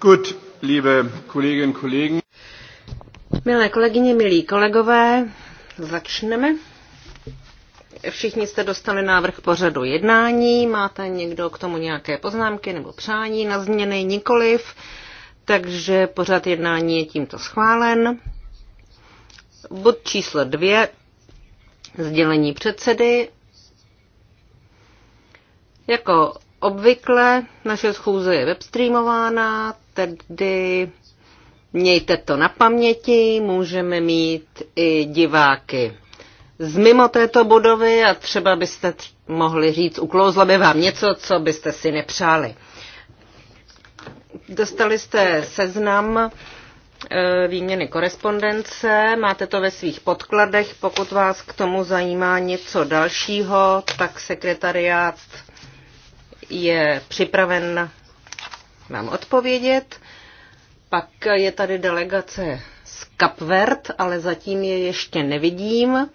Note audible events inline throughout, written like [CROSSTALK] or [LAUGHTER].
Gut, liebe Kolleginnen Kollegen. Milé kolegyně, milí kolegové, začneme. Všichni jste dostali návrh pořadu jednání. Máte někdo k tomu nějaké poznámky nebo přání na změny? Nikoliv. Takže pořad jednání je tímto schválen. Bod číslo dvě. Sdělení předsedy. Jako Obvykle naše schůze je webstreamována, tedy mějte to na paměti, můžeme mít i diváky z mimo této budovy a třeba byste mohli říct, uklouzlo by vám něco, co byste si nepřáli. Dostali jste seznam e, výměny korespondence, máte to ve svých podkladech, pokud vás k tomu zajímá něco dalšího, tak sekretariát je připraven nám odpovědět. Pak je tady delegace z Kapvert, ale zatím je ještě nevidím.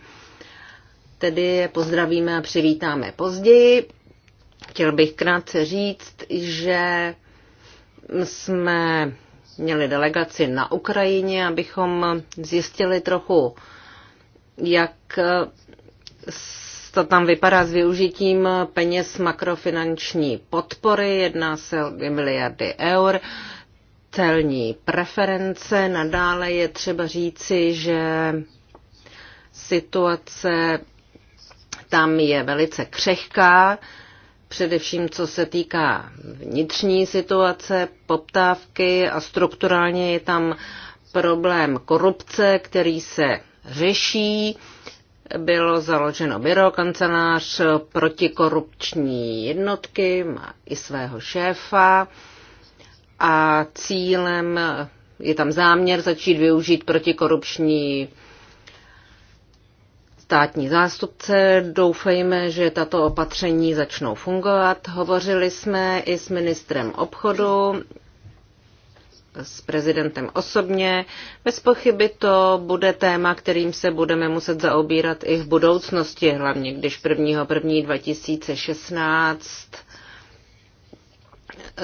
Tedy je pozdravíme a přivítáme později. Chtěl bych krátce říct, že jsme měli delegaci na Ukrajině, abychom zjistili trochu, jak to tam vypadá s využitím peněz makrofinanční podpory, jedná se o 2 miliardy eur, celní preference. Nadále je třeba říci, že situace tam je velice křehká, především co se týká vnitřní situace, poptávky a strukturálně je tam problém korupce, který se řeší bylo založeno byro, kancelář protikorupční jednotky, má i svého šéfa a cílem je tam záměr začít využít protikorupční státní zástupce. Doufejme, že tato opatření začnou fungovat. Hovořili jsme i s ministrem obchodu s prezidentem osobně. Bez pochyby to bude téma, kterým se budeme muset zaobírat i v budoucnosti, hlavně když 1.1.2016 2016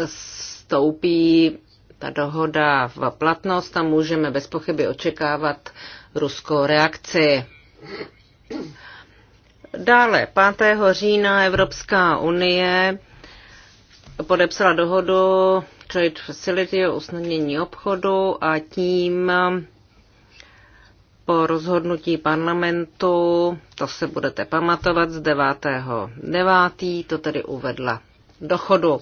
stoupí ta dohoda v platnost a můžeme bez pochyby očekávat ruskou reakci. Dále 5. října Evropská unie podepsala dohodu Trade Facility o usnadnění obchodu a tím po rozhodnutí parlamentu, to se budete pamatovat, z 9.9. to tedy uvedla dochodu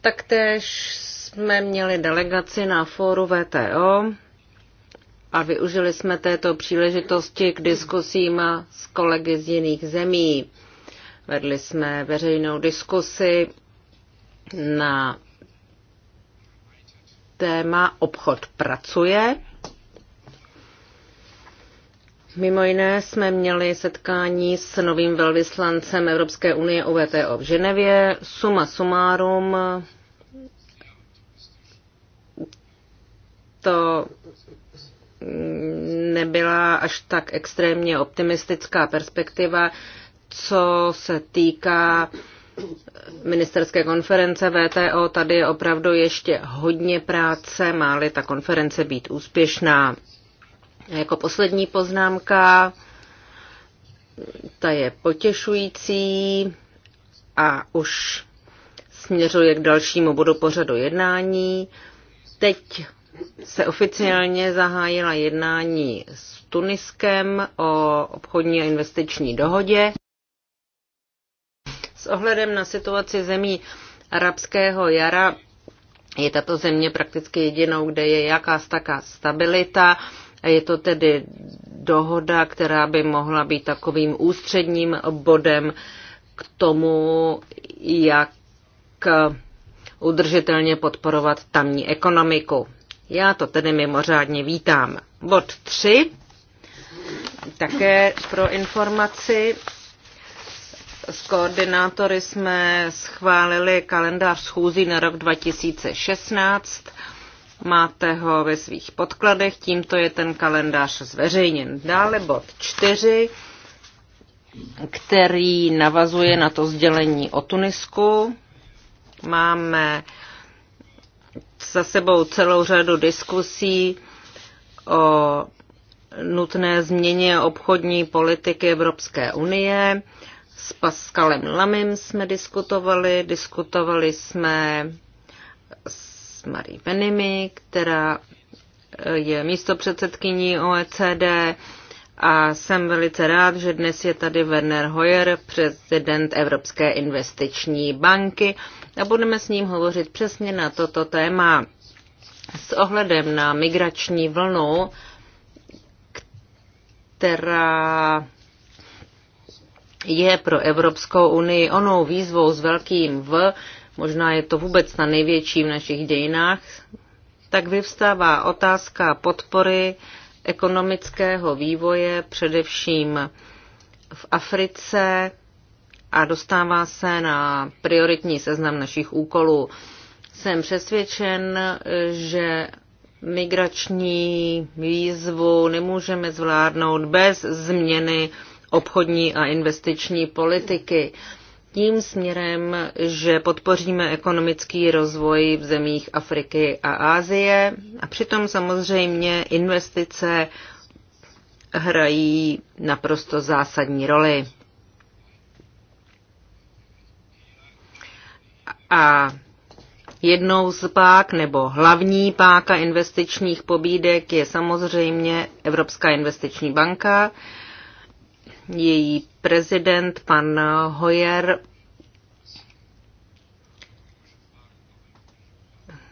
Taktéž jsme měli delegaci na fóru VTO a využili jsme této příležitosti k diskusím s kolegy z jiných zemí. Vedli jsme veřejnou diskusi na téma obchod pracuje. Mimo jiné jsme měli setkání s novým velvyslancem Evropské unie UVTO v Ženevě. Suma sumárum to nebyla až tak extrémně optimistická perspektiva, co se týká uh, ministerské konference VTO, tady je opravdu ještě hodně práce, má-li ta konference být úspěšná. A jako poslední poznámka, ta je potěšující a už směřuje k dalšímu bodu pořadu jednání. Teď se oficiálně zahájila jednání s Tuniskem o obchodní a investiční dohodě. S ohledem na situaci zemí arabského jara je tato země prakticky jedinou, kde je jakási taká stabilita. Je to tedy dohoda, která by mohla být takovým ústředním bodem k tomu, jak udržitelně podporovat tamní ekonomiku. Já to tedy mimořádně vítám. Bod 3. Také pro informaci s koordinátory jsme schválili kalendář schůzí na rok 2016. Máte ho ve svých podkladech, tímto je ten kalendář zveřejněn. Dále bod 4, který navazuje na to sdělení o Tunisku. Máme za sebou celou řadu diskusí o nutné změně obchodní politiky Evropské unie. S Pascalem Lamem jsme diskutovali, diskutovali jsme s Marie Venimi, která eh, je místo předsedkyní OECD a jsem velice rád, že dnes je tady Werner Hoyer, prezident Evropské investiční banky a budeme s ním hovořit přesně na toto téma. S ohledem na migrační vlnu, která je pro Evropskou unii onou výzvou s velkým V, možná je to vůbec na největší v našich dějinách, tak vyvstává otázka podpory ekonomického vývoje, především v Africe a dostává se na prioritní seznam našich úkolů. Jsem přesvědčen, že migrační výzvu nemůžeme zvládnout bez změny obchodní a investiční politiky tím směrem, že podpoříme ekonomický rozvoj v zemích Afriky a Ázie a přitom samozřejmě investice hrají naprosto zásadní roli. A jednou z pák nebo hlavní páka investičních pobídek je samozřejmě Evropská investiční banka, její prezident, pan Hoyer,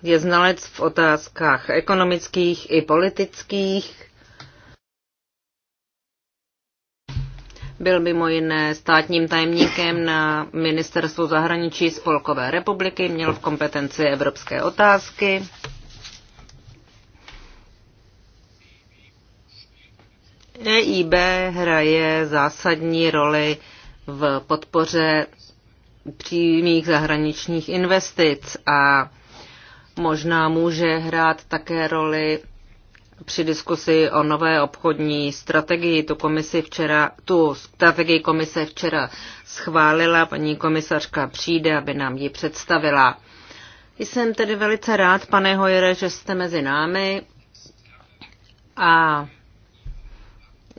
je znalec v otázkách ekonomických i politických. Byl mimo jiné státním tajemníkem na Ministerstvu zahraničí Spolkové republiky, měl v kompetenci evropské otázky. EIB hraje zásadní roli v podpoře přímých zahraničních investic a možná může hrát také roli při diskusi o nové obchodní strategii. Tu, komisi včera, tu strategii komise včera schválila, paní komisařka přijde, aby nám ji představila. Jsem tedy velice rád, pane Hojere, že jste mezi námi a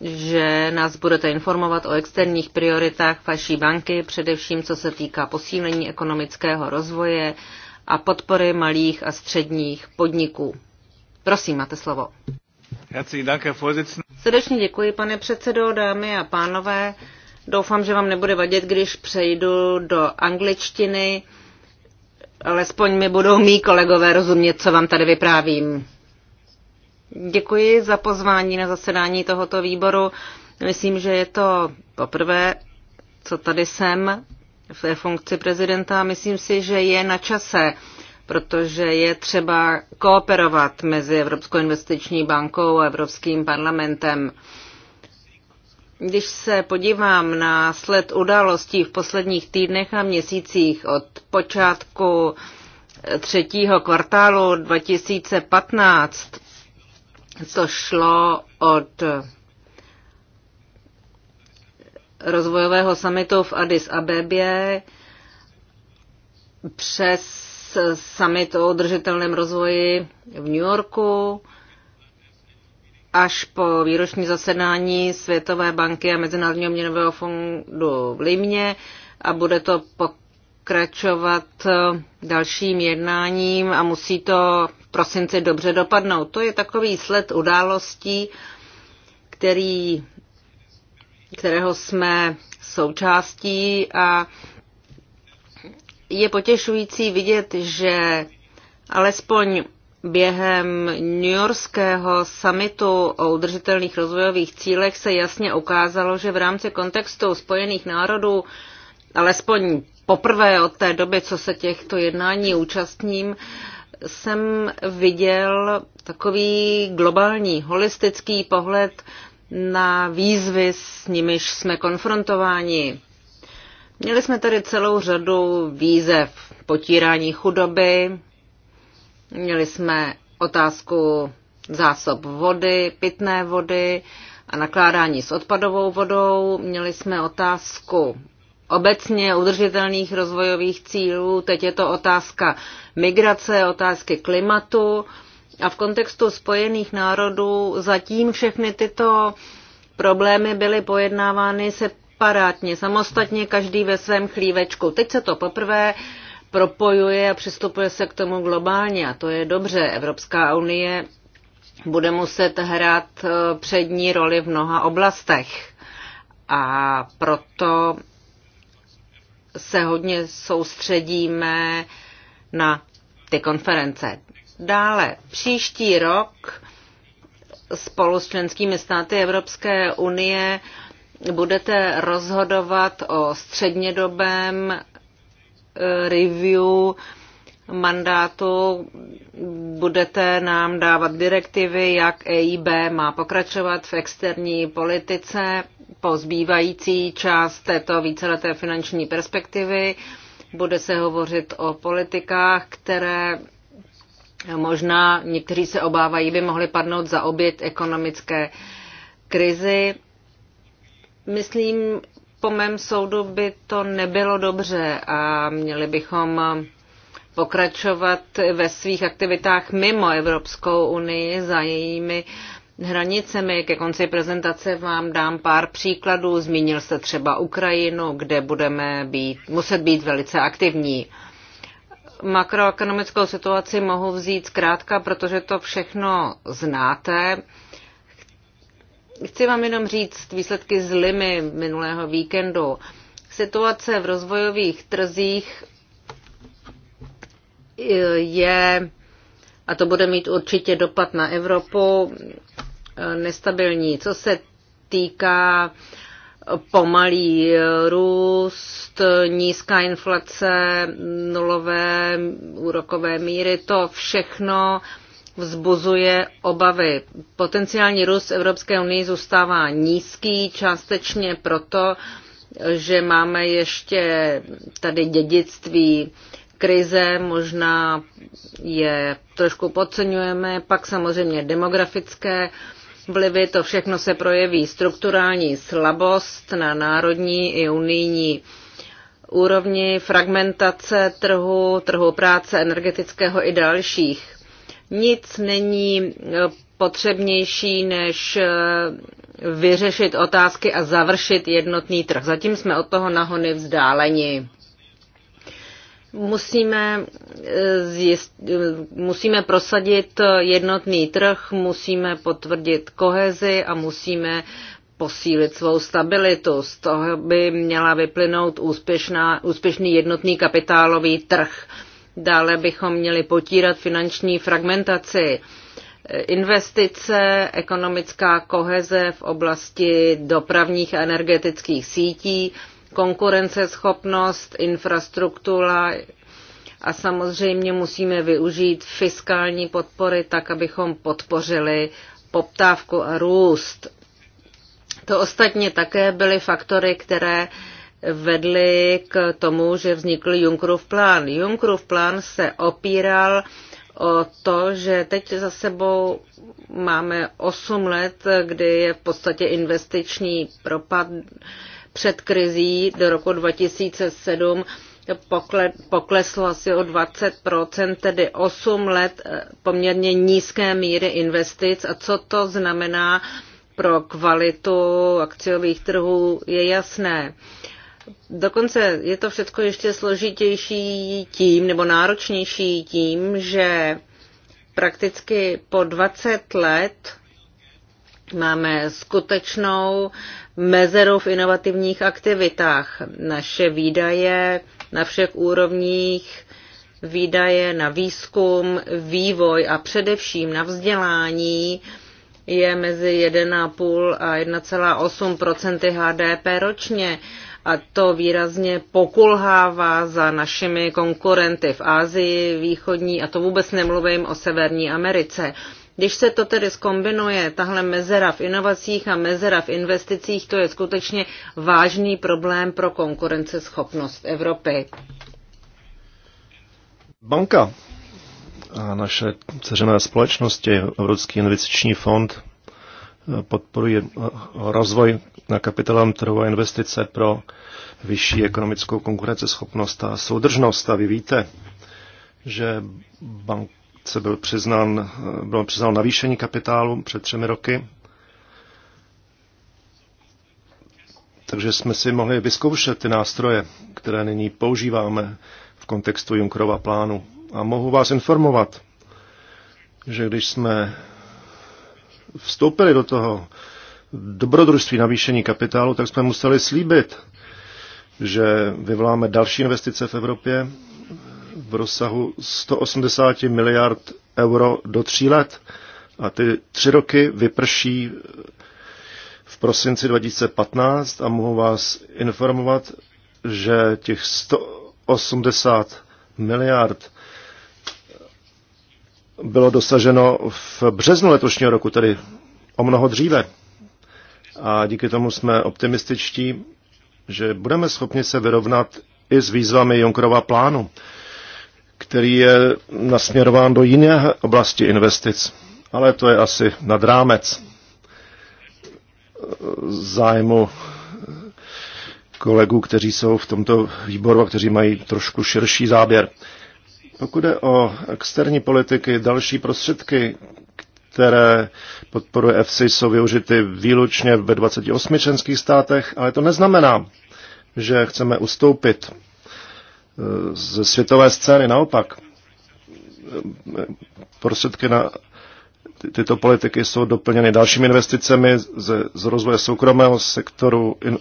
že nás budete informovat o externích prioritách vaší banky, především co se týká posílení ekonomického rozvoje a podpory malých a středních podniků. Prosím, máte slovo. Srdečně děkuji, pane předsedo, dámy a pánové. Doufám, že vám nebude vadit, když přejdu do angličtiny. Alespoň mi budou mý kolegové rozumět, co vám tady vyprávím. Děkuji za pozvání na zasedání tohoto výboru. Myslím, že je to poprvé, co tady jsem ve funkci prezidenta. Myslím si, že je na čase, protože je třeba kooperovat mezi Evropskou investiční bankou a Evropským parlamentem. Když se podívám na sled událostí v posledních týdnech a měsících od počátku třetího kvartálu 2015, co šlo od rozvojového samitu v Addis Abebě přes summit o udržitelném rozvoji v New Yorku až po výroční zasedání Světové banky a Mezinárodního měnového fondu v Limě a bude to pokračovat dalším jednáním a musí to prosinci dobře dopadnou. To je takový sled událostí, který, kterého jsme součástí a je potěšující vidět, že alespoň během New Yorkského summitu o udržitelných rozvojových cílech se jasně ukázalo, že v rámci kontextu Spojených národů, alespoň poprvé od té doby, co se těchto jednání účastním, jsem viděl takový globální, holistický pohled na výzvy, s nimiž jsme konfrontováni. Měli jsme tady celou řadu výzev potírání chudoby, měli jsme otázku zásob vody, pitné vody a nakládání s odpadovou vodou, měli jsme otázku obecně udržitelných rozvojových cílů, teď je to otázka migrace, otázky klimatu a v kontextu spojených národů zatím všechny tyto problémy byly pojednávány separátně, samostatně každý ve svém chlívečku. Teď se to poprvé propojuje a přistupuje se k tomu globálně a to je dobře. Evropská unie bude muset hrát eh, přední roli v mnoha oblastech. A proto se hodně soustředíme na ty konference. Dále, příští rok spolu s členskými státy Evropské unie budete rozhodovat o střednědobém eh, review mandátu budete nám dávat direktivy, jak EIB má pokračovat v externí politice po zbývající část této víceleté finanční perspektivy. Bude se hovořit o politikách, které možná někteří se obávají, by mohly padnout za oběť ekonomické krizi. Myslím, po mém soudu by to nebylo dobře a měli bychom pokračovat ve svých aktivitách mimo Evropskou unii za jejími hranicemi. Ke konci prezentace vám dám pár příkladů. Zmínil se třeba Ukrajinu, kde budeme být, muset být velice aktivní. Makroekonomickou situaci mohu vzít zkrátka, protože to všechno znáte. Chci vám jenom říct výsledky z Limy minulého víkendu. Situace v rozvojových trzích je, a to bude mít určitě dopad na Evropu, nestabilní. Co se týká pomalý růst, nízká inflace, nulové úrokové míry, to všechno vzbuzuje obavy. Potenciální růst Evropské unii zůstává nízký, částečně proto, že máme ještě tady dědictví krize, možná je trošku podceňujeme, pak samozřejmě demografické vlivy, to všechno se projeví strukturální slabost na národní i unijní úrovni, fragmentace trhu, trhu práce, energetického i dalších. Nic není eh, potřebnější, než eh, vyřešit otázky a završit jednotný trh. Zatím jsme od toho nahony vzdáleni. Musíme, eh, zjist, eh, musíme prosadit jednotný trh, musíme potvrdit kohezi a musíme posílit svou stabilitu. Z toho by měla vyplynout úspěšná, úspěšný jednotný kapitálový trh. Dále bychom měli potírat finanční fragmentaci investice, ekonomická koheze v oblasti dopravních a energetických sítí, konkurenceschopnost, infrastruktura a samozřejmě musíme využít fiskální podpory tak, abychom podpořili poptávku a růst. To ostatně také byly faktory, které vedly k tomu, že vznikl Junckerův plán. Junckerův plán se opíral o to, že teď za sebou máme 8 let, kdy je v podstatě investiční propad, před krizí do roku 2007 pokleslo asi o 20%, tedy 8 let eh, poměrně nízké míry investic. A co to znamená pro kvalitu akciových trhů, je jasné. Dokonce je to všechno ještě složitější tím, nebo náročnější tím, že prakticky po 20 let Máme skutečnou mezeru v inovativních aktivitách. Naše výdaje na všech úrovních, výdaje na výzkum, vývoj a především na vzdělání je mezi 1,5 a 1,8 HDP ročně a to výrazně pokulhává za našimi konkurenty v Ázii, východní a to vůbec nemluvím o Severní Americe. Když se to tedy skombinuje, tahle mezera v inovacích a mezera v investicích, to je skutečně vážný problém pro konkurenceschopnost Evropy. Banka a naše ceřené společnosti, Evropský investiční fond, podporuje rozvoj na kapitálem, trhu a investice pro vyšší ekonomickou konkurenceschopnost a soudržnost. A vy víte, že banka se byl přiznán, bylo přiznán navýšení kapitálu před třemi roky. Takže jsme si mohli vyzkoušet ty nástroje, které nyní používáme v kontextu Junkerova plánu. A mohu vás informovat, že když jsme vstoupili do toho dobrodružství navýšení kapitálu, tak jsme museli slíbit, že vyvoláme další investice v Evropě v rozsahu 180 miliard euro do tří let a ty tři roky vyprší v prosinci 2015 a mohu vás informovat, že těch 180 miliard bylo dosaženo v březnu letošního roku, tedy o mnoho dříve. A díky tomu jsme optimističtí, že budeme schopni se vyrovnat i s výzvami Junkerova plánu který je nasměrován do jiné oblasti investic. Ale to je asi nad rámec zájmu kolegů, kteří jsou v tomto výboru a kteří mají trošku širší záběr. Pokud je o externí politiky, další prostředky, které podporuje EFSI, jsou využity výlučně ve 28 členských státech, ale to neznamená, že chceme ustoupit ze světové scény. Naopak, prostředky na tyto politiky jsou doplněny dalšími investicemi ze, z rozvoje soukromého sektoru in,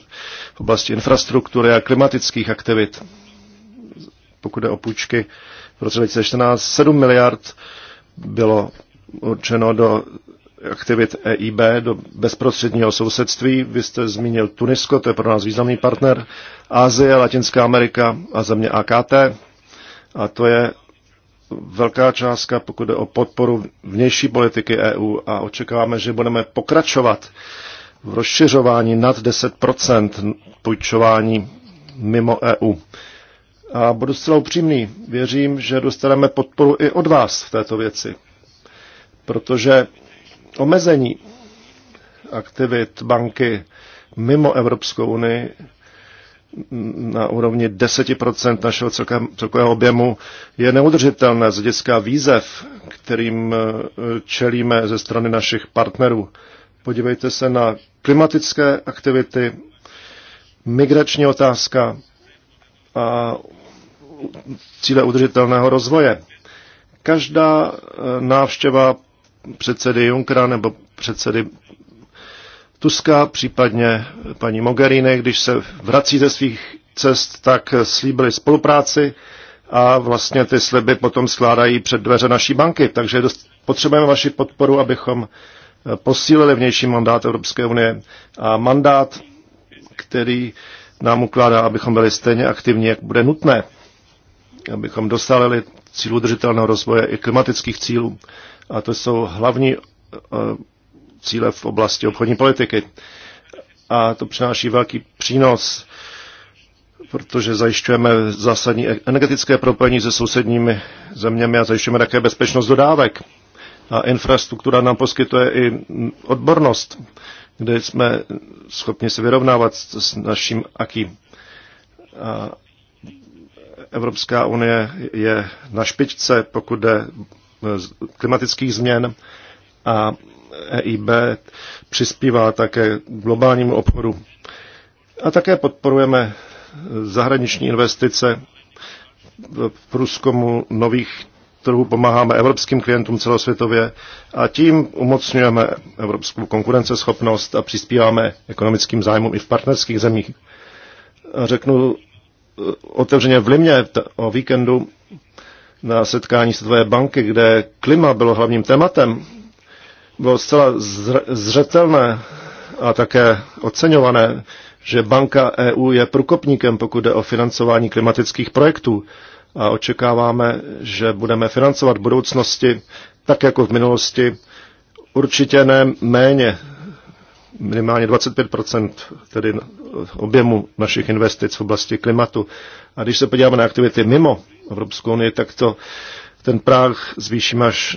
v oblasti infrastruktury a klimatických aktivit. Pokud je o půjčky, v roce 2014 7 miliard bylo určeno do aktivit EIB do bezprostředního sousedství. Vy jste zmínil Tunisko, to je pro nás významný partner, Ázie, Latinská Amerika a země AKT. A to je velká částka, pokud jde o podporu vnější politiky EU a očekáváme, že budeme pokračovat v rozšiřování nad 10% půjčování mimo EU. A budu zcela upřímný, věřím, že dostaneme podporu i od vás v této věci, protože omezení aktivit banky mimo Evropskou unii na úrovni 10% našeho celkového objemu je neudržitelné z hlediska výzev, kterým eh, čelíme ze strany našich partnerů. Podívejte se na klimatické aktivity, migrační otázka a cíle udržitelného rozvoje. Každá eh, návštěva předsedy Junkra nebo předsedy Tuska, případně paní Mogherini, když se vrací ze svých cest, tak slíbili spolupráci a vlastně ty sliby potom skládají před dveře naší banky. Takže dost, potřebujeme vaši podporu, abychom eh, posílili vnější mandát Evropské unie a mandát, který nám ukládá, abychom byli stejně aktivní, jak bude nutné, abychom dosáhli cílů držitelného rozvoje i klimatických cílů a to jsou hlavní eh, cíle v oblasti obchodní politiky. A to přináší velký přínos, protože zajišťujeme zásadní e- energetické propojení se sousedními zeměmi a zajišťujeme také bezpečnost dodávek. A infrastruktura nám poskytuje i odbornost, kde jsme schopni se vyrovnávat s naším aký. A Evropská unie je na špičce, pokud jde klimatických změn a EIB přispívá také k globálnímu obchodu. A také podporujeme zahraniční investice v průzkumu nových trhů, pomáháme evropským klientům celosvětově a tím umocňujeme evropskou konkurenceschopnost a přispíváme ekonomickým zájmům i v partnerských zemích. Řeknu otevřeně v Limě o víkendu na setkání Světové banky, kde klima bylo hlavním tématem, bylo zcela zřetelné a také oceňované, že banka EU je průkopníkem, pokud jde o financování klimatických projektů a očekáváme, že budeme financovat v budoucnosti, tak jako v minulosti, určitě ne méně, minimálně 25% tedy objemu našich investic v oblasti klimatu. A když se podíváme na aktivity mimo Evropskou unii, tak to ten práh zvýšíme až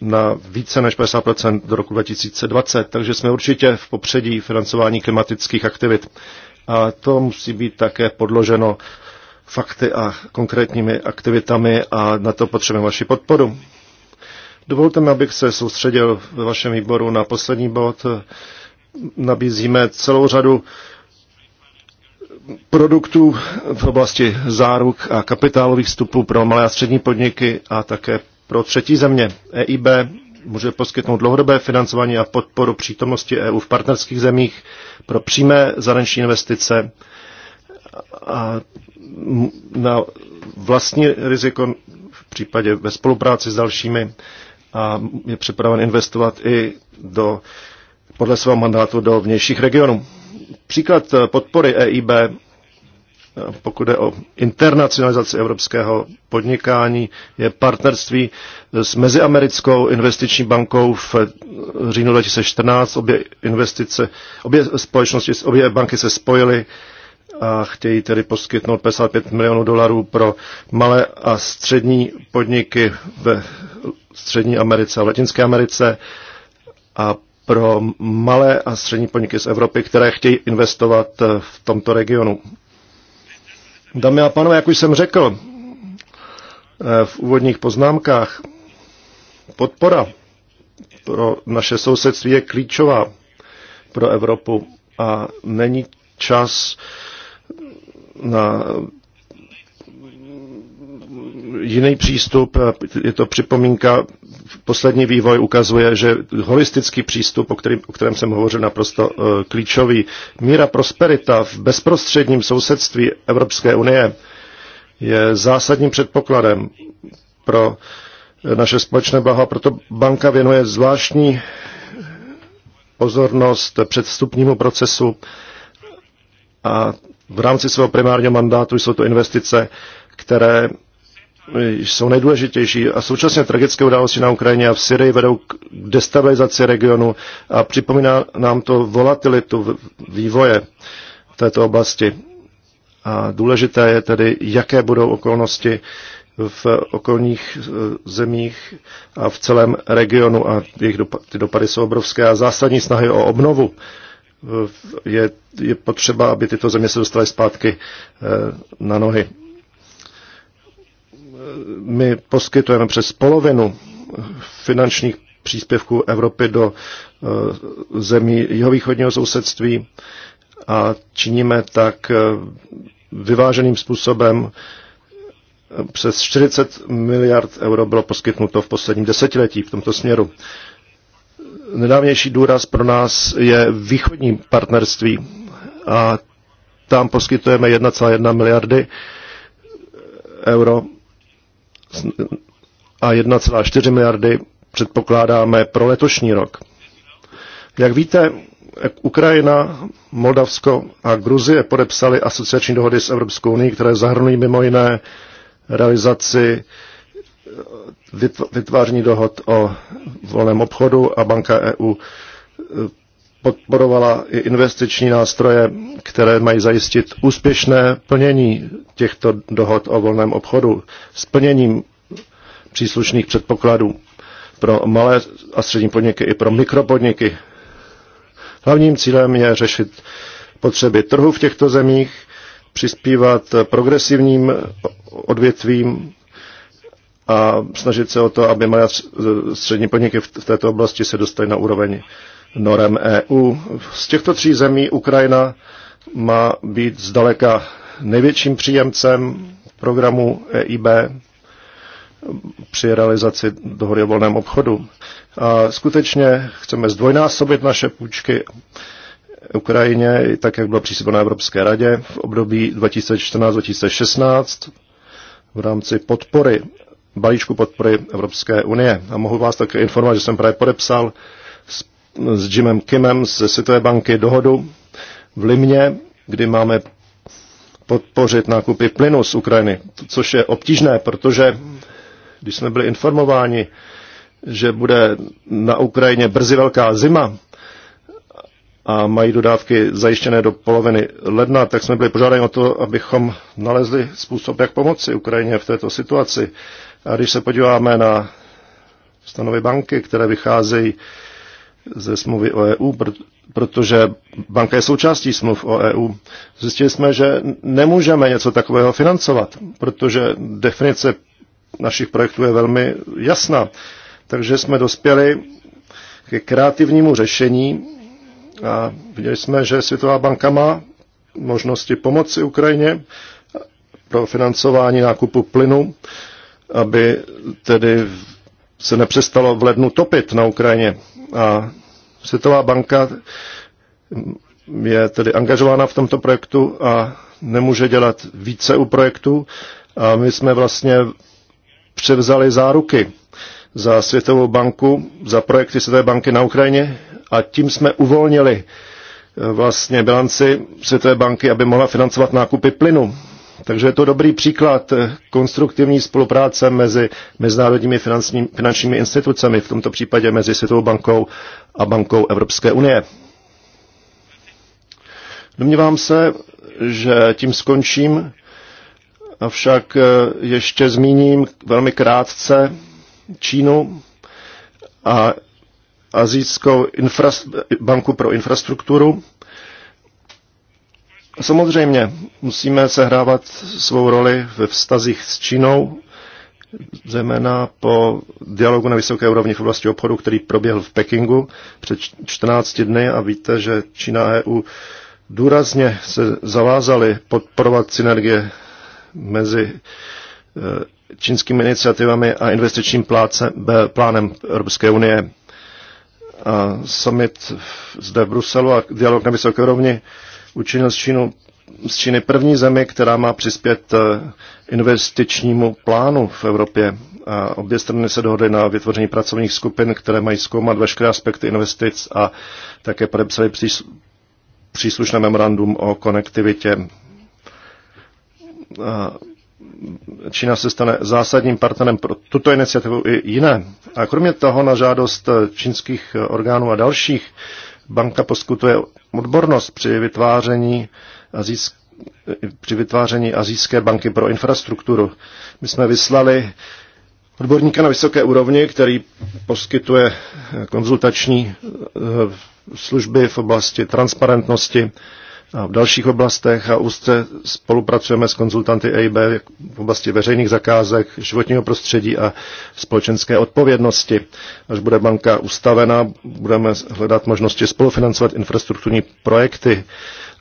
na více než 50% do roku 2020, takže jsme určitě v popředí financování klimatických aktivit. A to musí být také podloženo fakty a konkrétními aktivitami a na to potřebujeme vaši podporu. Dovolte mi, abych se soustředil ve vašem výboru na poslední bod. Nabízíme celou řadu produktů v oblasti záruk a kapitálových vstupů pro malé a střední podniky a také pro třetí země. EIB může poskytnout dlouhodobé financování a podporu přítomnosti EU v partnerských zemích pro přímé zahraniční investice a na vlastní riziko v případě ve spolupráci s dalšími a je připraven investovat i do, podle svého mandátu do vnějších regionů. Příklad eh, podpory EIB, eh, pokud je o internacionalizaci evropského podnikání, je partnerství s Meziamerickou investiční bankou v eh, říjnu 2014. Obě investice, obě společnosti, obě banky se spojily a chtějí tedy poskytnout 55 milionů dolarů pro malé a střední podniky ve Střední Americe a Latinské Americe a pro malé a střední podniky z Evropy, které chtějí investovat eh, v tomto regionu. Dámy a pánové, jak už jsem řekl eh, v úvodních poznámkách, podpora pro naše sousedství je klíčová pro Evropu a není čas na jiný přístup. Je to připomínka poslední vývoj ukazuje, že holistický přístup, o, kterým, o kterém jsem hovořil, naprosto eh, klíčový. Míra prosperita v bezprostředním sousedství Evropské unie je zásadním předpokladem pro eh, naše společné blaho a proto banka věnuje zvláštní pozornost předstupnímu procesu a v rámci svého primárního mandátu jsou to investice, které jsou nejdůležitější a současně tragické události na Ukrajině a v Syrii vedou k destabilizaci regionu a připomíná nám to volatilitu vývoje v této oblasti. A důležité je tedy, jaké budou okolnosti v okolních eh, zemích a v celém regionu a jejich dopady, ty dopady jsou obrovské a zásadní snahy o obnovu eh, je, je potřeba, aby tyto země se dostaly zpátky eh, na nohy my poskytujeme přes polovinu finančních příspěvků Evropy do eh, zemí jihovýchodního sousedství a činíme tak eh, vyváženým způsobem. Přes 40 miliard euro bylo poskytnuto v posledním desetiletí v tomto směru. Nedávnější důraz pro nás je východní partnerství a tam poskytujeme 1,1 miliardy euro a 1,4 miliardy předpokládáme pro letošní rok. Jak víte, Ukrajina, Moldavsko a Gruzie podepsali asociační dohody s Evropskou unii, které zahrnují mimo jiné realizaci eh, vytváření dohod o volném obchodu a Banka EU eh, podporovala i investiční nástroje, které mají zajistit úspěšné plnění těchto dohod o volném obchodu s plněním příslušných předpokladů pro malé a střední podniky i pro mikropodniky. Hlavním cílem je řešit potřeby trhu v těchto zemích, přispívat progresivním odvětvím a snažit se o to, aby malé střední podniky v této oblasti se dostaly na úroveň norem EU. Z těchto tří zemí Ukrajina má být zdaleka největším příjemcem programu EIB při realizaci dohody o volném obchodu. A skutečně chceme zdvojnásobit naše půjčky Ukrajině, tak jak bylo příslibo na Evropské radě v období 2014-2016 v rámci podpory, balíčku podpory Evropské unie. A mohu vás také informovat, že jsem právě podepsal s s Jimem Kimem ze Světové banky dohodu v Limě, kdy máme podpořit nákupy plynu z Ukrajiny, což je obtížné, protože když jsme byli informováni, že bude na Ukrajině brzy velká zima a mají dodávky zajištěné do poloviny ledna, tak jsme byli požádáni o to, abychom nalezli způsob, jak pomoci Ukrajině v této situaci. A když se podíváme na stanovy banky, které vycházejí ze smlouvy o EU, protože banka je součástí smluv o EU. Zjistili jsme, že nemůžeme něco takového financovat, protože definice našich projektů je velmi jasná. Takže jsme dospěli ke kreativnímu řešení a viděli jsme, že Světová banka má možnosti pomoci Ukrajině pro financování nákupu plynu, aby tedy se nepřestalo v lednu topit na Ukrajině. A Světová banka je tedy angažována v tomto projektu a nemůže dělat více u projektu. A my jsme vlastně převzali záruky za Světovou banku, za projekty Světové banky na Ukrajině a tím jsme uvolnili eh, vlastně bilanci Světové banky, aby mohla financovat nákupy plynu takže je to dobrý příklad konstruktivní spolupráce mezi mezinárodními finančními institucemi, v tomto případě mezi Světovou bankou a bankou Evropské unie. Domnívám se, že tím skončím, avšak eh, ještě zmíním velmi krátce Čínu a Azijskou infra, banku pro infrastrukturu Samozřejmě musíme sehrávat svou roli ve vztazích s Čínou, zejména po dialogu na vysoké úrovni v oblasti obchodu, který proběhl v Pekingu před 14 dny a víte, že Čína a EU důrazně se zavázali podporovat synergie mezi eh, čínskými iniciativami a investičním plácem, eh, plánem Evropské unie. A summit zde v Bruselu a dialog na vysoké úrovni učinil z, Čínu, z Číny první zemi, která má přispět eh, investičnímu plánu v Evropě. A obě strany se dohodly na vytvoření pracovních skupin, které mají zkoumat veškeré aspekty investic a také podepsali příslušné memorandum o konektivitě. A Čína se stane zásadním partnerem pro tuto iniciativu i jiné. A kromě toho na žádost čínských orgánů a dalších Banka poskytuje odbornost při vytváření, azijsk, při vytváření Azijské banky pro infrastrukturu. My jsme vyslali odborníka na vysoké úrovni, který poskytuje konzultační eh, služby v oblasti transparentnosti a v dalších oblastech a úzce spolupracujeme s konzultanty EIB v oblasti veřejných zakázek, životního prostředí a společenské odpovědnosti. Až bude banka ustavena, budeme hledat možnosti spolufinancovat infrastrukturní projekty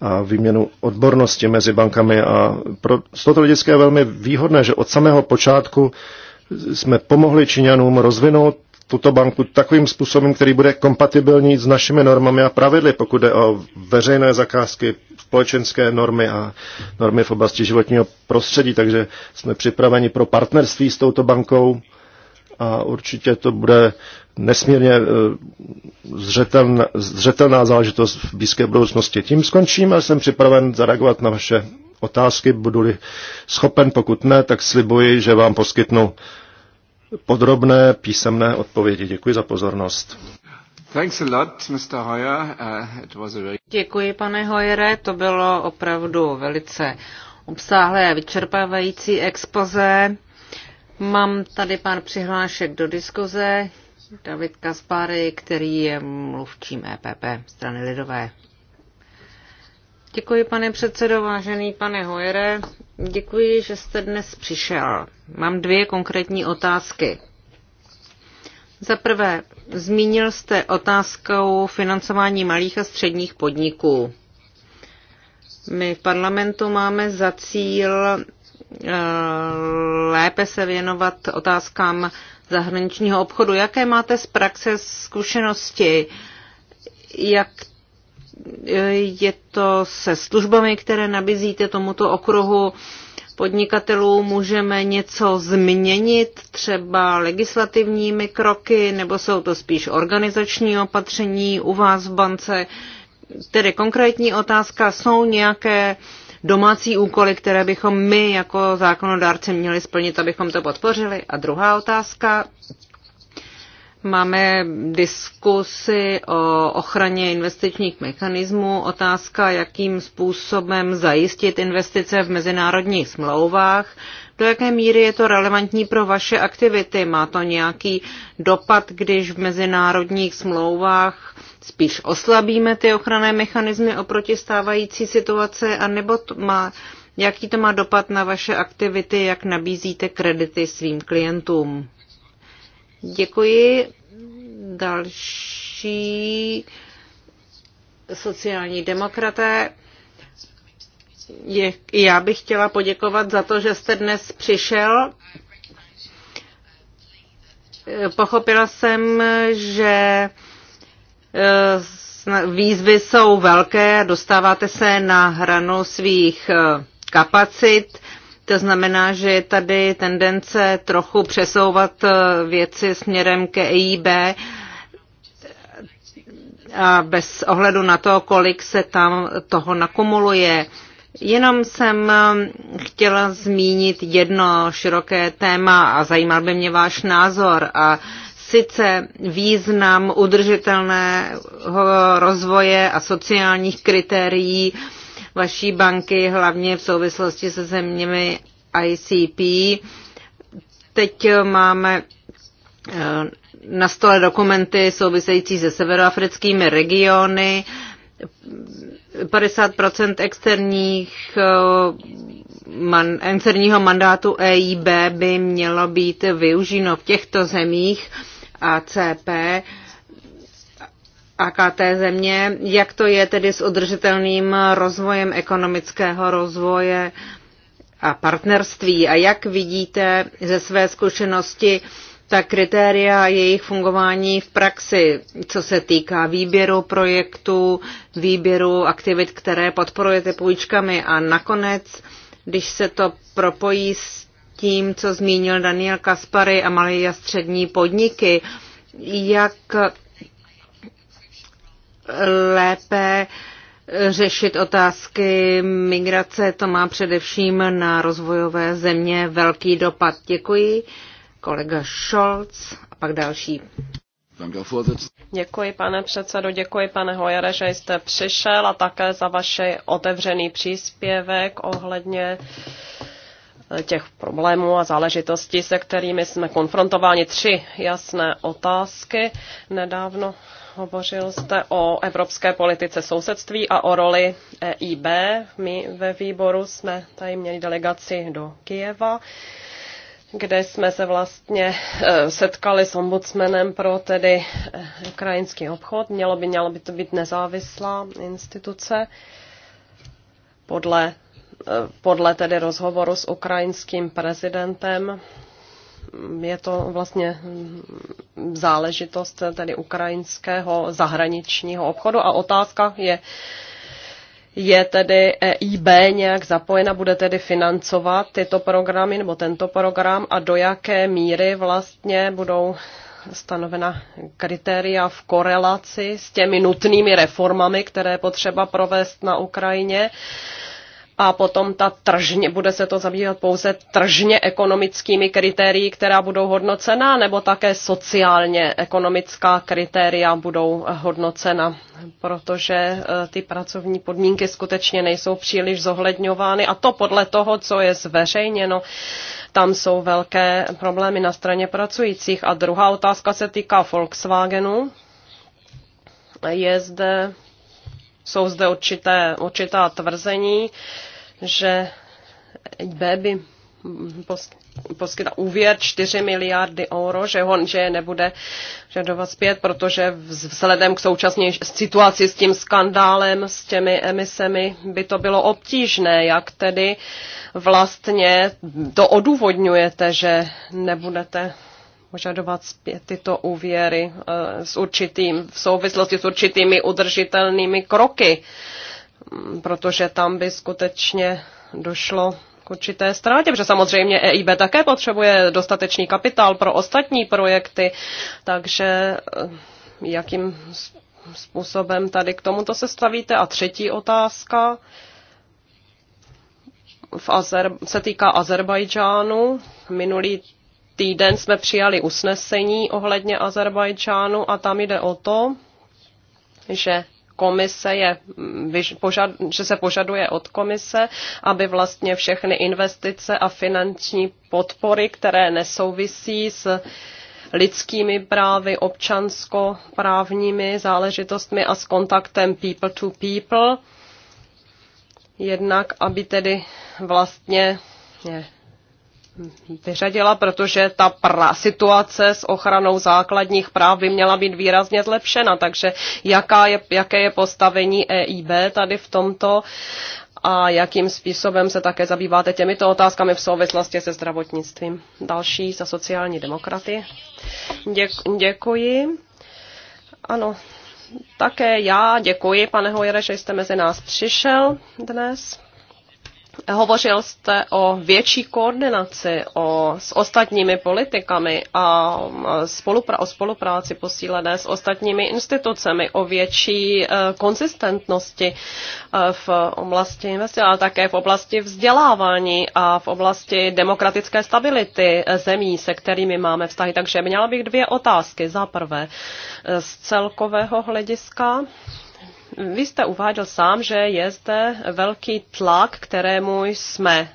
a výměnu odbornosti mezi bankami. A pro, z tohoto hlediska je velmi výhodné, že od samého počátku jsme pomohli Číňanům rozvinout tuto banku takovým způsobem, který bude kompatibilní s našimi normami a pravidly, pokud jde o veřejné zakázky, společenské normy a normy v oblasti životního prostředí. Takže jsme připraveni pro partnerství s touto bankou a určitě to bude nesmírně eh, zřetelná, zřetelná záležitost v blízké budoucnosti. Tím skončím a jsem připraven zareagovat na vaše otázky, budu-li schopen, pokud ne, tak slibuji, že vám poskytnu podrobné písemné odpovědi. Děkuji za pozornost. Uh, Děkuji, pane Hojere, to bylo opravdu velice obsáhlé a vyčerpávající expoze. Mám tady pár přihlášek do diskuze. David Kaspary, který je mluvčím EPP strany Lidové pane předsedající vážený pane Hojere. Děkuji, že jste dnes přišel. Mám dvě konkrétní otázky. Za prvé, zmínil jste otázkou financování malých a středních podniků. My v parlamentu máme za cíl eh, lépe se věnovat otázkám zahraničního obchodu. Jaké máte z praxe zkušenosti? Jak je to se službami, které nabízíte tomuto okruhu podnikatelů, můžeme něco změnit, třeba legislativními kroky, nebo jsou to spíš organizační opatření u vás v bance. Tedy konkrétní otázka, jsou nějaké domácí úkoly, které bychom my jako zákonodárci měli splnit, abychom to podpořili? A druhá otázka, Máme diskusy o ochraně investičních mechanismů, otázka, jakým způsobem zajistit investice v mezinárodních smlouvách, do jaké míry je to relevantní pro vaše aktivity? Má to nějaký dopad, když v mezinárodních smlouvách spíš oslabíme ty ochranné mechanismy oproti stávající situace, anebo to má, jaký to má dopad na vaše aktivity, jak nabízíte kredity svým klientům? Děkuji. Další sociální demokraté. Je, já bych chtěla poděkovat za to, že jste dnes přišel. Pochopila jsem, že eh, výzvy jsou velké, dostáváte se na hranu svých eh, kapacit. To znamená, že je tady tendence trochu přesouvat eh, věci směrem ke EIB a bez ohledu na to, kolik se tam toho nakumuluje. Jenom jsem eh, chtěla zmínit jedno široké téma a zajímal by mě váš názor a sice význam udržitelného rozvoje a sociálních kritérií vaší banky, hlavně v souvislosti se zeměmi ICP. Teď máme eh, na stole dokumenty související se severoafrickými regiony. 50 externích eh, man, externího mandátu EIB by mělo být využíno v těchto zemích ACP AKT země, jak to je tedy s udržitelným rozvojem ekonomického rozvoje a partnerství a jak vidíte ze své zkušenosti ta kritéria jejich fungování v praxi, co se týká výběru projektů, výběru aktivit, které podporujete půjčkami a nakonec, když se to propojí s tím, co zmínil Daniel Kaspary a malé a střední podniky, jak lépe řešit otázky migrace. To má především na rozvojové země velký dopad. Děkuji. Kolega Scholz a pak další. Děkuji, pane předsedo, děkuji, pane Hojere, že jste přišel a také za vaše otevřený příspěvek ohledně těch problémů a záležitostí, se kterými jsme konfrontováni. Tři jasné otázky. Nedávno Hovořil jste o evropské politice sousedství a o roli EIB. My ve výboru jsme tady měli delegaci do Kijeva kde jsme se vlastně e, setkali s ombudsmanem pro tedy e, ukrajinský obchod. Mělo by, mělo by to být nezávislá instituce podle, e, podle tedy rozhovoru s ukrajinským prezidentem je to vlastně záležitost tedy ukrajinského zahraničního obchodu a otázka je, je tedy EIB nějak zapojena, bude tedy financovat tyto programy nebo tento program a do jaké míry vlastně budou stanovena kritéria v korelaci s těmi nutnými reformami, které potřeba provést na Ukrajině a potom ta tržně, bude se to zabývat pouze tržně ekonomickými kritérii, která budou hodnocena, nebo také sociálně ekonomická kritéria budou hodnocena, protože e, ty pracovní podmínky skutečně nejsou příliš zohledňovány a to podle toho, co je zveřejněno, tam jsou velké problémy na straně pracujících. A druhá otázka se týká Volkswagenu. Je zde jsou zde určité, určitá tvrzení, že EIB by poskytla úvěr 4 miliardy euro, že, on, že je nebude žadovat zpět, protože vzhledem k současné situaci s tím skandálem, s těmi emisemi, by to bylo obtížné. Jak tedy vlastně to odůvodňujete, že nebudete požadovat zpět tyto úvěry eh, s určitým, v souvislosti s určitými udržitelnými kroky, mm, protože tam by skutečně došlo k určité ztrátě, protože samozřejmě EIB také potřebuje dostatečný kapitál pro ostatní projekty, takže eh, jakým způsobem tady k tomuto se stavíte? A třetí otázka v Azer- se týká Azerbajdžánu. Minulý týden jsme přijali usnesení ohledně Azerbajdžánu a tam jde o to, že komise je, že se požaduje od komise, aby vlastně všechny investice a finanční podpory, které nesouvisí s lidskými právy, občanskoprávními záležitostmi a s kontaktem people to people, jednak aby tedy vlastně je, vyřadila, protože ta pra, situace s ochranou základních práv by měla být výrazně zlepšena. Takže jaká je, jaké je postavení EIB tady v tomto a jakým způsobem se také zabýváte těmito otázkami v souvislosti se zdravotnictvím. Další za sociální demokraty. Děk, děkuji. Ano, také já děkuji, pane Hojere, že jste mezi nás přišel dnes. Hovořil jste o větší koordinaci o, s ostatními politikami a spolupra- o spolupráci posílené s ostatními institucemi, o větší e, konzistentnosti e, v oblasti investic, ale také v oblasti vzdělávání a v oblasti demokratické stability e, zemí, se kterými máme vztahy. Takže měla bych dvě otázky. Za prvé, e, z celkového hlediska vy jste uváděl sám, že je zde velký tlak, kterému jsme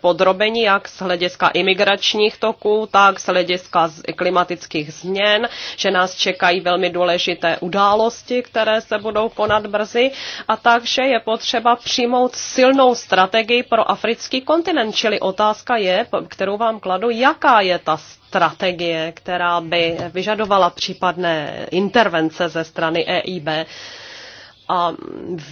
podrobeni jak z hlediska imigračních toků, tak z hlediska klimatických změn, že nás čekají velmi důležité události, které se budou konat brzy a takže je potřeba přijmout silnou strategii pro africký kontinent. Čili otázka je, kterou vám kladu, jaká je ta strategie, která by vyžadovala případné intervence ze strany EIB a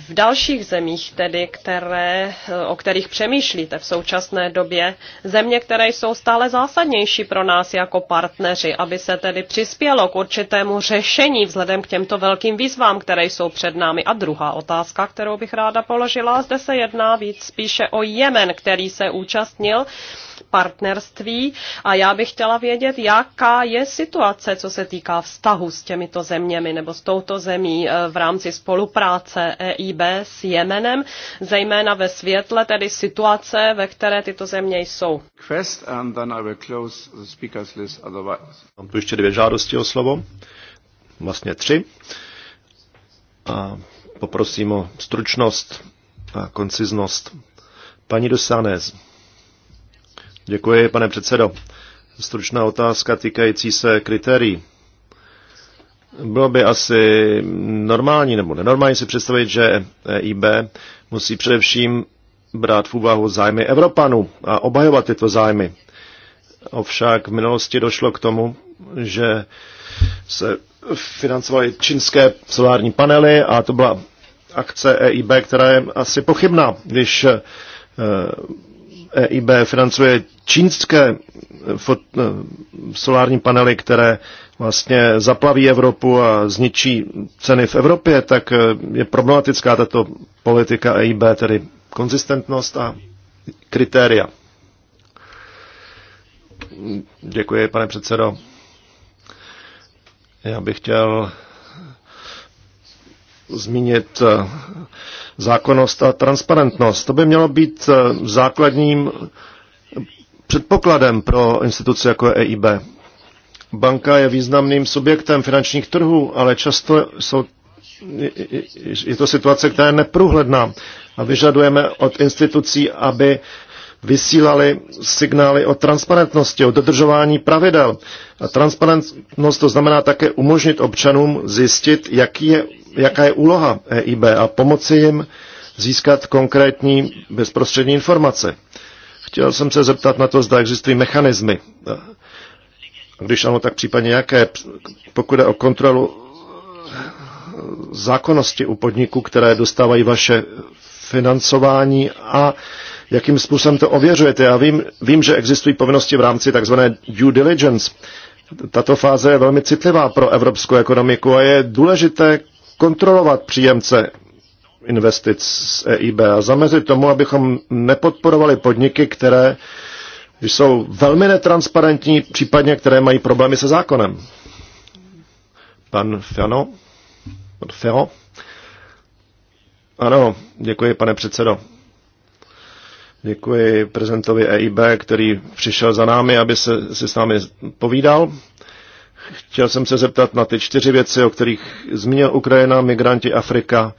v dalších zemích, tedy, které, o kterých přemýšlíte v současné době, země, které jsou stále zásadnější pro nás jako partneři, aby se tedy přispělo k určitému řešení vzhledem k těmto velkým výzvám, které jsou před námi. A druhá otázka, kterou bych ráda položila, zde se jedná víc spíše o Jemen, který se účastnil partnerství a já bych chtěla vědět, jaká je situace, co se týká vztahu s těmito zeměmi nebo s touto zemí eh, v rámci spolupráce EIB s Jemenem, zejména ve světle tedy situace, ve které tyto země jsou. Mám tu ještě dvě žádosti o slovo, vlastně tři. A poprosím o stručnost a konciznost. Paní Dosanez. Děkuji, pane předsedo. Stručná otázka týkající se kritérií. Bylo by asi normální nebo nenormální si představit, že EIB musí především brát v úvahu zájmy Evropanů a obhajovat tyto zájmy. Ovšak v minulosti došlo k tomu, že se financovaly čínské solární panely a to byla akce EIB, která je asi pochybná, když eh, EIB financuje čínské fot, e, solární panely, které vlastně zaplaví Evropu a zničí ceny v Evropě, tak e, je problematická tato politika EIB, tedy konzistentnost a kritéria. Děkuji, pane předsedo. Já bych chtěl zmínit eh, zákonnost a transparentnost. To by mělo být eh, základním eh, předpokladem pro instituce jako je EIB. Banka je významným subjektem finančních trhů, ale často jsou, je to situace, která je neprůhledná a vyžadujeme od institucí, aby vysílali signály o transparentnosti, o dodržování pravidel. A transparentnost to znamená také umožnit občanům zjistit, jaký je, jaká je úloha EIB a pomoci jim získat konkrétní bezprostřední informace. Chtěl jsem se zeptat na to, zda existují mechanismy. Když ano, tak případně jaké, pokud je o kontrolu zákonnosti u podniků, které dostávají vaše financování a jakým způsobem to ověřujete. Já vím, vím, že existují povinnosti v rámci tzv. due diligence. Tato fáze je velmi citlivá pro evropskou ekonomiku a je důležité kontrolovat příjemce investic z EIB a zamezit tomu, abychom nepodporovali podniky, které jsou velmi netransparentní, případně které mají problémy se zákonem. Pan Fiano? Pan Fiano? Ano, děkuji, pane předsedo. Děkuji prezentovi EIB, který přišel za námi, aby se, si s námi povídal. Chtěl jsem se zeptat na ty čtyři věci, o kterých zmínil Ukrajina, migranti, Afrika.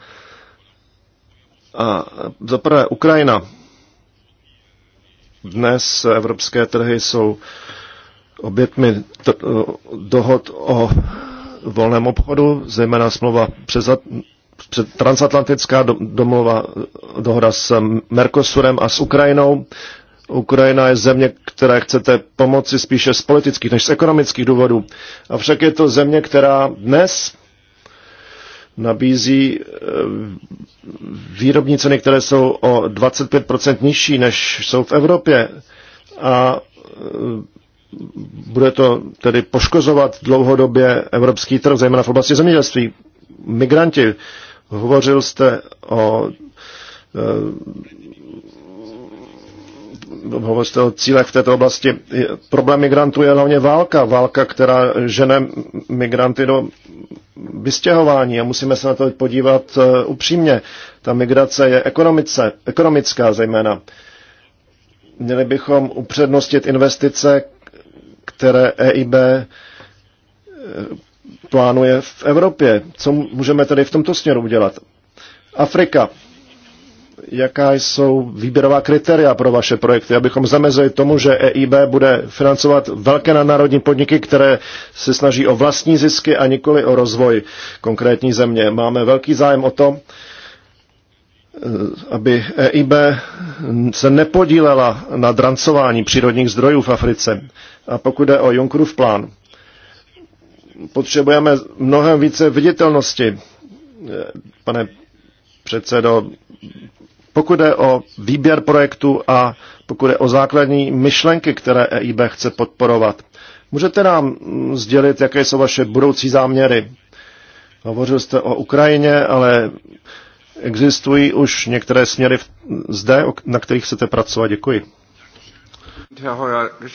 A prvé, Ukrajina. Dnes evropské trhy jsou obětmi dohod o volném obchodu, zejména smlouva přes transatlantická domova dohoda s Mercosurem a s Ukrajinou. Ukrajina je země, které chcete pomoci spíše z politických než z ekonomických důvodů. Avšak je to země, která dnes nabízí eh, výrobní ceny, které jsou o 25% nižší, než jsou v Evropě. A eh, bude to tedy poškozovat dlouhodobě evropský trh, zejména v oblasti zemědělství. Migranti Hovořil jste o eh, hovořte o cílech v této oblasti. Problém migrantů je hlavně válka. Válka, která žene migranty do vystěhování a musíme se na to podívat eh, upřímně. Ta migrace je ekonomice, ekonomická zejména. Měli bychom upřednostit investice, které EIB eh, plánuje v Evropě. Co můžeme tedy v tomto směru udělat? Afrika. Jaká jsou výběrová kritéria pro vaše projekty, abychom zamezili tomu, že EIB bude financovat velké nadnárodní podniky, které se snaží o vlastní zisky a nikoli o rozvoj konkrétní země. Máme velký zájem o to, eh, aby EIB se nepodílela na drancování přírodních zdrojů v Africe. A pokud jde o Junckerův plán, potřebujeme mnohem více viditelnosti. Eh, pane předsedo, pokud jde o výběr projektu a pokud jde o základní myšlenky, které EIB chce podporovat, můžete nám sdělit, jaké jsou vaše budoucí záměry? Hovořil jste o Ukrajině, ale existují už některé směry zde, na kterých chcete pracovat. Děkuji.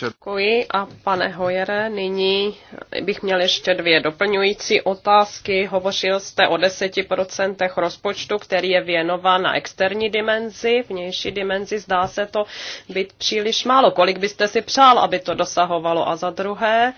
Děkuji a pane Hojere, nyní bych měl ještě dvě doplňující otázky. Hovořil jste o 10% rozpočtu, který je věnován na externí dimenzi, vnější dimenzi. Zdá se to být příliš málo. Kolik byste si přál, aby to dosahovalo? A za druhé,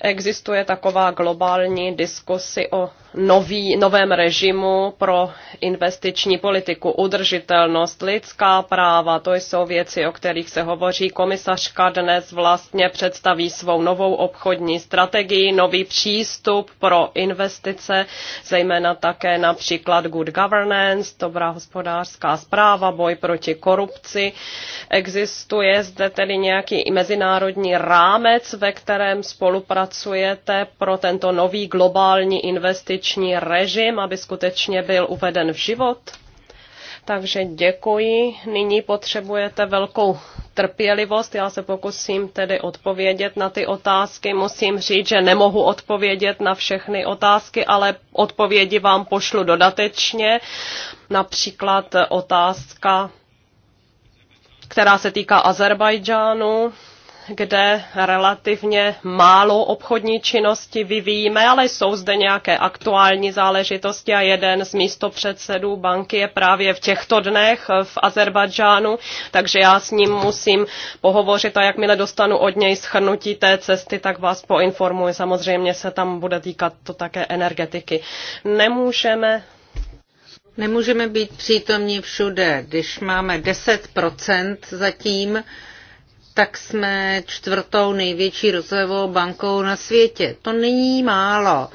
existuje taková globální diskusy o nový, novém režimu pro investiční politiku, udržitelnost, lidská práva, to jsou věci, o kterých se hovoří. Komisařka dnes vlastně představí svou novou obchodní strategii, nový přístup pro investice, zejména také například good governance, dobrá hospodářská zpráva, boj proti korupci. Existuje zde tedy nějaký mezinárodní rámec, ve kterém spolupracujete pro tento nový globální investiční justiční režim, aby skutečně byl uveden v život. Takže děkuji. Nyní potřebujete velkou trpělivost. Já se pokusím tedy odpovědět na ty otázky. Musím říct, že nemohu odpovědět na všechny otázky, ale odpovědi vám pošlu dodatečně. Například otázka, která se týká Azerbajdžánu kde relativně málo obchodní činnosti vyvíjíme, ale jsou zde nějaké aktuální záležitosti a jeden z místopředsedů banky je právě v těchto dnech v Azerbajdžánu, takže já s ním musím pohovořit a jakmile dostanu od něj schrnutí té cesty, tak vás poinformuji. Samozřejmě se tam bude týkat to také energetiky. Nemůžeme Nemůžeme být přítomní všude, když máme 10% zatím, tak jsme čtvrtou největší rozvojovou bankou na světě. To není málo.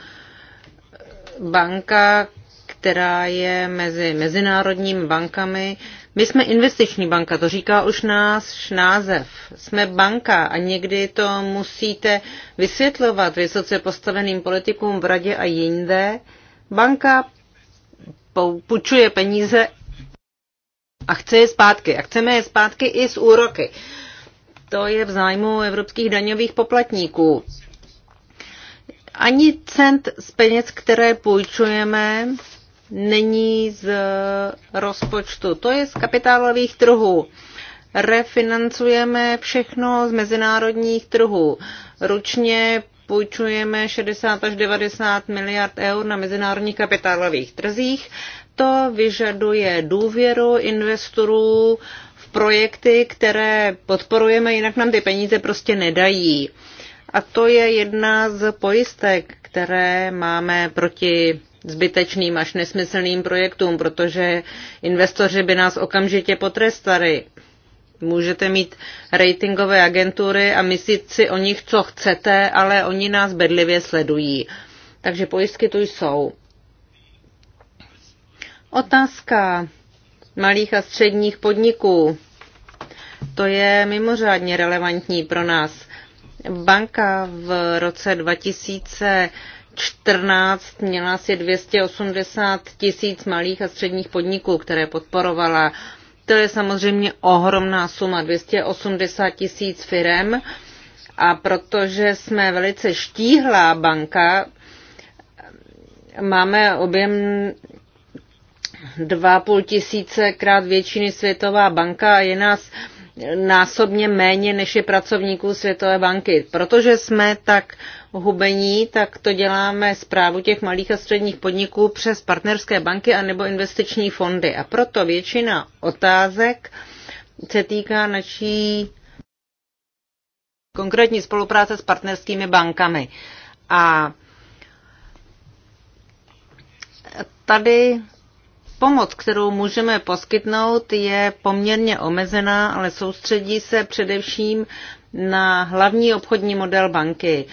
Banka, která je mezi mezinárodními bankami. My jsme investiční banka, to říká už náš název. Jsme banka a někdy to musíte vysvětlovat vysoce postaveným politikům v radě a jinde. Banka půjčuje peníze a chce je zpátky. A chceme je zpátky i s úroky to je v zájmu evropských daňových poplatníků. Ani cent z peněz, které půjčujeme, není z rozpočtu. To je z kapitálových trhů. Refinancujeme všechno z mezinárodních trhů. Ručně půjčujeme 60 až 90 miliard eur na mezinárodních kapitálových trzích. To vyžaduje důvěru investorů, projekty, které podporujeme, jinak nám ty peníze prostě nedají. A to je jedna z pojistek, které máme proti zbytečným až nesmyslným projektům, protože investoři by nás okamžitě potrestali. Můžete mít ratingové agentury a myslit si o nich, co chcete, ale oni nás bedlivě sledují. Takže pojistky tu jsou. Otázka malých a středních podniků. To je mimořádně relevantní pro nás. Banka v roce 2014 měla asi 280 tisíc malých a středních podniků, které podporovala. To je samozřejmě ohromná suma, 280 tisíc firem. A protože jsme velice štíhlá banka, máme objem 2,5 tisíce krát větší než Světová banka a je nás násobně méně než je pracovníků Světové banky. Protože jsme tak hubení, tak to děláme zprávu těch malých a středních podniků přes partnerské banky anebo investiční fondy. A proto většina otázek se týká naší konkrétní spolupráce s partnerskými bankami. A tady Pomoc, kterou můžeme poskytnout, je poměrně omezená, ale soustředí se především na hlavní obchodní model banky.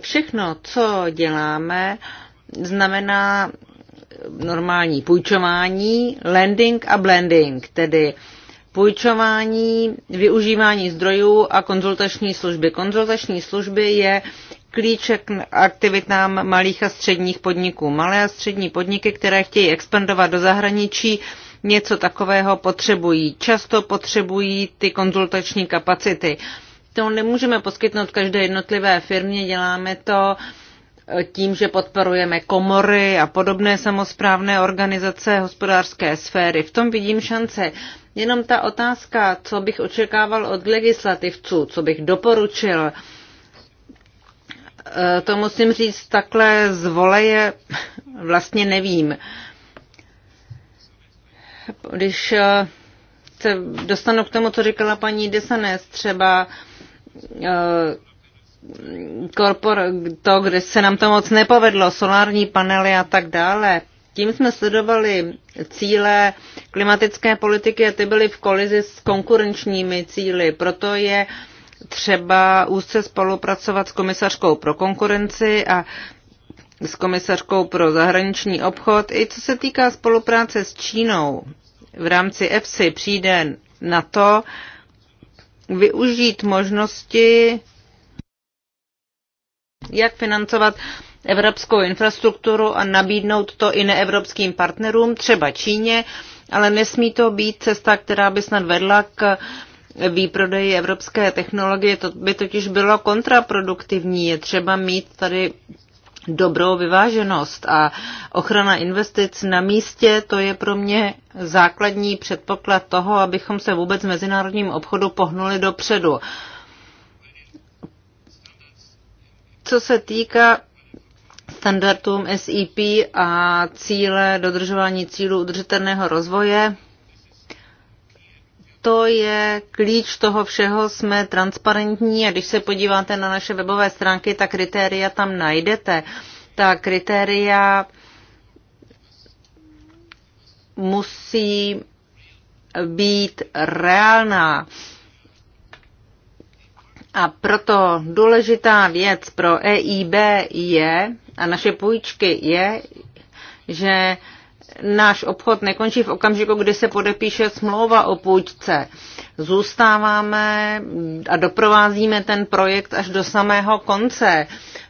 Všechno, co děláme, znamená normální půjčování, lending a blending, tedy půjčování, využívání zdrojů a konzultační služby. Konzultační služby je klíče k aktivitám malých a středních podniků. Malé a střední podniky, které chtějí expandovat do zahraničí, něco takového potřebují. Často potřebují ty konzultační kapacity. To nemůžeme poskytnout každé jednotlivé firmě, děláme to eh, tím, že podporujeme komory a podobné samozprávné organizace hospodářské sféry. V tom vidím šance. Jenom ta otázka, co bych očekával od legislativců, co bych doporučil, to musím říct takhle z voleje, vlastně nevím. Když eh, se dostanu k tomu, co říkala paní Desanes, třeba eh, korpor, to, kde se nám to moc nepovedlo, solární panely a tak dále. Tím jsme sledovali cíle klimatické politiky a ty byly v kolizi s konkurenčními cíly. Proto je uh, třeba úzce spolupracovat s komisařkou pro konkurenci a s komisařkou pro zahraniční obchod. I co se týká spolupráce s Čínou v rámci EFSI přijde na to využít možnosti, jak financovat evropskou infrastrukturu a nabídnout to i neevropským partnerům, třeba Číně, ale nesmí to být cesta, která by snad vedla k výprodeji evropské technologie, to by totiž bylo kontraproduktivní. Je třeba mít tady dobrou vyváženost a ochrana investic na místě, to je pro mě základní předpoklad toho, abychom se vůbec v mezinárodním obchodu pohnuli dopředu. Co se týká standardům SEP a cíle dodržování cílu udržitelného rozvoje, to je klíč toho všeho, jsme transparentní a když se podíváte na naše webové stránky, ta kritéria tam najdete. Ta kritéria musí být reálná. A proto důležitá věc pro EIB je, a naše půjčky je, že náš obchod nekončí v okamžiku, kdy se podepíše smlouva o půjčce. Zůstáváme a doprovázíme ten projekt až do samého konce.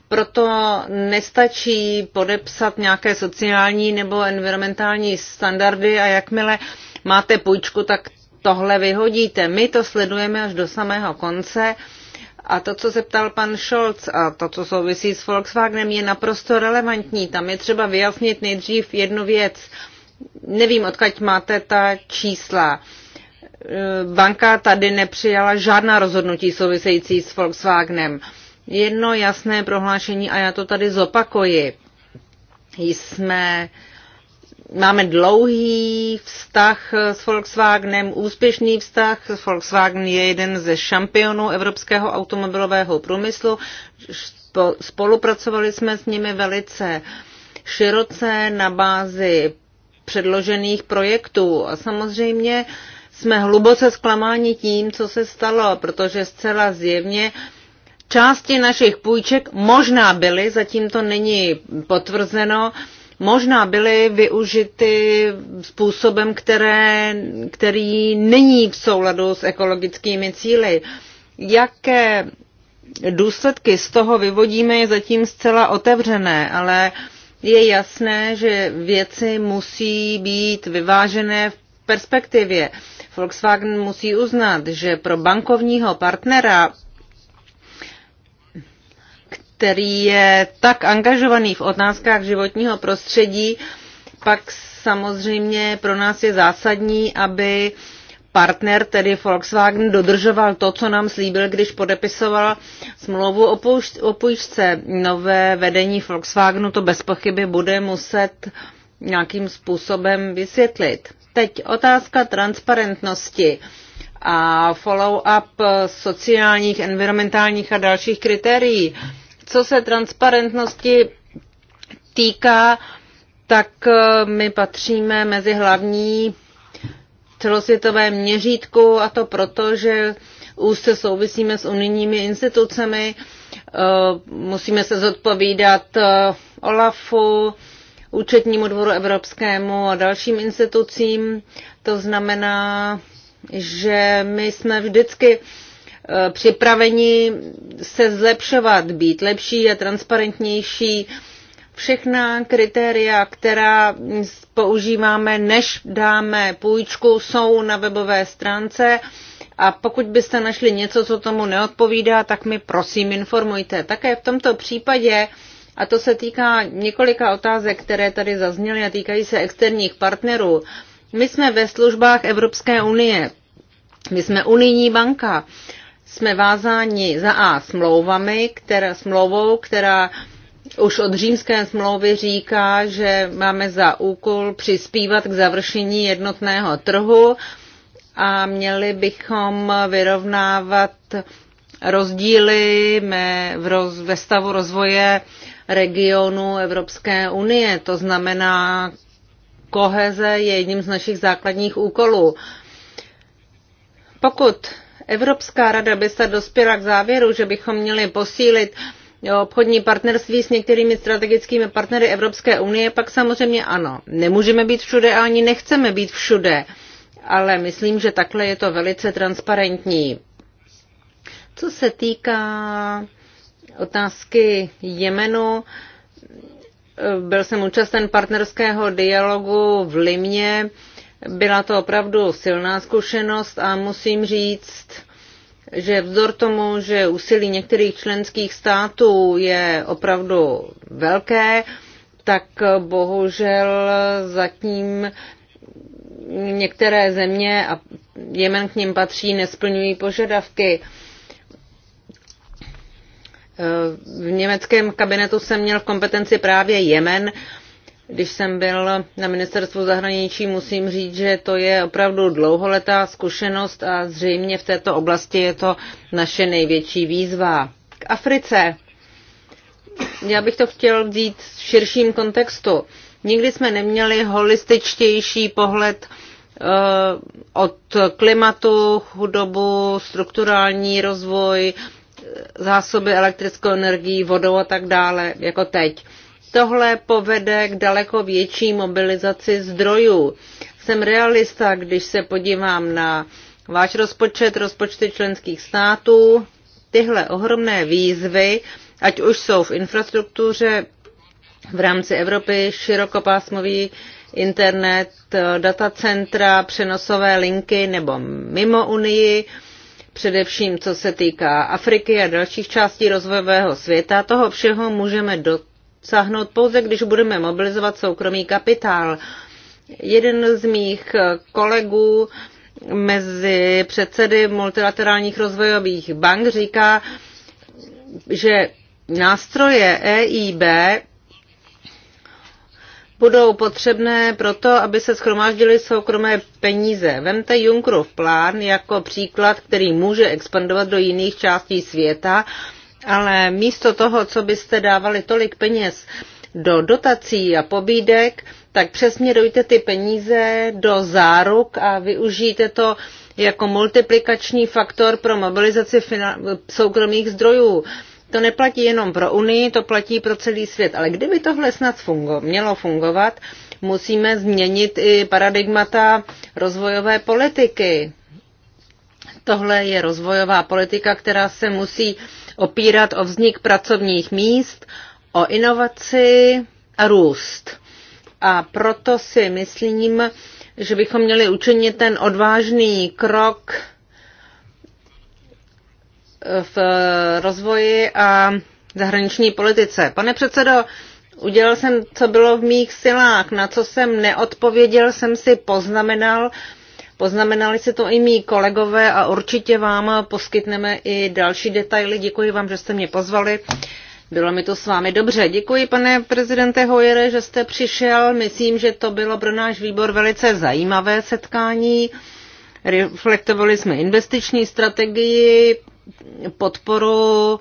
Proto nestačí podepsat nějaké sociální nebo environmentální standardy a jakmile máte půjčku, tak tohle vyhodíte. My to sledujeme až do samého konce a to, co se ptal pan Scholz a to, co souvisí s Volkswagenem, je naprosto relevantní. Tam je třeba vyjasnit nejdřív jednu věc. Nevím, odkud máte ta čísla. Banka tady nepřijala žádná rozhodnutí související s Volkswagenem. Jedno jasné prohlášení a já to tady zopakuji. Jsme máme dlouhý vztah s Volkswagenem, úspěšný vztah. Volkswagen je jeden ze šampionů evropského automobilového průmyslu. Spolupracovali jsme s nimi velice široce na bázi předložených projektů. A samozřejmě jsme hluboce zklamáni tím, co se stalo, protože zcela zjevně části našich půjček možná byly, zatím to není potvrzeno, možná byly využity způsobem, které, který není v souladu s ekologickými cíly. Jaké důsledky z toho vyvodíme je zatím zcela otevřené, ale je jasné, že věci musí být vyvážené v perspektivě. Volkswagen musí uznat, že pro bankovního partnera který je tak angažovaný v otázkách životního prostředí, pak samozřejmě pro nás je zásadní, aby partner, tedy Volkswagen, dodržoval to, co nám slíbil, když podepisoval smlouvu o, půjčce. Nové vedení Volkswagenu to bez pochyby bude muset nějakým způsobem vysvětlit. Teď otázka transparentnosti a follow-up sociálních, environmentálních a dalších kritérií. Co se transparentnosti týká, tak eh, my patříme mezi hlavní celosvětové měřítku a to proto, že úzce souvisíme s unijními institucemi, eh, musíme se zodpovídat eh, OLAFu, účetnímu dvoru evropskému a dalším institucím. To znamená, že my jsme vždycky Eh, připraveni se zlepšovat, být lepší a transparentnější. Všechna kritéria, která používáme, než dáme půjčku, jsou na webové stránce. A pokud byste našli něco, co tomu neodpovídá, tak mi prosím informujte. Také v tomto případě, a to se týká několika otázek, které tady zazněly a týkají se externích partnerů, my jsme ve službách Evropské unie. My jsme unijní banka jsme vázáni za A smlouvami, která, smlouvou, která už od římské smlouvy říká, že máme za úkol přispívat k završení jednotného trhu a měli bychom vyrovnávat rozdíly v roz, ve stavu rozvoje regionu Evropské unie. To znamená, koheze je jedním z našich základních úkolů. Pokud Evropská rada by se dospěla k závěru, že bychom měli posílit obchodní partnerství s některými strategickými partnery Evropské unie, pak samozřejmě ano. Nemůžeme být všude a ani nechceme být všude, ale myslím, že takhle je to velice transparentní. Co se týká otázky Jemenu, eh, byl jsem účasten partnerského dialogu v Limě, byla to opravdu silná zkušenost a musím říct, že vzdor tomu, že úsilí některých členských států je opravdu velké, tak bohužel zatím některé země, a Jemen k ním patří, nesplňují požadavky. V německém kabinetu jsem měl v kompetenci právě Jemen když jsem byl na ministerstvu zahraničí, musím říct, že to je opravdu dlouholetá zkušenost a zřejmě v této oblasti je to naše největší výzva. K Africe. Já bych to chtěl vzít v širším kontextu. Nikdy jsme neměli holističtější pohled eh, od klimatu, chudobu, strukturální rozvoj, zásoby elektrickou energií, vodou a tak dále, jako teď. Tohle povede k daleko větší mobilizaci zdrojů. Jsem realista, když se podívám na váš rozpočet, rozpočty členských států. Tyhle ohromné výzvy, ať už jsou v infrastruktuře v rámci Evropy, širokopásmový internet, datacentra, přenosové linky nebo mimo Unii, především co se týká Afriky a dalších částí rozvojového světa. Toho všeho můžeme do, dosáhnout pouze, když budeme mobilizovat soukromý kapitál. Jeden z mých kolegů mezi předsedy multilaterálních rozvojových bank říká, že nástroje EIB budou potřebné proto, aby se schromáždily soukromé peníze. Vemte Junckerův plán jako příklad, který může expandovat do jiných částí světa ale místo toho, co byste dávali tolik peněz do dotací a pobídek, tak přesně dojte ty peníze do záruk a využijte to jako multiplikační faktor pro mobilizaci soukromých zdrojů. To neplatí jenom pro Unii, to platí pro celý svět. Ale kdyby tohle snad fungo, mělo fungovat, musíme změnit i paradigmata rozvojové politiky. Tohle je rozvojová politika, která se musí uh, opírat o vznik pracovních míst, o inovaci a růst. A proto si myslím, že bychom měli učinit ten odvážný krok v rozvoji a zahraniční politice. Pane předsedo, udělal jsem, co bylo v mých silách. Na co jsem neodpověděl, jsem si poznamenal, Poznamenali si to i mý kolegové a určitě vám poskytneme i další detaily. Děkuji vám, že jste mě pozvali. Bylo mi to s vámi dobře. Děkuji, pane prezidente Hojere, že jste přišel. Myslím, že to bylo pro náš výbor velice zajímavé setkání. Reflektovali jsme investiční strategii, podporu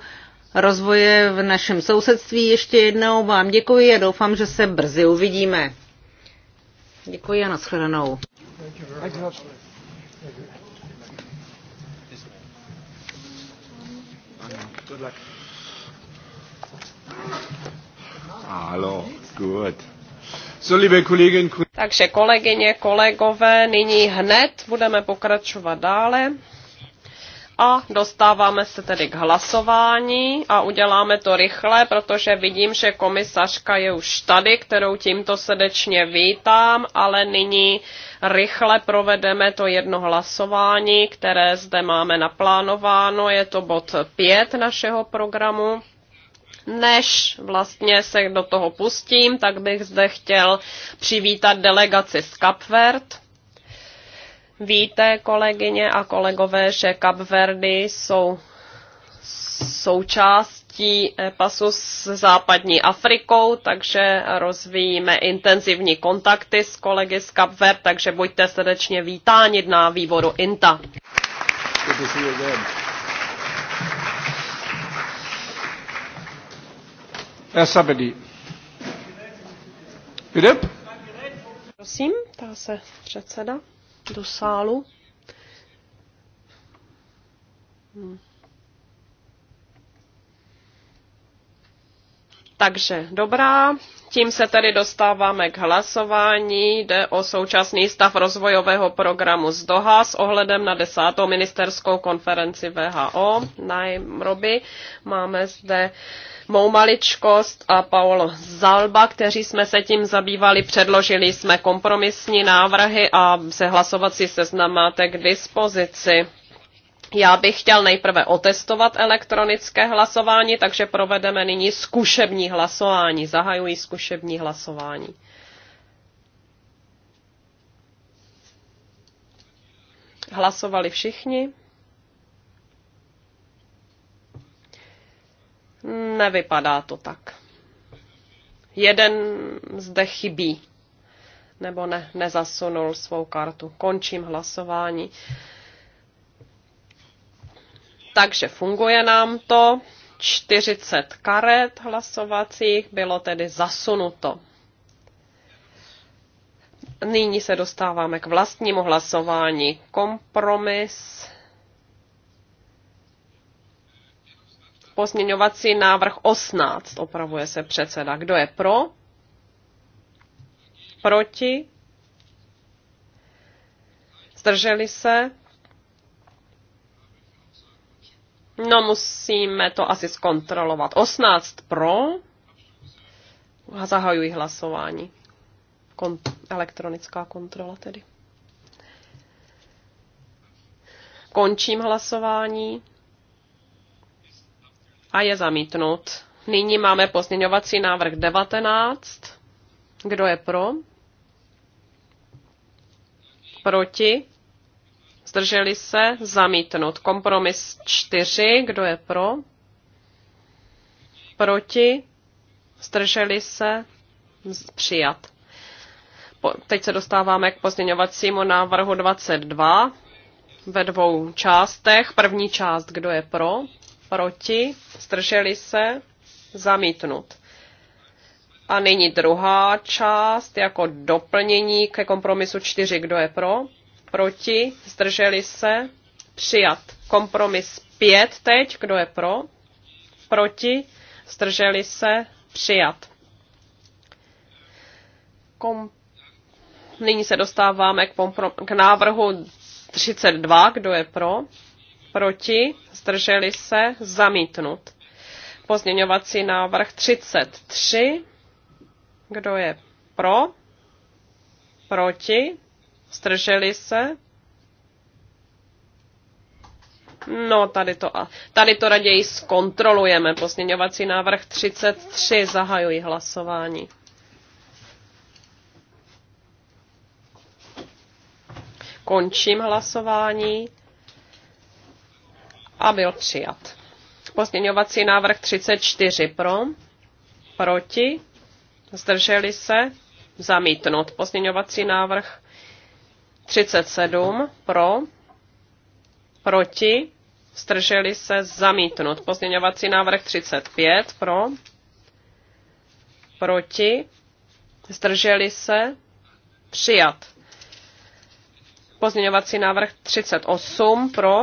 rozvoje v našem sousedství. Ještě jednou vám děkuji a doufám, že se brzy uvidíme. Děkuji a nashledanou. Thank you very Thanks much. much. Thank you. Good luck. Hallo, ah, good. So, liebe Kolleginnen, Takže kolegyně, kolegové, nyní hned budeme pokračovat dále. A dostáváme se tedy k hlasování a uděláme to rychle, protože vidím, že komisařka je už tady, kterou tímto srdečně vítám, ale nyní rychle provedeme to jedno hlasování, které zde máme naplánováno. Je to bod 5 našeho programu. Než vlastně se do toho pustím, tak bych zde chtěl přivítat delegaci z Kapvert. Víte, kolegyně a kolegové, že Kapverdy jsou součást souvislostí eh, pasu s západní Afrikou, takže rozvíjíme intenzivní kontakty s kolegy z Kapver, takže buďte srdečně vítáni na výboru INTA. Prosím, ptá se předseda do sálu. Hmm. Takže dobrá, tím se tedy dostáváme k hlasování. Jde o současný stav rozvojového programu z Doha s ohledem na desátou ministerskou konferenci VHO. Najmroby máme zde mou maličkost a Paolo Zalba, kteří jsme se tím zabývali. Předložili jsme kompromisní návrhy a se hlasovací seznam máte k dispozici. Já bych chtěl nejprve otestovat elektronické hlasování, takže provedeme nyní zkušební hlasování. Zahajuji zkušební hlasování. Hlasovali všichni? Nevypadá to tak. Jeden zde chybí. Nebo ne, nezasunul svou kartu. Končím hlasování. Takže funguje nám to. 40 karet hlasovacích bylo tedy zasunuto. Nyní se dostáváme k vlastnímu hlasování. Kompromis. Pozměňovací návrh 18. Opravuje se předseda. Kdo je pro? Proti? Zdrželi se? No musíme to asi zkontrolovat. 18 pro. Zahajuji hlasování. Kon- elektronická kontrola tedy. Končím hlasování. A je zamítnut. Nyní máme pozměňovací návrh 19. Kdo je pro? Proti? zdrželi se, zamítnout Kompromis 4, kdo je pro, proti, zdrželi se, přijat. Po, teď se dostáváme k pozměňovacímu návrhu 22 ve dvou částech. První část, kdo je pro, proti, zdrželi se, zamítnout. A nyní druhá část jako doplnění ke kompromisu 4, kdo je pro, proti, zdrželi se, přijat. Kompromis 5 teď, kdo je pro, proti, zdrželi se, přijat. Kom... Nyní se dostáváme k, pompro... k návrhu 32, kdo je pro, proti, zdrželi se, zamítnut. Pozměňovací návrh 33, kdo je pro, proti, Zdrželi se? No, tady to, a tady to raději zkontrolujeme. Posměňovací návrh 33. Zahajuji hlasování. Končím hlasování a byl přijat. Posměňovací návrh 34 pro, proti, zdrželi se, zamítnut. Posměňovací návrh 37 pro, proti, strželi se zamítnut. Pozměňovací návrh 35 pro, proti, strželi se přijat. Pozměňovací návrh 38 pro,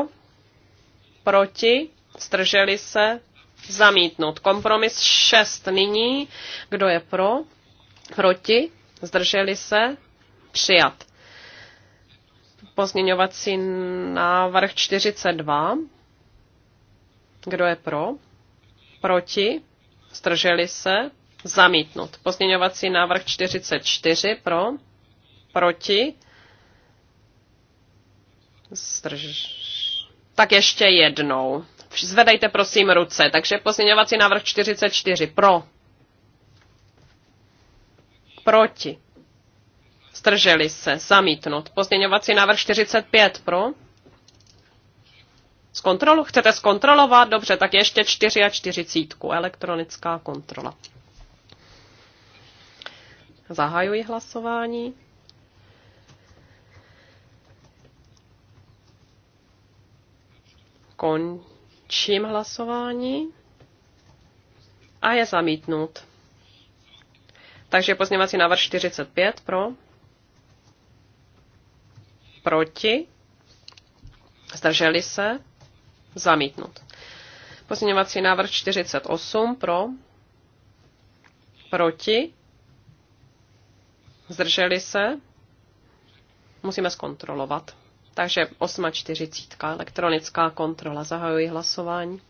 proti, strželi se zamítnut. Kompromis 6 nyní. Kdo je pro? Proti? Zdrželi se? Přijat pozměňovací návrh 42. Kdo je pro? Proti? Zdrželi se? Zamítnut. Pozměňovací návrh 44 pro? Proti? Zdrž... Tak ještě jednou. Zvedejte prosím ruce. Takže pozměňovací návrh 44 pro? Proti? Zdrželi se. Zamítnut. Pozměňovací návrh 45 pro. Zkontrolu, chcete zkontrolovat? Dobře, tak ještě 4 a 40. Elektronická kontrola. Zahajuji hlasování. Končím hlasování. A je zamítnut. Takže pozněvací návrh 45 pro proti, zdrželi se, zamítnut. Pozměňovací návrh 48 pro, proti, zdrželi se, musíme zkontrolovat. Takže 8.40, elektronická kontrola, zahajuji hlasování.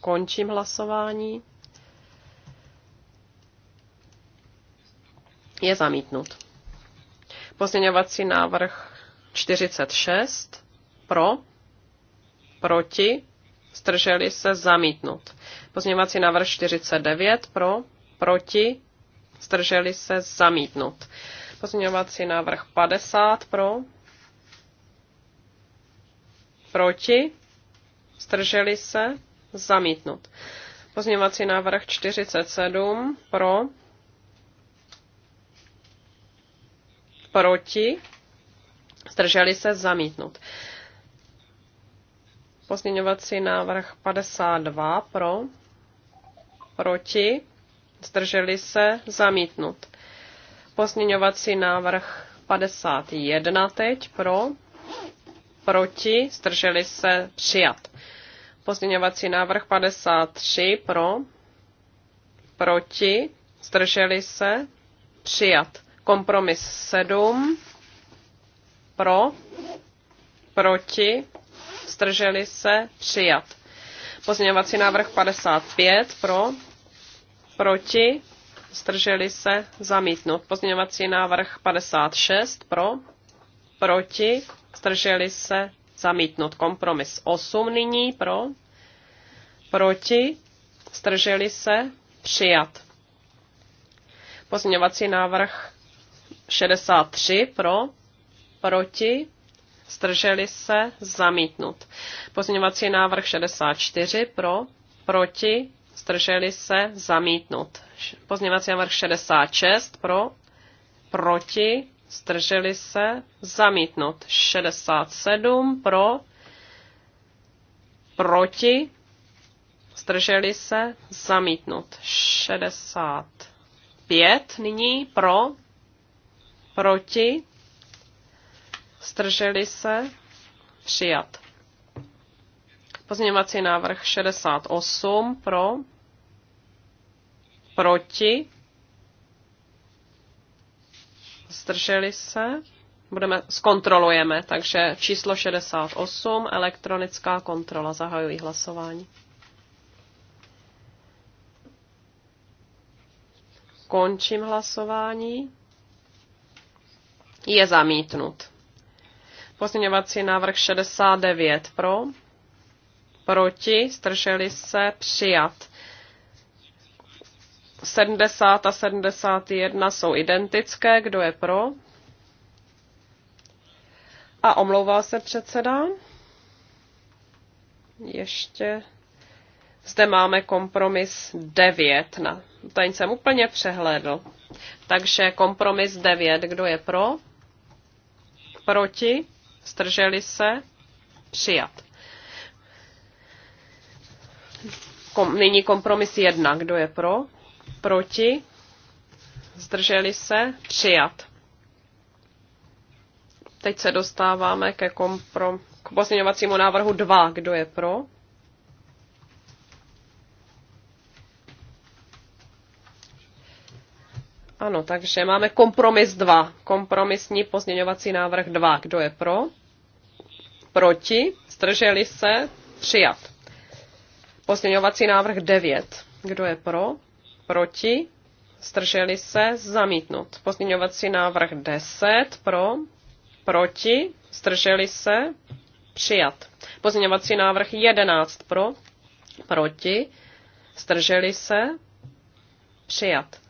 Končím hlasování. Je zamítnut. Pozměňovací návrh 46 pro, proti, zdrželi se zamítnut. Pozměňovací návrh 49 pro, proti, zdrželi se zamítnut. Pozměňovací návrh 50 pro, proti, zdrželi se zamítnut. Pozměňovací návrh 47 pro, proti, zdrželi se zamítnout. Pozměňovací návrh 52 pro, proti, zdrželi se zamítnout. Pozměňovací návrh 51 teď pro, proti, zdrželi se přijat. Pozměňovací návrh 53 pro, proti, zdrželi se přijat. Kompromis 7. Pro. Proti. strželi se. Přijat. Pozměňovací návrh 55. Pro. Proti. strželi se. Zamítnut. Pozměňovací návrh 56. Pro. Proti. strželi se. Zamítnut. Kompromis 8 nyní. Pro. Proti. strželi se. Přijat. Pozměňovací návrh 63 pro, proti, zdrželi se, zamítnut. Pozměňovací návrh 64 pro, proti, zdrželi se, zamítnut. Pozměňovací návrh 66 pro, proti, zdrželi se, zamítnut. 67 pro, proti, zdrželi se, zamítnut. 65 nyní pro, proti, strželi se, přijat. Pozměňovací návrh 68 pro, proti, strželi se, budeme, zkontrolujeme, takže číslo 68, elektronická kontrola, zahajují hlasování. Končím hlasování. Je zamítnut. Pozměňovací návrh 69 pro, proti, strželi se, přijat. 70 a 71 jsou identické, kdo je pro? A omlouvá se předseda. Ještě. Zde máme kompromis 9. Na, ten jsem úplně přehlédl. Takže kompromis 9. Kdo je pro? Proti? strželi se? Přijat. Kom, nyní kompromis jedna. Kdo je pro? Proti? Zdrželi se? Přijat. Teď se dostáváme ke, komprom- k pozměňovacímu návrhu 2. Kdo je pro? Ano, takže máme kompromis 2. Kompromisní pozměňovací návrh 2. Kdo je pro? Proti? Zdrželi se? Přijat. Pozměňovací návrh 9. Kdo je pro? Proti? Zdrželi se? Zamítnut. Pozměňovací návrh 10. Pro? Proti? Zdrželi se? Přijat. Pozměňovací návrh 11. Pro? Proti? Zdrželi se? Přijat.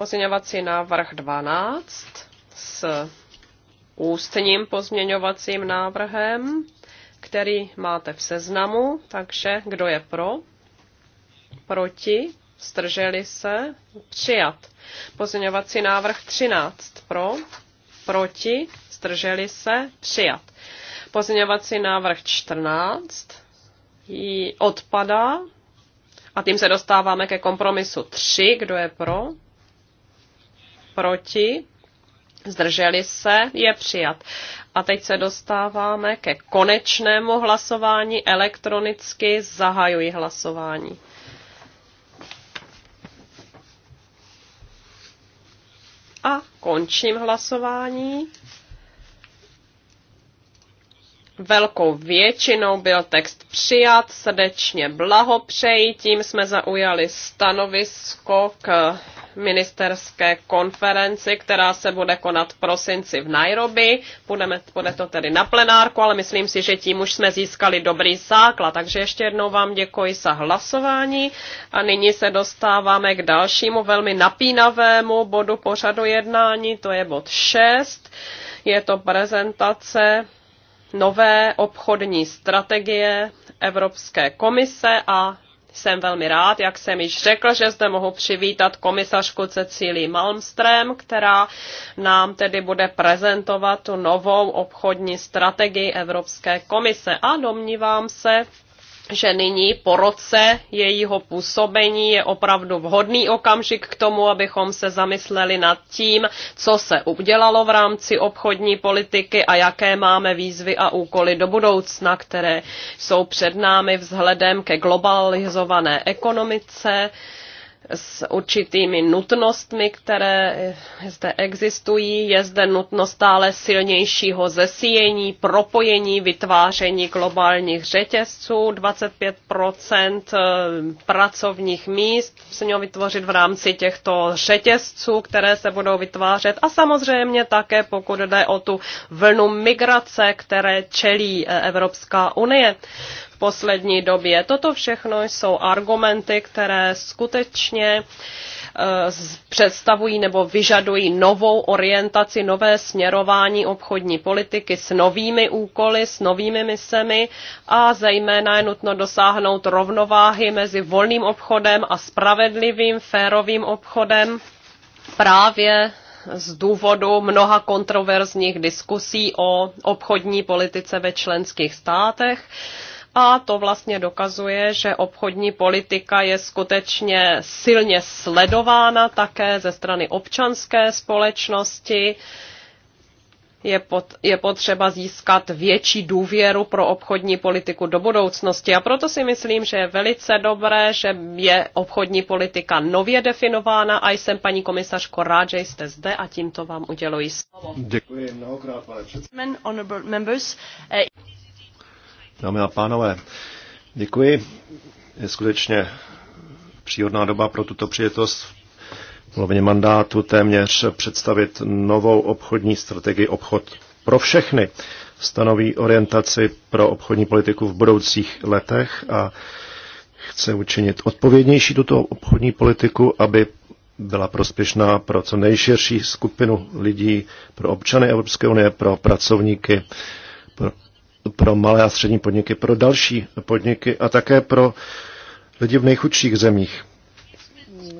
Pozměňovací návrh 12 s ústním pozměňovacím návrhem, který máte v seznamu, takže kdo je pro, proti, strželi se, přijat. Pozměňovací návrh 13 pro, proti, strželi se, přijat. Pozměňovací návrh 14 ji odpadá a tím se dostáváme ke kompromisu 3, kdo je pro, proti, zdrželi se, je přijat. A teď se dostáváme ke konečnému hlasování elektronicky. Zahajuji hlasování. A končím hlasování. Velkou většinou byl text přijat, srdečně blahopřeji, tím jsme zaujali stanovisko k ministerské konferenci, která se bude konat v prosinci v Nairobi. Budeme, bude to tedy na plenárku, ale myslím si, že tím už jsme získali dobrý základ. Takže ještě jednou vám děkuji za hlasování a nyní se dostáváme k dalšímu velmi napínavému bodu pořadu jednání, to je bod 6. Je to prezentace nové obchodní strategie Evropské komise a jsem velmi rád, jak jsem již řekl, že zde mohu přivítat komisařku Cecílii Malmström, která nám tedy bude prezentovat tu novou obchodní strategii Evropské komise. A domnívám se, že nyní po roce jejího působení je opravdu vhodný okamžik k tomu, abychom se zamysleli nad tím, co se udělalo v rámci obchodní politiky a jaké máme výzvy a úkoly do budoucna, které jsou před námi vzhledem ke globalizované ekonomice s určitými nutnostmi, které zde existují. Je zde nutnost stále silnějšího zesíjení, propojení, vytváření globálních řetězců, 25 eh, pracovních míst se mělo vytvořit v rámci těchto řetězců, které se budou vytvářet a samozřejmě také pokud jde o tu vlnu migrace, které čelí eh, Evropská unie poslední době. Toto všechno jsou argumenty, které skutečně eh, představují nebo vyžadují novou orientaci, nové směrování obchodní politiky s novými úkoly, s novými misemi a zejména je nutno dosáhnout rovnováhy mezi volným obchodem a spravedlivým, férovým obchodem právě z důvodu mnoha kontroverzních diskusí o obchodní politice ve členských státech a to vlastně dokazuje, že obchodní politika je skutečně silně sledována také ze strany občanské společnosti. Je, pot, je potřeba získat větší důvěru pro obchodní politiku do budoucnosti. A proto si myslím, že je velice dobré, že je obchodní politika nově definována a jsem paní komisařko rád, že jste zde a tímto vám uděluji slovo. Děkuji mnohokrát, pane Dámy a pánové, děkuji. Je skutečně příhodná doba pro tuto přijetost v polovině mandátu téměř představit novou obchodní strategii obchod pro všechny. Stanoví orientaci pro obchodní politiku v budoucích letech a chce učinit odpovědnější tuto obchodní politiku, aby byla prospěšná pro co nejširší skupinu lidí, pro občany Evropské unie, pro pracovníky, pro pro malé a střední podniky, pro další podniky a také pro lidi v nejchudších zemích.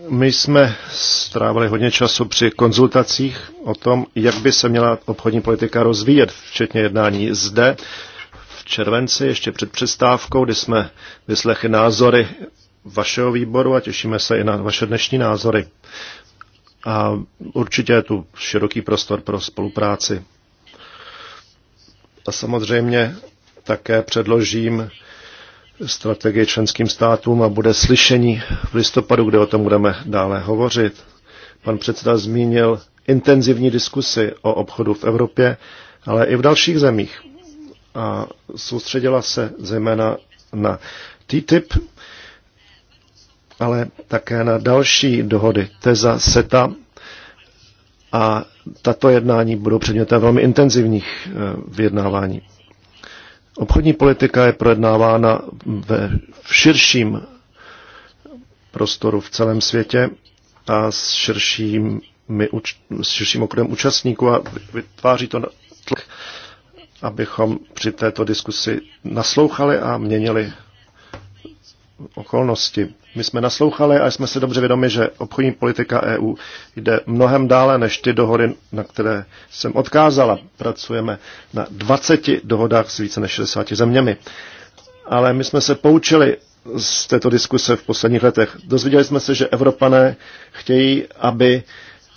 My jsme strávili hodně času při konzultacích o tom, jak by se měla obchodní politika rozvíjet, včetně jednání zde v červenci, ještě před přestávkou, kdy jsme vyslechli názory vašeho výboru a těšíme se i na vaše dnešní názory. A určitě je tu široký prostor pro spolupráci. A samozřejmě také předložím strategii členským státům a bude slyšení v listopadu, kde o tom budeme dále hovořit. Pan předseda zmínil intenzivní diskusy o obchodu v Evropě, ale i v dalších zemích. A soustředila se zejména na TTIP, ale také na další dohody teza SETA a tato jednání budou předmětem velmi intenzivních eh, vyjednávání. Obchodní politika je projednávána ve širším prostoru v celém světě a s širším, s širším okruhem účastníků a vytváří to tlak, abychom při této diskusi naslouchali a měnili okolnosti. My jsme naslouchali a jsme si dobře vědomi, že obchodní politika EU jde mnohem dále než ty dohody, na které jsem odkázala. Pracujeme na 20 dohodách s více než 60 zeměmi. Ale my jsme se poučili z této diskuse v posledních letech. Dozvěděli jsme se, že Evropané chtějí, aby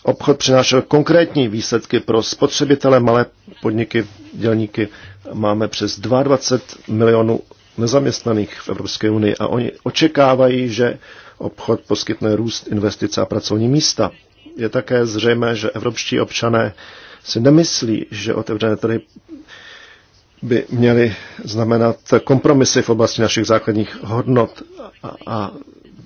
obchod přinášel konkrétní výsledky pro spotřebitele, malé podniky, dělníky. Máme přes 22 milionů nezaměstnaných v Evropské unii a oni očekávají, že obchod poskytne růst investice a pracovní místa. Je také zřejmé, že evropští občané si nemyslí, že otevřené trhy by měly znamenat kompromisy v oblasti našich základních hodnot a, a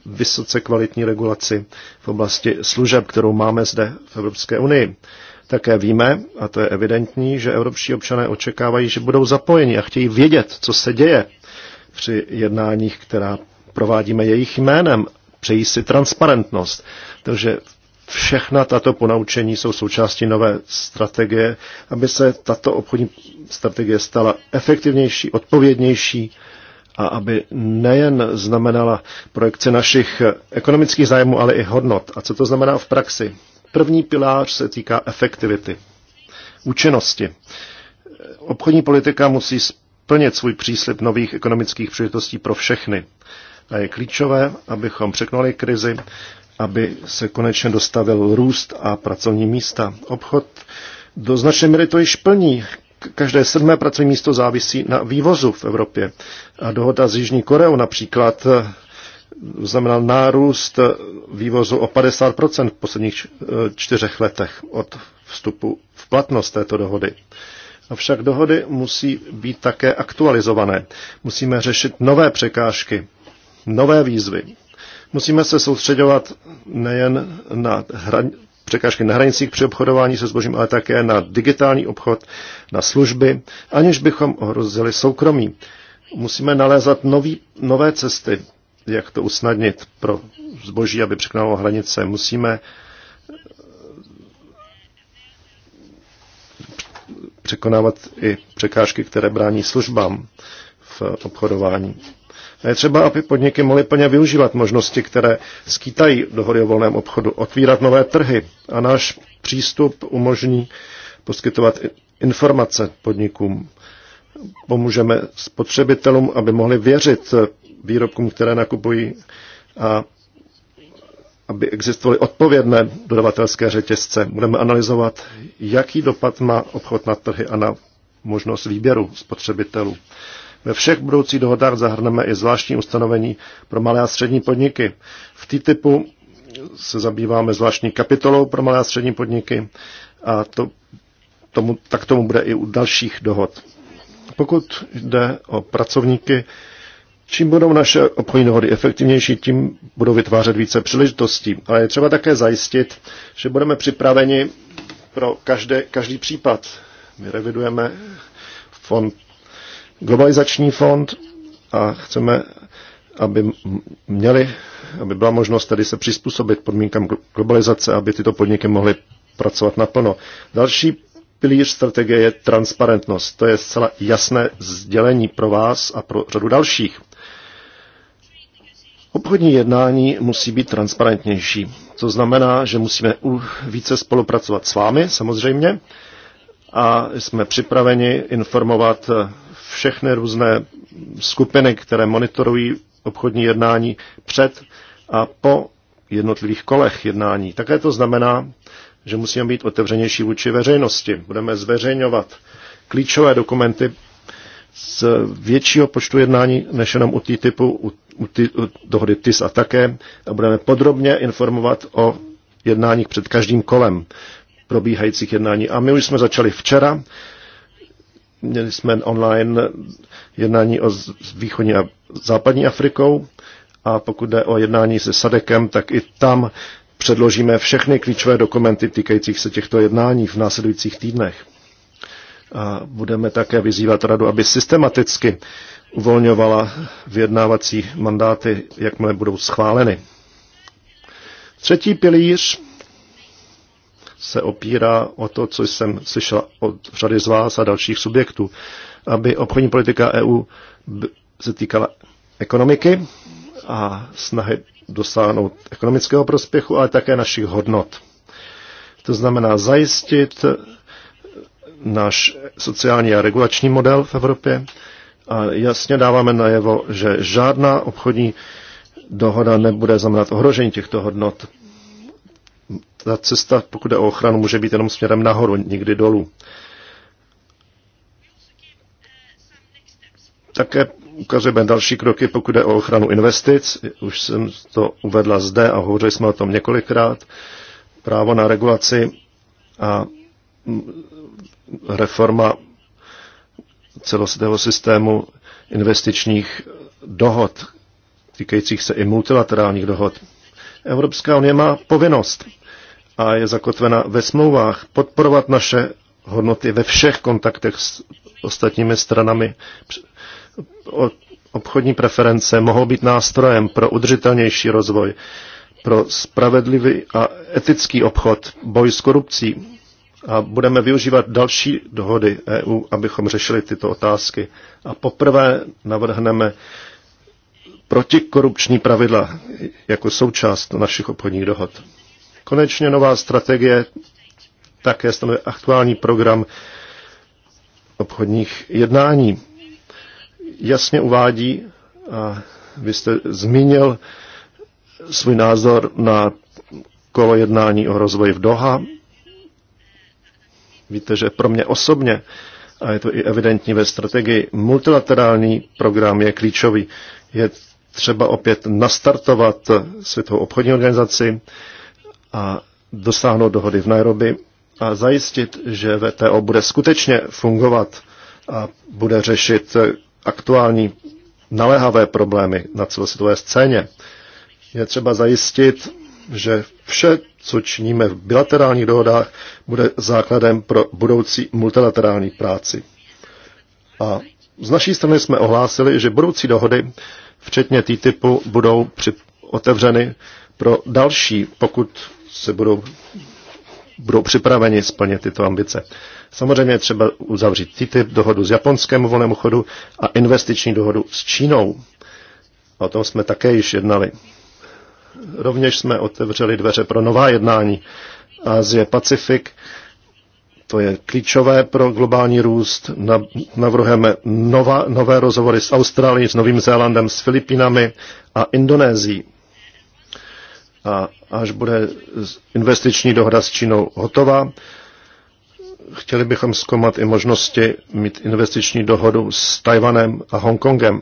vysoce kvalitní regulaci v oblasti služeb, kterou máme zde v Evropské unii. Také víme, a to je evidentní, že evropští občané očekávají, že budou zapojeni a chtějí vědět, co se děje při jednáních, která provádíme jejich jménem. Přejí si transparentnost. Takže všechna tato ponaučení jsou součástí nové strategie, aby se tato obchodní strategie stala efektivnější, odpovědnější a aby nejen znamenala projekci našich ekonomických zájmů, ale i hodnot. A co to znamená v praxi? První pilář se týká efektivity, účinnosti. Obchodní politika musí plnit svůj příslip nových ekonomických příležitostí pro všechny. A je klíčové, abychom překonali krizi, aby se konečně dostavil růst a pracovní místa. Obchod do značné míry to již plní. Každé sedmé pracovní místo závisí na vývozu v Evropě. A dohoda s Jižní Koreou například eh, znamená nárůst eh, vývozu o 50% v posledních eh, čtyřech letech od vstupu v platnost této dohody. Avšak dohody musí být také aktualizované. Musíme řešit nové překážky, nové výzvy. Musíme se soustředovat nejen na hran- překážky na hranicích při obchodování se zbožím, ale také na digitální obchod, na služby, aniž bychom ohrozili soukromí. Musíme nalézat nový, nové cesty, jak to usnadnit pro zboží, aby překonalo hranice. Musíme uh, překonávat i překážky, které brání službám v obchodování. A je třeba, aby podniky mohly plně využívat možnosti, které skýtají dohody o volném obchodu, otvírat nové trhy a náš přístup umožní poskytovat informace podnikům. Pomůžeme spotřebitelům, aby mohli věřit výrobkům, které nakupují a aby existovaly odpovědné dodavatelské řetězce. Budeme analyzovat, jaký dopad má obchod na trhy a na možnost výběru spotřebitelů. Ve všech budoucích dohodách zahrneme i zvláštní ustanovení pro malé a střední podniky. V TTIPu se zabýváme zvláštní kapitolou pro malé a střední podniky a to, tomu, tak tomu bude i u dalších dohod. Pokud jde o pracovníky, Čím budou naše obchodní dohody efektivnější, tím budou vytvářet více příležitostí. Ale je třeba také zajistit, že budeme připraveni pro každé, každý případ. My revidujeme fond, globalizační fond a chceme, aby měli, aby byla možnost tedy se přizpůsobit podmínkám globalizace, aby tyto podniky mohly pracovat naplno. Další pilíř strategie je transparentnost. To je zcela jasné sdělení pro vás a pro řadu dalších. Obchodní jednání musí být transparentnější. To znamená, že musíme více spolupracovat s vámi, samozřejmě, a jsme připraveni informovat eh, všechny různé skupiny, které monitorují obchodní jednání před a po jednotlivých kolech jednání. Také to znamená, že musíme být otevřenější vůči veřejnosti. Budeme zveřejňovat klíčové dokumenty z většího počtu jednání než jenom u TTIPu, u, u, ty, u dohody TIS a také. A budeme podrobně informovat o jednáních před každým kolem probíhajících jednání. A my už jsme začali včera. Měli jsme online jednání o východní a západní Afrikou. A pokud jde o jednání se Sadekem, tak i tam předložíme všechny klíčové dokumenty týkajících se těchto jednání v následujících týdnech. A budeme také vyzývat radu, aby systematicky uvolňovala vyjednávací mandáty, jakmile budou schváleny. Třetí pilíř se opírá o to, co jsem slyšel od řady z vás a dalších subjektů, aby obchodní politika EU se týkala ekonomiky a snahy dosáhnout ekonomického prospěchu, ale také našich hodnot. To znamená zajistit náš sociální a regulační model v Evropě a jasně dáváme najevo, že žádná obchodní dohoda nebude znamenat ohrožení těchto hodnot. Ta cesta, pokud je o ochranu, může být jenom směrem nahoru, nikdy dolů. Také ukazujeme další kroky, pokud je o ochranu investic. Už jsem to uvedla zde a hovořili jsme o tom několikrát. Právo na regulaci a reforma celosvětového systému investičních dohod, týkajících se i multilaterálních dohod. Evropská unie má povinnost a je zakotvena ve smlouvách podporovat naše hodnoty ve všech kontaktech s ostatními stranami. Obchodní preference mohou být nástrojem pro udržitelnější rozvoj, pro spravedlivý a etický obchod, boj s korupcí, a budeme využívat další dohody EU, abychom řešili tyto otázky. A poprvé navrhneme protikorupční pravidla jako součást našich obchodních dohod. Konečně nová strategie také stanovuje aktuální program obchodních jednání. Jasně uvádí, a vy jste zmínil svůj názor na kolo jednání o rozvoji v Doha, Víte, že pro mě osobně, a je to i evidentní ve strategii, multilaterální program je klíčový. Je třeba opět nastartovat Světovou obchodní organizaci a dosáhnout dohody v Nairobi a zajistit, že VTO bude skutečně fungovat a bude řešit aktuální naléhavé problémy na celosvětové scéně. Je třeba zajistit, že vše, co činíme v bilaterálních dohodách, bude základem pro budoucí multilaterální práci. A z naší strany jsme ohlásili, že budoucí dohody, včetně TTIPu, budou při, otevřeny pro další, pokud se budou, budou připraveni splnit tyto ambice. Samozřejmě je třeba uzavřít TTIP, dohodu s japonském volnému chodu a investiční dohodu s Čínou. O tom jsme také již jednali. Rovněž jsme otevřeli dveře pro nová jednání. Azie Pacifik, to je klíčové pro globální růst. Navrhujeme nova, nové rozhovory s Austrálií, s Novým Zélandem, s Filipínami a Indonésií. A až bude investiční dohoda s Čínou hotová, chtěli bychom zkoumat i možnosti mít investiční dohodu s Tajvanem a Hongkongem.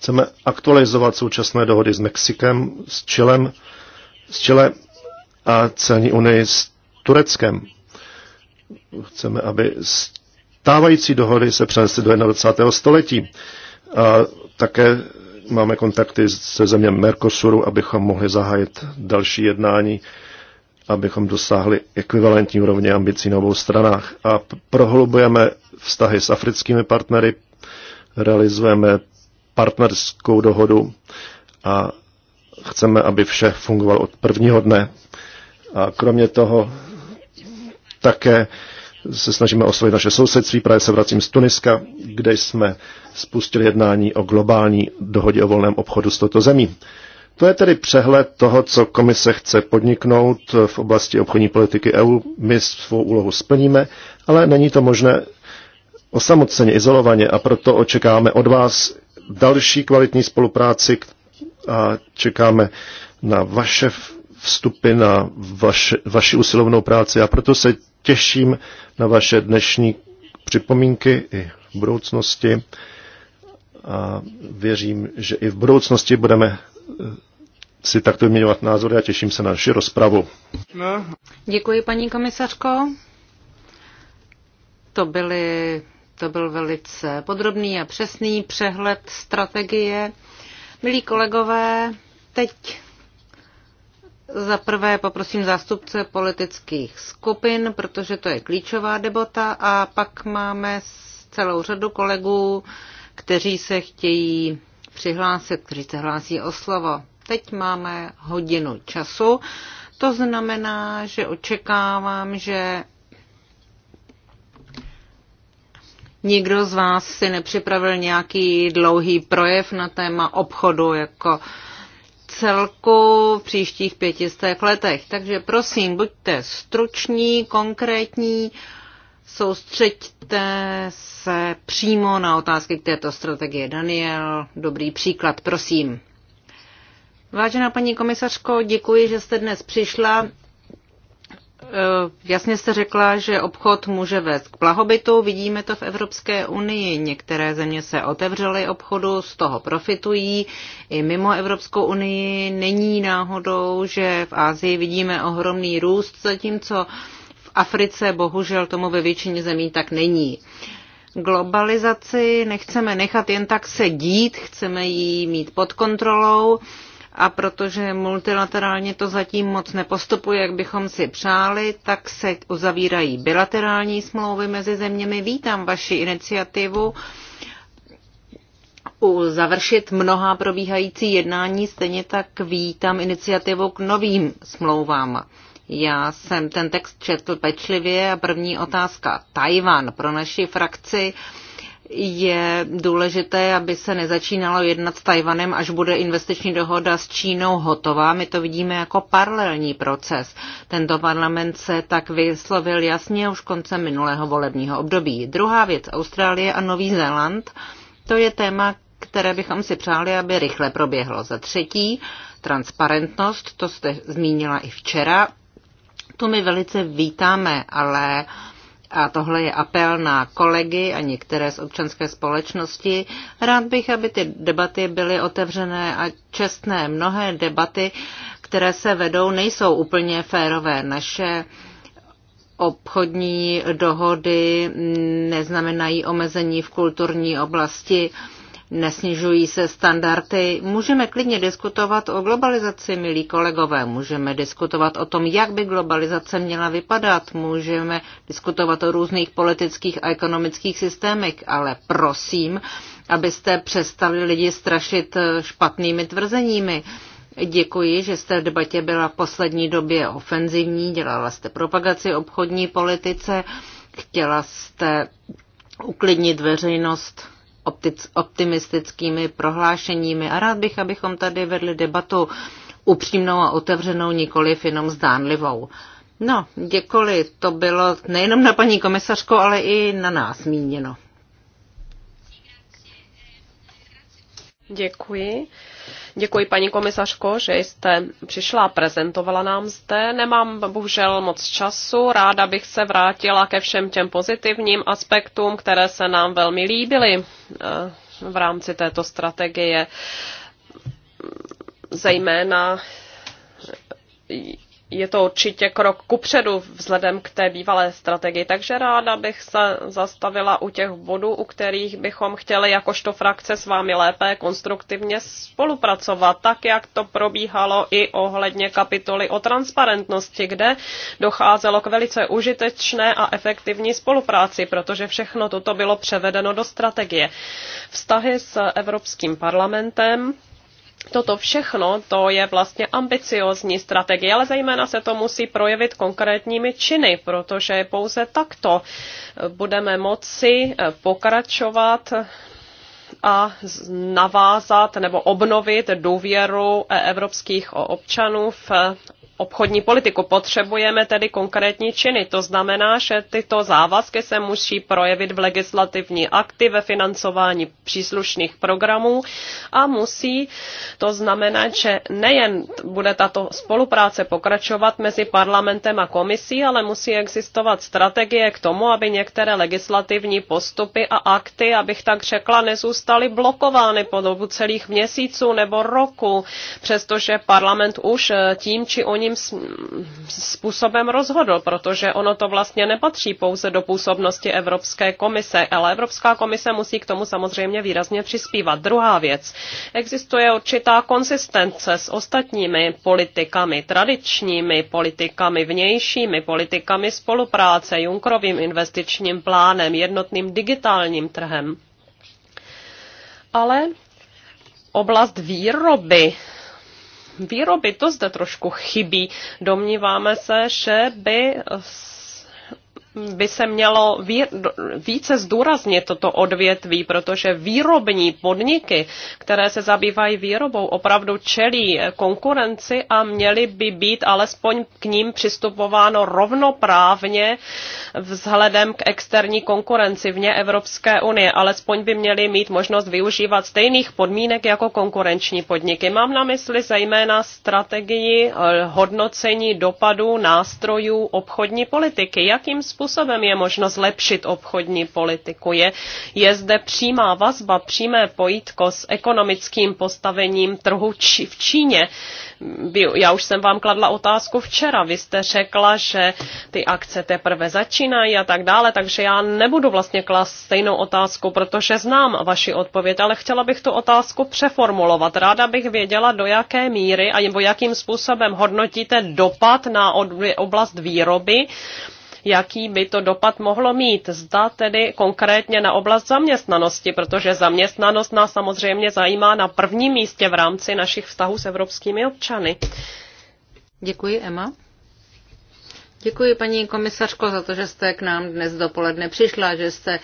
Chceme aktualizovat současné dohody s Mexikem, s Čilem, s Čile a celní unii s Tureckem. Chceme, aby stávající dohody se přenesly do 21. století. A také máme kontakty se zeměm Mercosuru, abychom mohli zahájit další jednání, abychom dosáhli ekvivalentní úrovně ambicí na obou stranách. A prohlubujeme vztahy s africkými partnery, realizujeme partnerskou dohodu a chceme, aby vše fungovalo od prvního dne. A kromě toho také se snažíme osvojit naše sousedství. Právě se vracím z Tuniska, kde jsme spustili jednání o globální dohodě o volném obchodu s touto zemí. To je tedy přehled toho, co komise chce podniknout v oblasti obchodní politiky EU. My svou úlohu splníme, ale není to možné osamoceně, izolovaně a proto očekáváme od vás další kvalitní spolupráci a čekáme na vaše vstupy, na vaše, vaši usilovnou práci a proto se těším na vaše dnešní připomínky i v budoucnosti a věřím, že i v budoucnosti budeme eh, si takto vyměňovat názory a těším se na naši rozpravu. Děkuji, paní komisařko. To byly to byl velice podrobný a přesný přehled strategie. Milí kolegové, teď za prvé poprosím zástupce politických skupin, protože to je klíčová debata a pak máme celou řadu kolegů, kteří se chtějí přihlásit, kteří se hlásí o slovo. Teď máme hodinu času, to znamená, že očekávám, že Nikdo z vás si nepřipravil nějaký dlouhý projev na téma obchodu jako celku v příštích pětistech letech. Takže prosím, buďte struční, konkrétní, soustřeďte se přímo na otázky k této strategie. Daniel, dobrý příklad, prosím. Vážená paní komisařko, děkuji, že jste dnes přišla Eh, jasně jste řekla, že obchod může vést k blahobytu. Vidíme to v Evropské unii. Některé země se otevřely obchodu, z toho profitují. I mimo Evropskou unii není náhodou, že v Ázii vidíme ohromný růst, zatímco v Africe bohužel tomu ve většině zemí tak není. Globalizaci nechceme nechat jen tak se dít, chceme ji mít pod kontrolou a protože multilaterálně to zatím moc nepostupuje, jak bychom si přáli, tak se uzavírají bilaterální smlouvy mezi zeměmi. Vítám vaši iniciativu u završit mnoha probíhající jednání, stejně tak vítám iniciativu k novým smlouvám. Já jsem ten text četl pečlivě a první otázka. Tajvan pro naši frakci uh, je důležité, aby se nezačínalo jednat s Tajvanem, až bude investiční dohoda s Čínou hotová. My to vidíme jako paralelní proces. Tento parlament se tak vyslovil jasně už koncem minulého volebního období. Druhá věc, Austrálie a Nový Zéland, to je téma, které bychom si přáli, aby rychle proběhlo. Za třetí, transparentnost, to jste zmínila i včera. Tu my velice vítáme, ale uh, a tohle je apel na kolegy a některé z občanské společnosti. Rád bych, aby ty debaty byly otevřené a čestné. Mnohé debaty, které se vedou, nejsou úplně férové. Naše obchodní dohody neznamenají omezení v kulturní oblasti nesnižují se standardy. Můžeme klidně diskutovat o globalizaci, milí kolegové, můžeme diskutovat o tom, jak by globalizace měla vypadat, můžeme diskutovat o různých politických a ekonomických systémech, ale prosím, abyste přestali lidi strašit eh, špatnými tvrzeními. Děkuji, že jste v debatě byla v poslední době ofenzivní, dělala jste propagaci obchodní politice, chtěla jste uklidnit veřejnost optimistickými prohlášeními. A rád bych, abychom tady vedli debatu upřímnou a otevřenou, nikoli jenom zdánlivou. No, děkoli, To bylo nejenom na paní komisařko, ale i na nás míněno. Děkuji. Děkuji paní komisařko, že jste přišla a prezentovala nám zde. Nemám bohužel moc času, ráda bych se vrátila ke všem těm pozitivním aspektům, které se nám velmi líbily eh, v rámci této strategie. Zejména je to určitě krok kupředu vzhledem k té bývalé strategii. Takže ráda bych se zastavila u těch bodů, u kterých bychom chtěli jakožto frakce s vámi lépe konstruktivně spolupracovat, tak jak to probíhalo i ohledně kapitoly o transparentnosti, kde docházelo k velice užitečné a efektivní spolupráci, protože všechno toto bylo převedeno do strategie. Vztahy s Evropským parlamentem Toto všechno, to je vlastně ambiciozní strategie, ale zejména se to musí projevit konkrétními činy, protože pouze takto budeme moci eh, pokračovat a navázat nebo obnovit důvěru eh, evropských občanů v obchodní politiku. Potřebujeme tedy konkrétní činy. To znamená, že tyto závazky se musí projevit v legislativní akty, ve financování příslušných programů a musí to znamenat, že nejen bude tato spolupráce pokračovat mezi parlamentem a komisí, ale musí existovat strategie k tomu, aby některé legislativní postupy a akty, abych tak řekla, nezůstaly blokovány po dobu celých měsíců nebo roku, přestože parlament už tím či oním správným způsobem rozhodl, protože ono to vlastně nepatří pouze do působnosti Evropské komise, ale Evropská komise musí k tomu samozřejmě výrazně přispívat. Druhá věc. Existuje určitá konsistence s ostatními politikami, tradičními politikami, vnějšími politikami spolupráce, Junkrovým investičním plánem, jednotným digitálním trhem. Ale oblast výroby výroby. To zde trošku chybí. Domníváme se, že by by se mělo více zdůraznit toto odvětví, protože výrobní podniky, které se zabývají výrobou, opravdu čelí konkurenci a měly by být alespoň k ním přistupováno rovnoprávně vzhledem k externí konkurenci vně Evropské unie. Alespoň by měly mít možnost využívat stejných podmínek jako konkurenční podniky. Mám na mysli zejména strategii eh, hodnocení dopadů nástrojů obchodní politiky. Jakým způsobem způsobem je možno zlepšit obchodní politiku. Je, je zde přímá vazba, přímé pojítko s ekonomickým postavením trhu či, v Číně. Já už jsem vám kladla otázku včera. Vy jste řekla, že ty akce teprve začínají a tak dále, takže já nebudu vlastně klást stejnou otázku, protože znám vaši odpověď, ale chtěla bych tu otázku přeformulovat. Ráda bych věděla, do jaké míry a nebo jakým způsobem hodnotíte dopad na oblast výroby jaký by to dopad mohlo mít. Zda tedy konkrétně na oblast zaměstnanosti, protože zaměstnanost nás samozřejmě zajímá na prvním místě v rámci našich vztahů s evropskými občany. Děkuji, Emma. Děkuji, paní komisařko, za to, že jste k nám dnes dopoledne přišla, že jste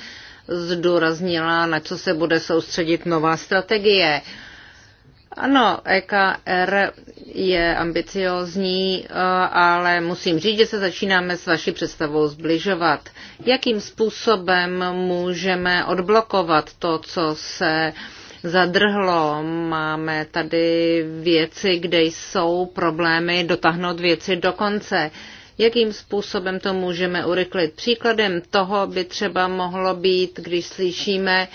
zdůraznila, na co se bude soustředit nová strategie. Uh, ano, EKR je ambiciozní, eh, ale musím říct, že se začínáme s vaší představou zbližovat. Jakým způsobem můžeme odblokovat to, co se zadrhlo? Máme tady věci, kde jsou problémy dotáhnout věci do konce. Jakým způsobem to můžeme urychlit? Příkladem toho by třeba mohlo být, když slyšíme,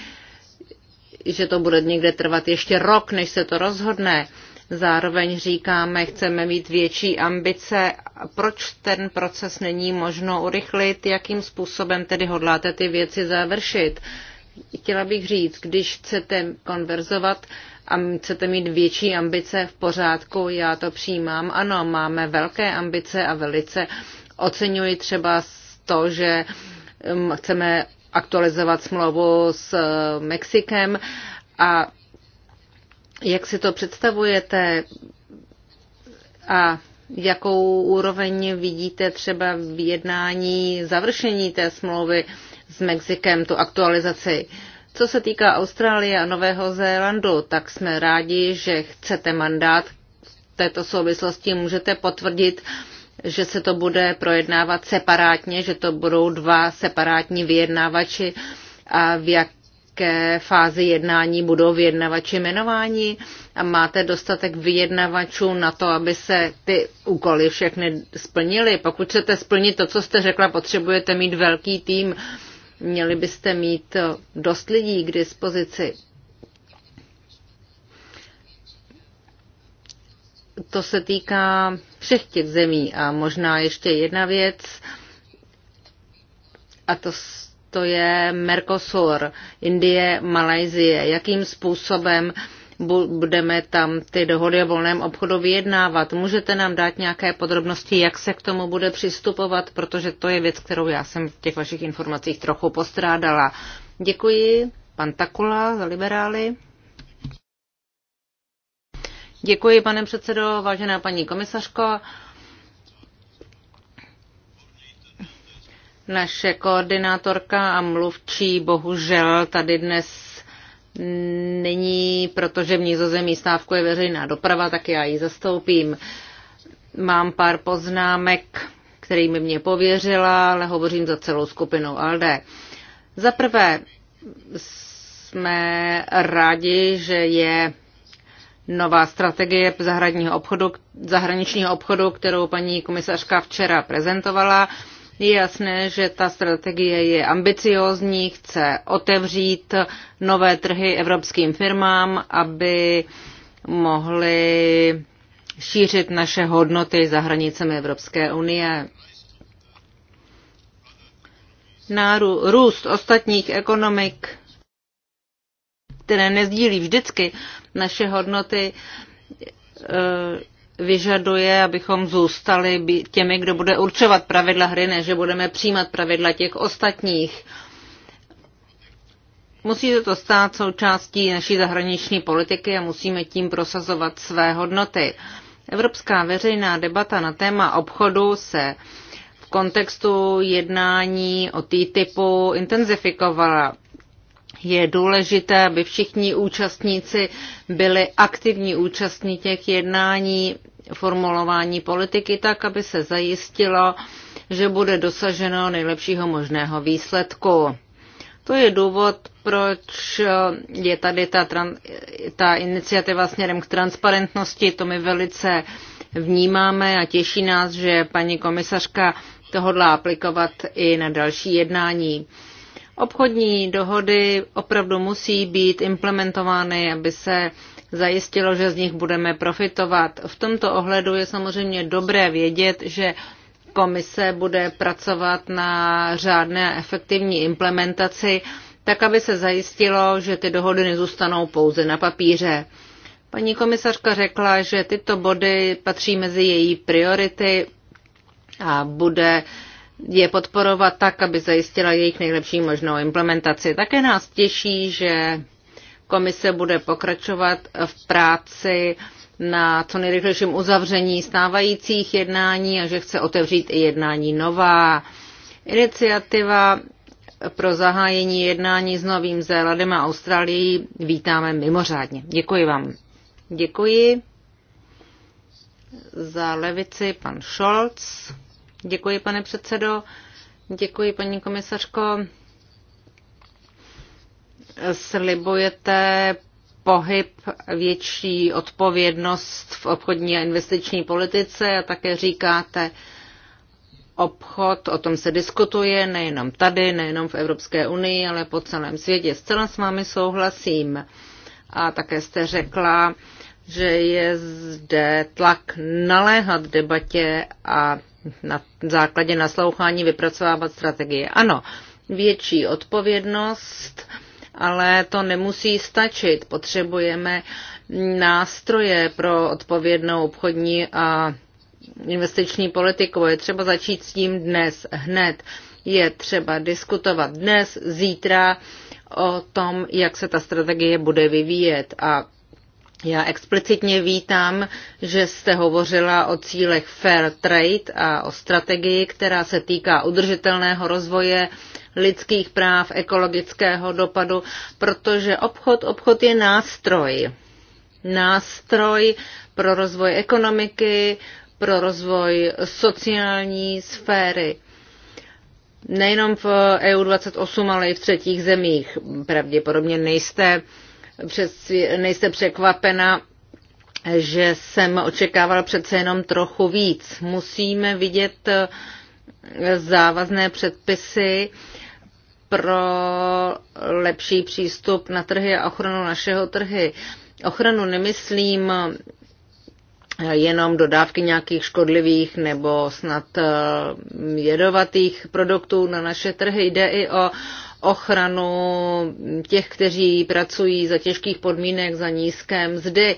že to bude někde trvat ještě rok, než se to rozhodne. Zároveň říkáme, chceme mít větší ambice. Proč ten proces není možno urychlit? Jakým způsobem tedy hodláte ty věci završit? Chtěla bych říct, když chcete konverzovat a chcete mít větší ambice v pořádku, já to přijímám. Ano, máme velké ambice a velice oceňuji třeba to, že hm, chceme aktualizovat smlouvu s eh, Mexikem a jak si to představujete a jakou úroveň vidíte třeba v jednání završení té smlouvy s Mexikem, tu aktualizaci. Co se týká Austrálie a Nového Zélandu, tak jsme rádi, že chcete mandát. V této souvislosti můžete potvrdit, uh, že se to bude projednávat separátně, že to budou dva separátní vyjednávači a v jaké fázi jednání budou vyjednavači jmenování. a máte dostatek vyjednavačů na to, aby se ty úkoly všechny splnily. Pokud chcete splnit to, co jste řekla, potřebujete mít velký tým, měli byste mít dost lidí k dispozici. To se týká všech těch zemí. A možná ještě jedna věc, a to, to je Mercosur, Indie, Malajzie. Jakým způsobem budeme tam ty dohody o volném obchodu vyjednávat? Můžete nám dát nějaké podrobnosti, jak se k tomu bude přistupovat, protože to je věc, kterou já jsem v těch vašich informacích trochu postrádala. Děkuji, pan Takula za liberály. Děkuji, pane předsedo, vážená paní komisařko. Naše koordinátorka a mluvčí bohužel tady dnes není, protože v Nizozemí stávku je veřejná doprava, tak já ji zastoupím. Mám pár poznámek, kterými mě pověřila, ale hovořím za celou skupinu ALDE. Za prvé jsme rádi, že je nová strategie zahraničního obchodu, zahraničního obchodu, kterou paní komisařka včera prezentovala. Je jasné, že ta strategie je ambiciózní, chce otevřít nové trhy evropským firmám, aby mohly šířit naše hodnoty za hranicemi Evropské unie. Nárůst ostatních ekonomik, které nezdílí vždycky naše hodnoty e, vyžaduje, abychom zůstali těmi, kdo bude určovat pravidla hry, ne že budeme přijímat pravidla těch ostatních. Musí se to stát součástí naší zahraniční politiky a musíme tím prosazovat své hodnoty. Evropská veřejná debata na téma obchodu se v kontextu jednání o TTIPu intenzifikovala je důležité, aby všichni účastníci byli aktivní účastní těch jednání formulování politiky tak, aby se zajistilo, že bude dosaženo nejlepšího možného výsledku. To je důvod, proč je tady ta, ta iniciativa směrem k transparentnosti. To my velice vnímáme a těší nás, že paní komisařka to hodlá aplikovat i na další jednání. Obchodní dohody opravdu musí být implementovány, aby se zajistilo, že z nich budeme profitovat. V tomto ohledu je samozřejmě dobré vědět, že komise bude pracovat na řádné a efektivní implementaci, tak aby se zajistilo, že ty dohody nezůstanou pouze na papíře. Paní komisařka řekla, že tyto body patří mezi její priority a bude uh, je podporovat tak, aby zajistila jejich nejlepší možnou implementaci. Také nás těší, že komise bude pokračovat v práci na co nejrychlejším uzavření stávajících jednání a že chce otevřít i jednání nová. Iniciativa pro zahájení jednání s Novým Zélandem a Austrálií vítáme mimořádně. Děkuji vám. Děkuji. Za levici pan Scholz. Děkuji, pane předsedo. Děkuji, paní komisařko. Slibujete pohyb, větší odpovědnost v obchodní a investiční politice a také říkáte, obchod, o tom se diskutuje nejenom tady, nejenom v Evropské unii, ale po celém světě. Zcela s vámi souhlasím. A také jste řekla, že je zde tlak naléhat debatě a na základě naslouchání vypracovávat strategie. Ano, větší odpovědnost, ale to nemusí stačit. Potřebujeme nástroje pro odpovědnou obchodní a investiční politiku. Je třeba začít s tím dnes, hned. Je třeba diskutovat dnes, zítra o tom, jak se ta strategie bude vyvíjet. A já explicitně vítám, že jste hovořila o cílech fair trade a o strategii, která se týká udržitelného rozvoje, lidských práv, ekologického dopadu, protože obchod, obchod je nástroj. Nástroj pro rozvoj ekonomiky, pro rozvoj sociální sféry. Nejenom v EU28, ale i v třetích zemích. Pravděpodobně nejste uh, nejste překvapena, že jsem očekávala přece jenom trochu víc. Musíme vidět eh, závazné předpisy pro lepší přístup na trhy a ochranu našeho trhy. Ochranu nemyslím eh, jenom dodávky nějakých škodlivých nebo snad eh, jedovatých produktů na naše trhy. Jde i o ochranu těch, kteří pracují za těžkých podmínek, za nízké mzdy.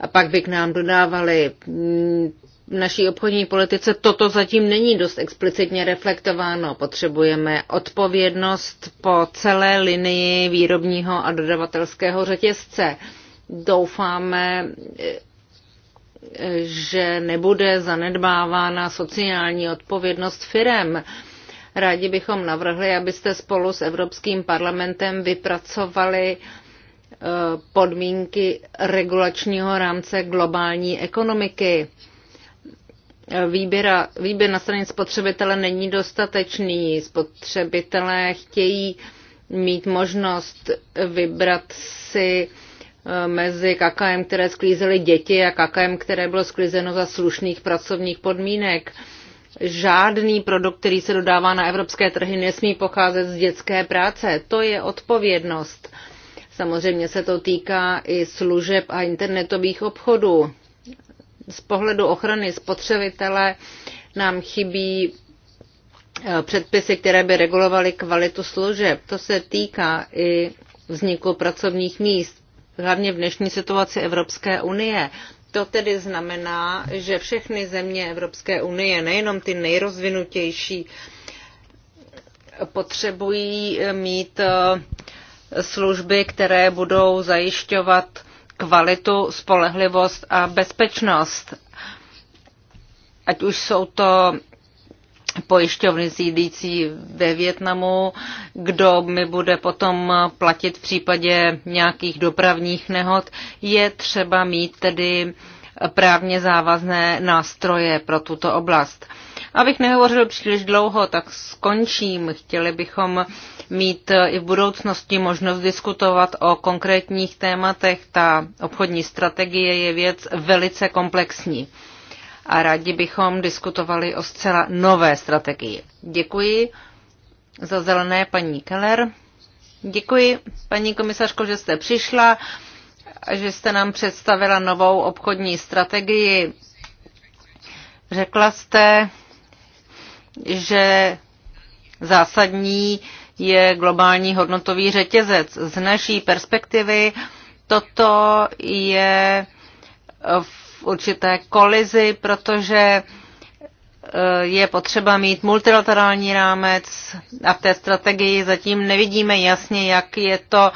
A pak by k nám dodávali, v mm, naší obchodní politice toto zatím není dost explicitně reflektováno. Potřebujeme odpovědnost po celé linii výrobního a dodavatelského řetězce. Doufáme, že nebude zanedbávána sociální odpovědnost firem. Rádi bychom navrhli, abyste spolu s Evropským parlamentem vypracovali e, podmínky regulačního rámce globální ekonomiky. Výběra, výběr na straně spotřebitele není dostatečný. Spotřebitelé chtějí mít možnost vybrat si e, mezi kakaem, které sklízely děti a kakaem, které bylo sklízeno za slušných pracovních podmínek žádný produkt, který se dodává na evropské trhy, nesmí pocházet z dětské práce. To je odpovědnost. Samozřejmě se to týká i služeb a internetových obchodů. Z pohledu ochrany spotřebitele nám chybí eh, předpisy, které by regulovaly kvalitu služeb. To se týká i vzniku pracovních míst, hlavně v dnešní situaci Evropské unie. To tedy znamená, že všechny země Evropské unie, nejenom ty nejrozvinutější, potřebují mít eh, služby, které budou zajišťovat kvalitu, spolehlivost a bezpečnost. Ať už jsou to pojišťovny sídící ve Větnamu, kdo mi bude potom platit v případě nějakých dopravních nehod, je třeba mít tedy právně závazné nástroje pro tuto oblast. Abych nehovořil příliš dlouho, tak skončím. Chtěli bychom mít i v budoucnosti možnost diskutovat o konkrétních tématech. Ta obchodní strategie je věc velice komplexní a rádi bychom diskutovali o zcela nové strategii. Děkuji za zelené paní Keller. Děkuji, paní komisařko, že jste přišla a že jste nám představila novou obchodní strategii. Řekla jste, že zásadní je globální hodnotový řetězec. Z naší perspektivy toto je v v určité kolizi, protože eh, je potřeba mít multilaterální rámec a v té strategii zatím nevidíme jasně, jak je to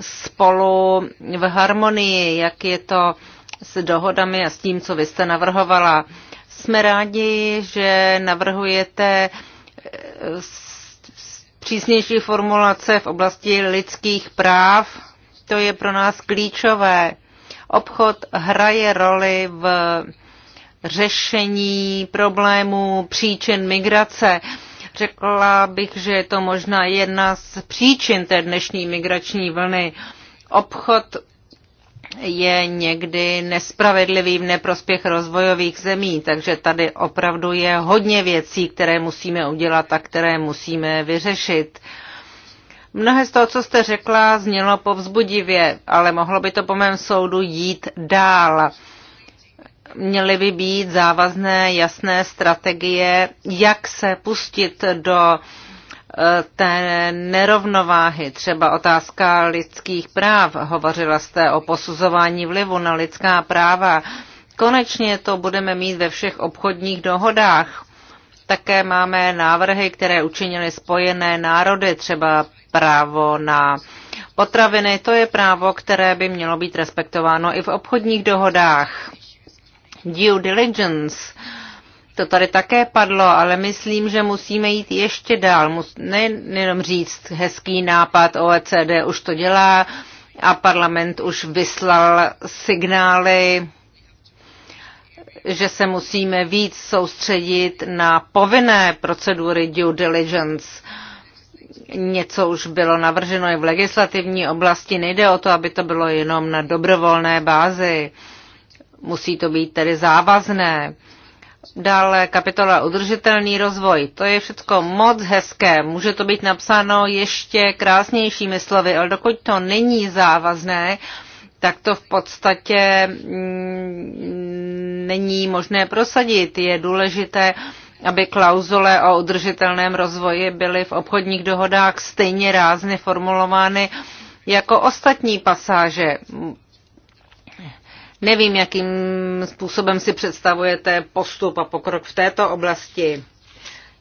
spolu v harmonii, jak je to s dohodami a s tím, co vy jste navrhovala. Jsme rádi, že navrhujete eh, přísnější formulace v oblasti lidských práv. To je pro nás klíčové. Obchod hraje roli v řešení problémů příčin migrace. Řekla bych, že je to možná jedna z příčin té dnešní migrační vlny. Obchod je někdy nespravedlivý v neprospěch rozvojových zemí, takže tady opravdu je hodně věcí, které musíme udělat a které musíme vyřešit. Mnohé z toho, co jste řekla, znělo povzbudivě, ale mohlo by to po mém soudu jít dál. Měly by být závazné, jasné strategie, jak se pustit do eh, té nerovnováhy, třeba otázka lidských práv. Hovořila jste o posuzování vlivu na lidská práva. Konečně to budeme mít ve všech obchodních dohodách. Také máme návrhy, které učinily spojené národy, třeba právo na potraviny. To je právo, které by mělo být respektováno i v obchodních dohodách. Due diligence. To tady také padlo, ale myslím, že musíme jít ještě dál. Nejenom říct hezký nápad, OECD už to dělá a parlament už vyslal signály, že se musíme víc soustředit na povinné procedury due diligence něco už bylo navrženo i v legislativní oblasti. Nejde o to, aby to bylo jenom na dobrovolné bázi. Musí to být tedy závazné. Dále kapitola udržitelný rozvoj. To je všechno moc hezké. Může to být napsáno ještě krásnějšími slovy, ale dokud to není závazné, tak to v podstatě mm, není možné prosadit. Je důležité, aby klauzule o udržitelném rozvoji byly v obchodních dohodách stejně rázně formulovány jako ostatní pasáže. Nevím, jakým způsobem si představujete postup a pokrok v této oblasti.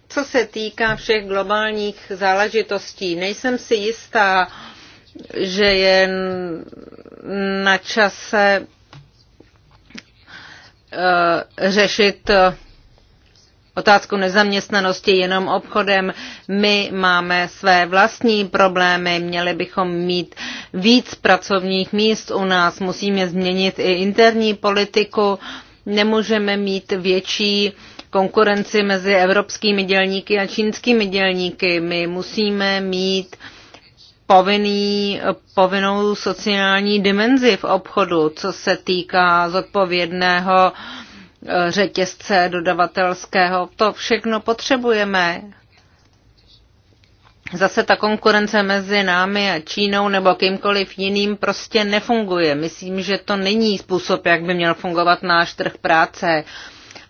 Co se týká všech globálních záležitostí, nejsem si jistá, že je na čase eh, řešit otázku nezaměstnanosti jenom obchodem. My máme své vlastní problémy, měli bychom mít víc pracovních míst u nás, musíme změnit i interní politiku, nemůžeme mít větší konkurenci mezi evropskými dělníky a čínskými dělníky. My musíme mít povinný, povinnou sociální dimenzi v obchodu, co se týká zodpovědného uh, řetězce dodavatelského. To všechno potřebujeme. Zase ta konkurence mezi námi a Čínou nebo kýmkoliv jiným prostě nefunguje. Myslím, že to není způsob, jak by měl fungovat náš trh práce.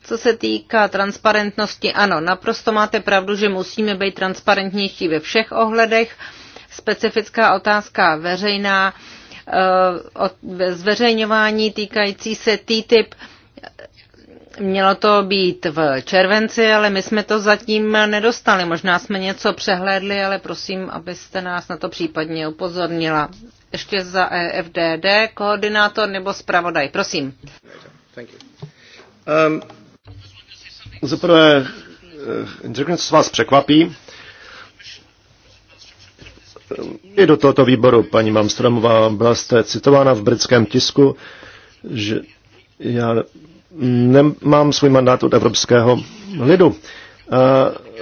Co se týká transparentnosti, ano, naprosto máte pravdu, že musíme být transparentnější ve všech ohledech. Specifická otázka veřejná, eh, zveřejňování týkající se TTIP. Tý Mělo to být v červenci, ale my jsme to zatím nedostali. Možná jsme něco přehlédli, ale prosím, abyste nás na to případně upozornila. Ještě za EFDD, koordinátor nebo zpravodaj, prosím. Um, zaprvé, eh, řeknu, co vás překvapí. Eh, I do tohoto výboru, paní Mamstromová, byla jste citována v britském tisku, že já nemám svůj mandát od evropského lidu.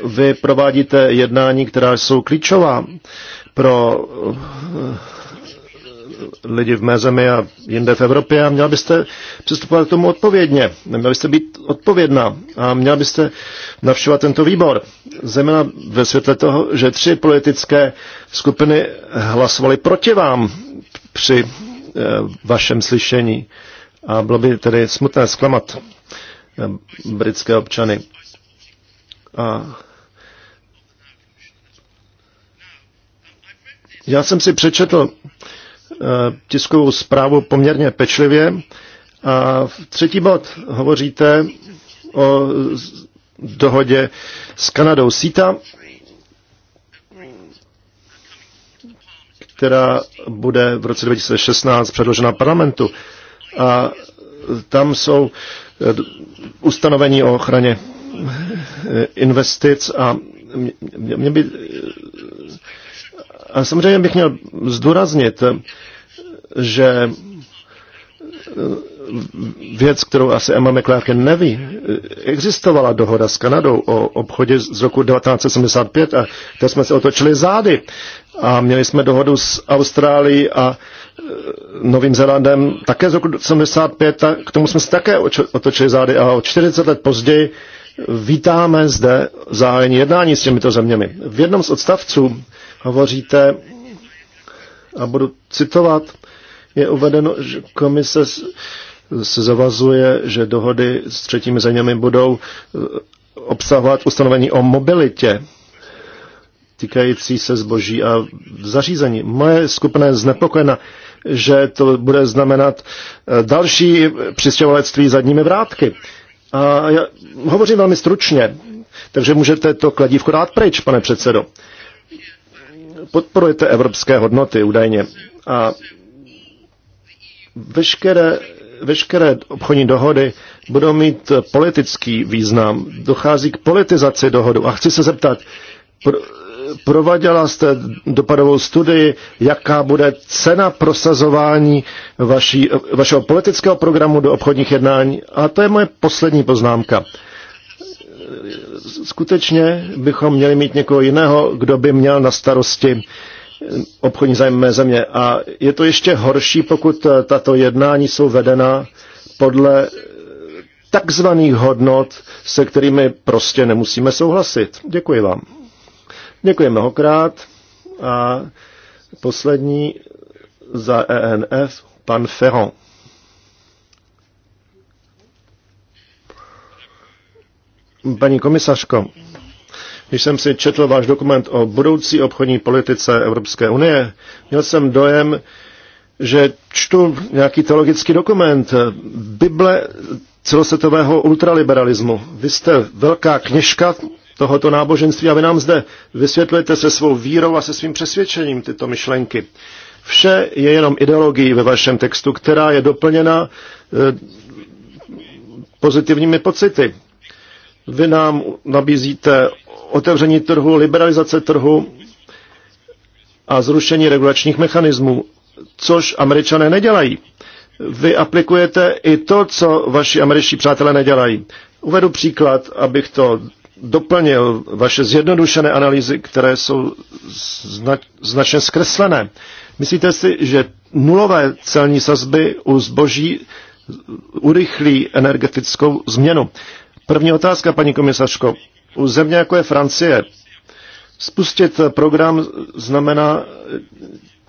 Vy provádíte jednání, která jsou klíčová pro eh, lidi v mé zemi a jinde v Evropě a měla byste přistupovat k tomu odpovědně. Měla byste být odpovědná a měla byste navštěvovat tento výbor. Zejména ve světle toho, že tři politické skupiny hlasovaly proti vám při eh, vašem slyšení. A bylo by tedy smutné zklamat eh, britské občany. A já jsem si přečetl eh, tiskovou zprávu poměrně pečlivě a v třetí bod hovoříte o dohodě s Kanadou Sita, která bude v roce 2016 předložena parlamentu a tam jsou eh, ustanovení o ochraně eh, investic a mě, mě by, eh, a samozřejmě bych měl zdůraznit, že věc, kterou asi Emma McClarkin neví, existovala dohoda s Kanadou o obchodě z roku 1975 a teď jsme se otočili zády a měli jsme dohodu s Austrálií a Novým Zelandem také z roku tak k tomu jsme se také otočili zády a o 40 let později vítáme zde zahájení jednání s těmito zeměmi. V jednom z odstavců hovoříte, a budu citovat, je uvedeno, že komise se zavazuje, že dohody s třetími zeměmi budou eh, obsahovat ustanovení o mobilitě týkající se zboží a zařízení. Moje skupina je znepokojena že to bude znamenat eh, další přistěhovalectví zadními vrátky. A já hovořím velmi stručně, takže můžete to kladívko dát pryč, pane předsedo. Podporujete evropské hodnoty údajně a veškeré, veškeré obchodní dohody budou mít politický význam. Dochází k politizaci dohodu. A chci se zeptat, Prováděla jste dopadovou studii, jaká bude cena prosazování vaší, vašeho politického programu do obchodních jednání. A to je moje poslední poznámka. Skutečně bychom měli mít někoho jiného, kdo by měl na starosti obchodní zájem mé země. A je to ještě horší, pokud tato jednání jsou vedena podle takzvaných hodnot, se kterými prostě nemusíme souhlasit. Děkuji vám. Děkuji mnohokrát. A poslední za ENF, pan Ferron. Paní komisařko, když jsem si četl váš dokument o budoucí obchodní politice Evropské unie, měl jsem dojem, že čtu nějaký teologický dokument, eh, Bible celosvětového ultraliberalismu. Vy jste velká kněžka tohoto náboženství a vy nám zde vysvětlujete se svou vírou a se svým přesvědčením tyto myšlenky. Vše je jenom ideologií ve vašem textu, která je doplněna eh, pozitivními pocity. Vy nám nabízíte otevření trhu, liberalizace trhu a zrušení regulačních mechanismů, což američané nedělají. Vy aplikujete i to, co vaši američtí přátelé nedělají. Uvedu příklad, abych to doplnil vaše zjednodušené analýzy, které jsou znač, značně zkreslené. Myslíte si, že nulové celní sazby u zboží urychlí energetickou změnu? První otázka, paní komisařko. U země jako je Francie, spustit program znamená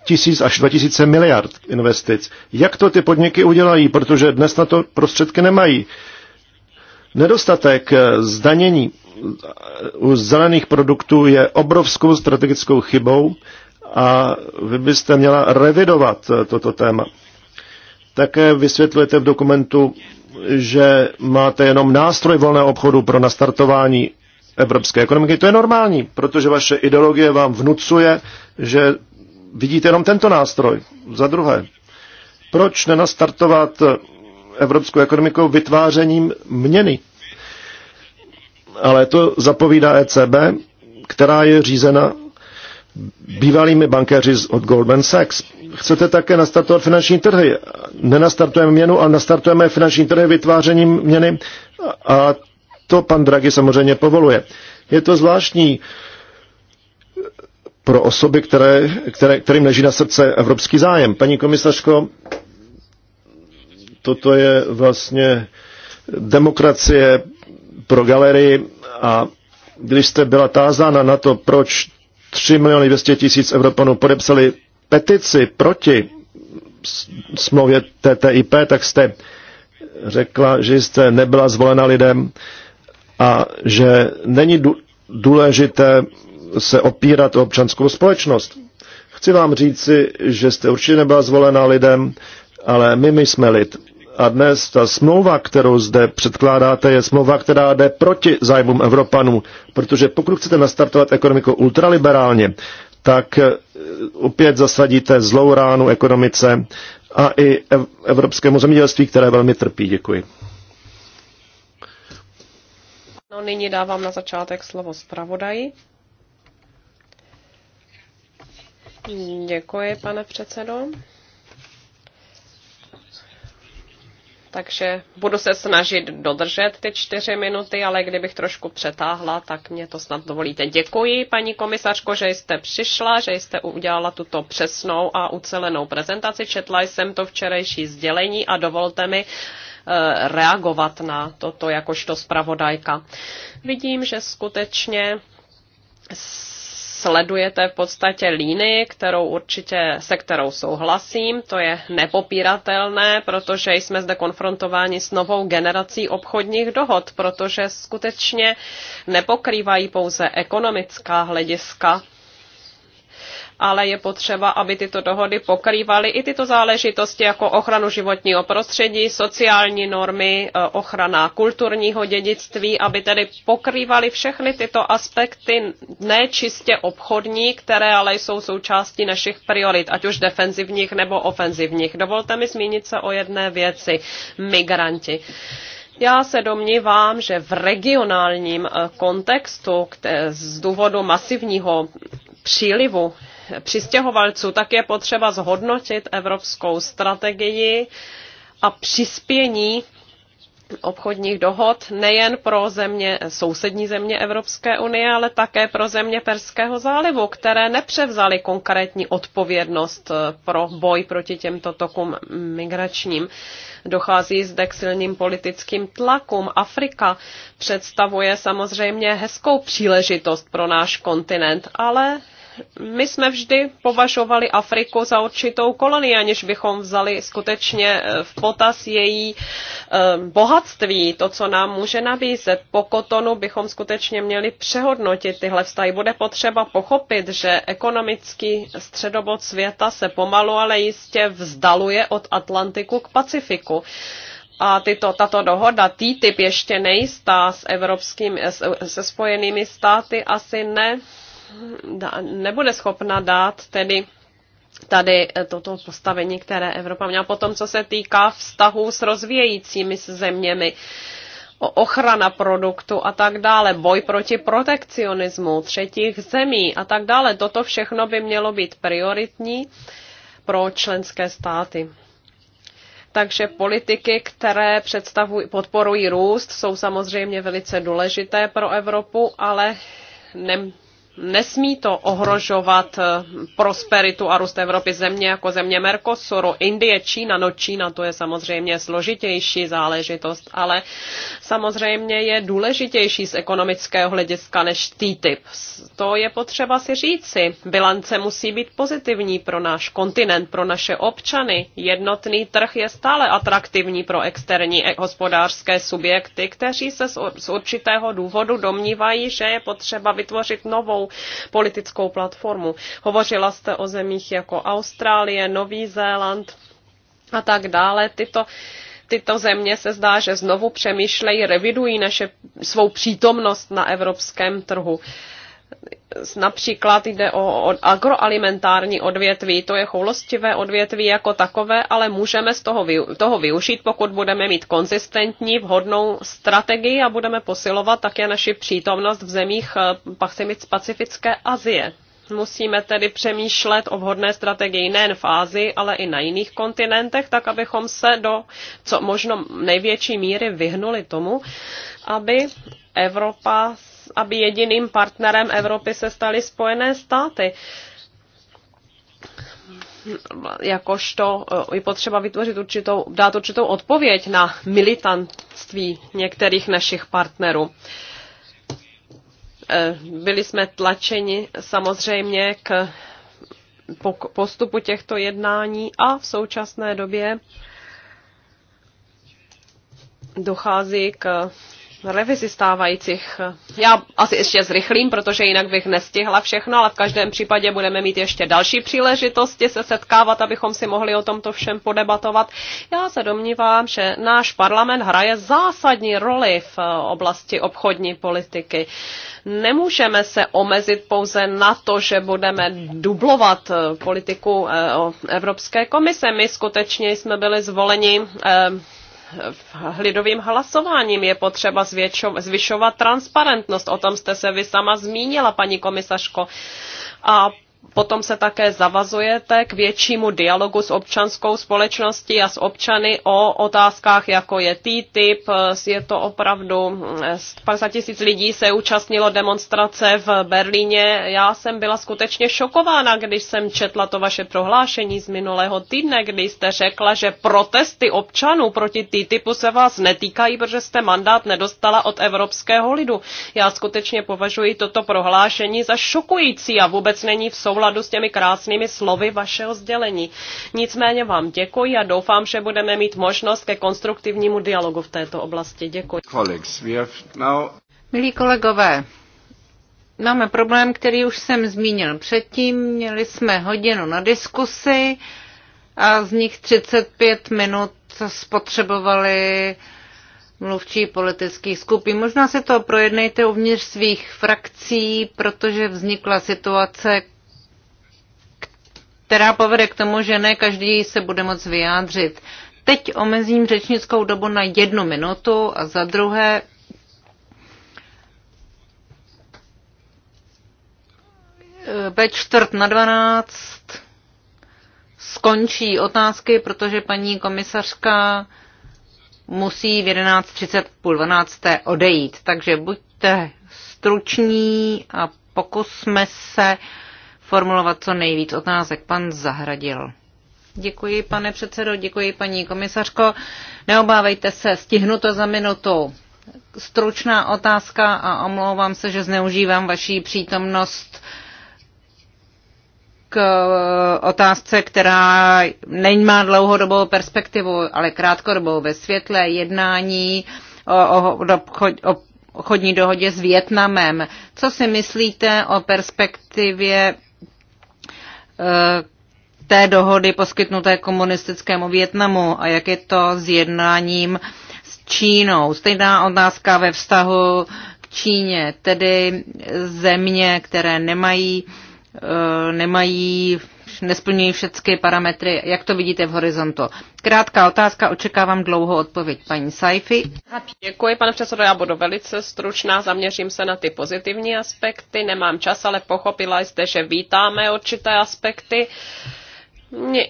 tisíc až tisíce miliard investic. Jak to ty podniky udělají, protože dnes na to prostředky nemají. Nedostatek zdanění u zelených produktů je obrovskou strategickou chybou a vy byste měla revidovat eh, toto téma. Také vysvětlujete v dokumentu, že máte jenom nástroj volného obchodu pro nastartování evropské ekonomiky. To je normální, protože vaše ideologie vám vnucuje, že vidíte jenom tento nástroj. Za druhé, proč nenastartovat evropskou ekonomikou vytvářením měny? ale to zapovídá ECB, která je řízena bývalými bankéři od Goldman Sachs. Chcete také nastartovat finanční trhy. Nenastartujeme měnu, ale nastartujeme finanční trhy vytvářením měny a to pan Draghi samozřejmě povoluje. Je to zvláštní pro osoby, které, které, kterým leží na srdce evropský zájem. Paní komisařko, toto je vlastně demokracie pro galerii a když jste byla tázána na to, proč 3 miliony 200 tisíc Evropanů podepsali petici proti smlouvě TTIP, tak jste řekla, že jste nebyla zvolena lidem a že není důležité se opírat o občanskou společnost. Chci vám říci, že jste určitě nebyla zvolena lidem, ale my, my jsme lid a dnes ta smlouva, kterou zde předkládáte, je smlouva, která jde proti zájmům Evropanů, protože pokud chcete nastartovat ekonomiku ultraliberálně, tak eh, opět zasadíte zlou ránu ekonomice a i evropskému zemědělství, které velmi trpí. Děkuji. No, nyní dávám na začátek slovo zpravodaji. Děkuji, pane předsedo. takže budu se snažit dodržet ty čtyři minuty, ale kdybych trošku přetáhla, tak mě to snad dovolíte. Děkuji, paní komisařko, že jste přišla, že jste udělala tuto přesnou a ucelenou prezentaci. Četla jsem to včerejší sdělení a dovolte mi eh, reagovat na toto jakožto zpravodajka. Vidím, že skutečně sledujete v podstatě línii, kterou určitě, se kterou souhlasím, to je nepopíratelné, protože jsme zde konfrontováni s novou generací obchodních dohod, protože skutečně nepokrývají pouze ekonomická hlediska ale je potřeba, aby tyto dohody pokrývaly i tyto záležitosti jako ochranu životního prostředí, sociální normy, eh, ochrana kulturního dědictví, aby tedy pokrývaly všechny tyto aspekty, ne čistě obchodní, které ale jsou součástí našich priorit, ať už defenzivních nebo ofenzivních. Dovolte mi zmínit se o jedné věci. Migranti. Já se domnívám, že v regionálním eh, kontextu z důvodu masivního přílivu přistěhovalců, tak je potřeba zhodnotit evropskou strategii a přispění obchodních dohod nejen pro země, sousední země Evropské unie, ale také pro země Perského zálivu, které nepřevzaly konkrétní odpovědnost eh, pro boj proti těmto tokům migračním. Dochází zde k silným politickým tlakům. Afrika představuje samozřejmě hezkou příležitost pro náš kontinent, ale my jsme vždy považovali Afriku za určitou kolonii, aniž bychom vzali skutečně eh, v potaz její eh, bohatství, to, co nám může nabízet. Po kotonu bychom skutečně měli přehodnotit tyhle vztahy. Bude potřeba pochopit, že ekonomický středobod světa se pomalu, ale jistě vzdaluje od Atlantiku k Pacifiku a tyto, tato dohoda TTIP ještě nejistá s evropským, se spojenými státy asi ne, nebude schopna dát tedy tady eh, toto postavení, které Evropa měla. Potom, co se týká vztahu s rozvíjejícími zeměmi, ochrana produktu a tak dále, boj proti protekcionismu třetích zemí a tak dále. Toto všechno by mělo být prioritní pro členské státy. Takže politiky, které představují, podporují růst, jsou samozřejmě velice důležité pro Evropu, ale ne, Nesmí to ohrožovat eh, prosperitu a růst Evropy země jako země Mercosuru, Indie, Čína. No Čína to je samozřejmě složitější záležitost, ale samozřejmě je důležitější z ekonomického hlediska než TTIP. To je potřeba si říci. Bilance musí být pozitivní pro náš kontinent, pro naše občany. Jednotný trh je stále atraktivní pro externí e- hospodářské subjekty, kteří se z určitého důvodu domnívají, že je potřeba vytvořit novou svou politickou platformu. Hovořila jste o zemích jako Austrálie, Nový Zéland a tak dále. Tyto tyto země se zdá, že znovu přemýšlejí, revidují naše, svou přítomnost na evropském trhu. Uh, například jde o agroalimentární odvětví, to je choulostivé odvětví jako takové, ale můžeme z toho, toho využít, pokud budeme mít konzistentní, vhodnou strategii a budeme posilovat také naši přítomnost v zemích eh, Pacifické Azie. Musíme tedy přemýšlet o vhodné strategii nejen v Ázii, ale i na jiných kontinentech, tak abychom se do co možno největší míry vyhnuli tomu, aby Evropa aby jediným partnerem Evropy se staly Spojené státy jakožto eh, je potřeba vytvořit určitou, dát určitou odpověď na militantství některých našich partnerů. Eh, byli jsme tlačeni samozřejmě k postupu těchto jednání a v současné době dochází k revizi stávajících. Já asi ještě zrychlím, protože jinak bych nestihla všechno, ale v každém případě budeme mít ještě další příležitosti se setkávat, abychom si mohli o tomto všem podebatovat. Já se domnívám, že náš parlament hraje zásadní roli v oblasti obchodní politiky. Nemůžeme se omezit pouze na to, že budeme dublovat eh, politiku eh, Evropské komise. My skutečně jsme byli zvoleni eh, lidovým hlasováním. Je potřeba zvětšo, zvyšovat transparentnost. O tom jste se vy sama zmínila, paní komisařko. A Potom se také zavazujete k většímu dialogu s občanskou společností a s občany o otázkách, jako je TTIP. Je to opravdu 50 eh, tisíc lidí se účastnilo demonstrace v Berlíně. Já jsem byla skutečně šokována, když jsem četla to vaše prohlášení z minulého týdne, kdy jste řekla, že protesty občanů proti TTIPu se vás netýkají, protože jste mandát nedostala od evropského lidu. Já skutečně považuji toto prohlášení za šokující a vůbec není v souladu souladu s těmi krásnými slovy vašeho sdělení. Nicméně vám děkuji a doufám, že budeme mít možnost ke konstruktivnímu dialogu v této oblasti. Děkuji. Milí kolegové, máme problém, který už jsem zmínil předtím. Měli jsme hodinu na diskusi a z nich 35 minut spotřebovali mluvčí politických skupin. Možná si to projednejte uvnitř svých frakcí, protože vznikla situace, která povede k tomu, že ne každý se bude moc vyjádřit. Teď omezím řečnickou dobu na jednu minutu a za druhé eh, ve čtvrt na dvanáct skončí otázky, protože paní komisařka musí v 11.30 půl 12. odejít. Takže buďte struční a pokusme se uh, formulovat co nejvíc otázek. Pan Zahradil. Děkuji, pane předsedo, děkuji, paní komisařko. Neobávejte se, stihnu to za minutu. Stručná otázka a omlouvám se, že zneužívám vaší přítomnost k otázce, která nemá dlouhodobou perspektivu, ale krátkodobou ve světle jednání o, o, o obchodní dohodě s Větnamem. Co si myslíte o perspektivě Eh, té dohody poskytnuté komunistickému Větnamu a jak je to s jednáním s Čínou. Stejná otázka ve vztahu k Číně, tedy země, které nemají, eh, nemají nesplňují všechny parametry. Jak to vidíte v horizontu? Krátká otázka, očekávám dlouhou odpověď paní Saifi. Děkuji, pane předsedo, já budu velice stručná, zaměřím se na ty pozitivní aspekty, nemám čas, ale pochopila jste, že vítáme určité aspekty.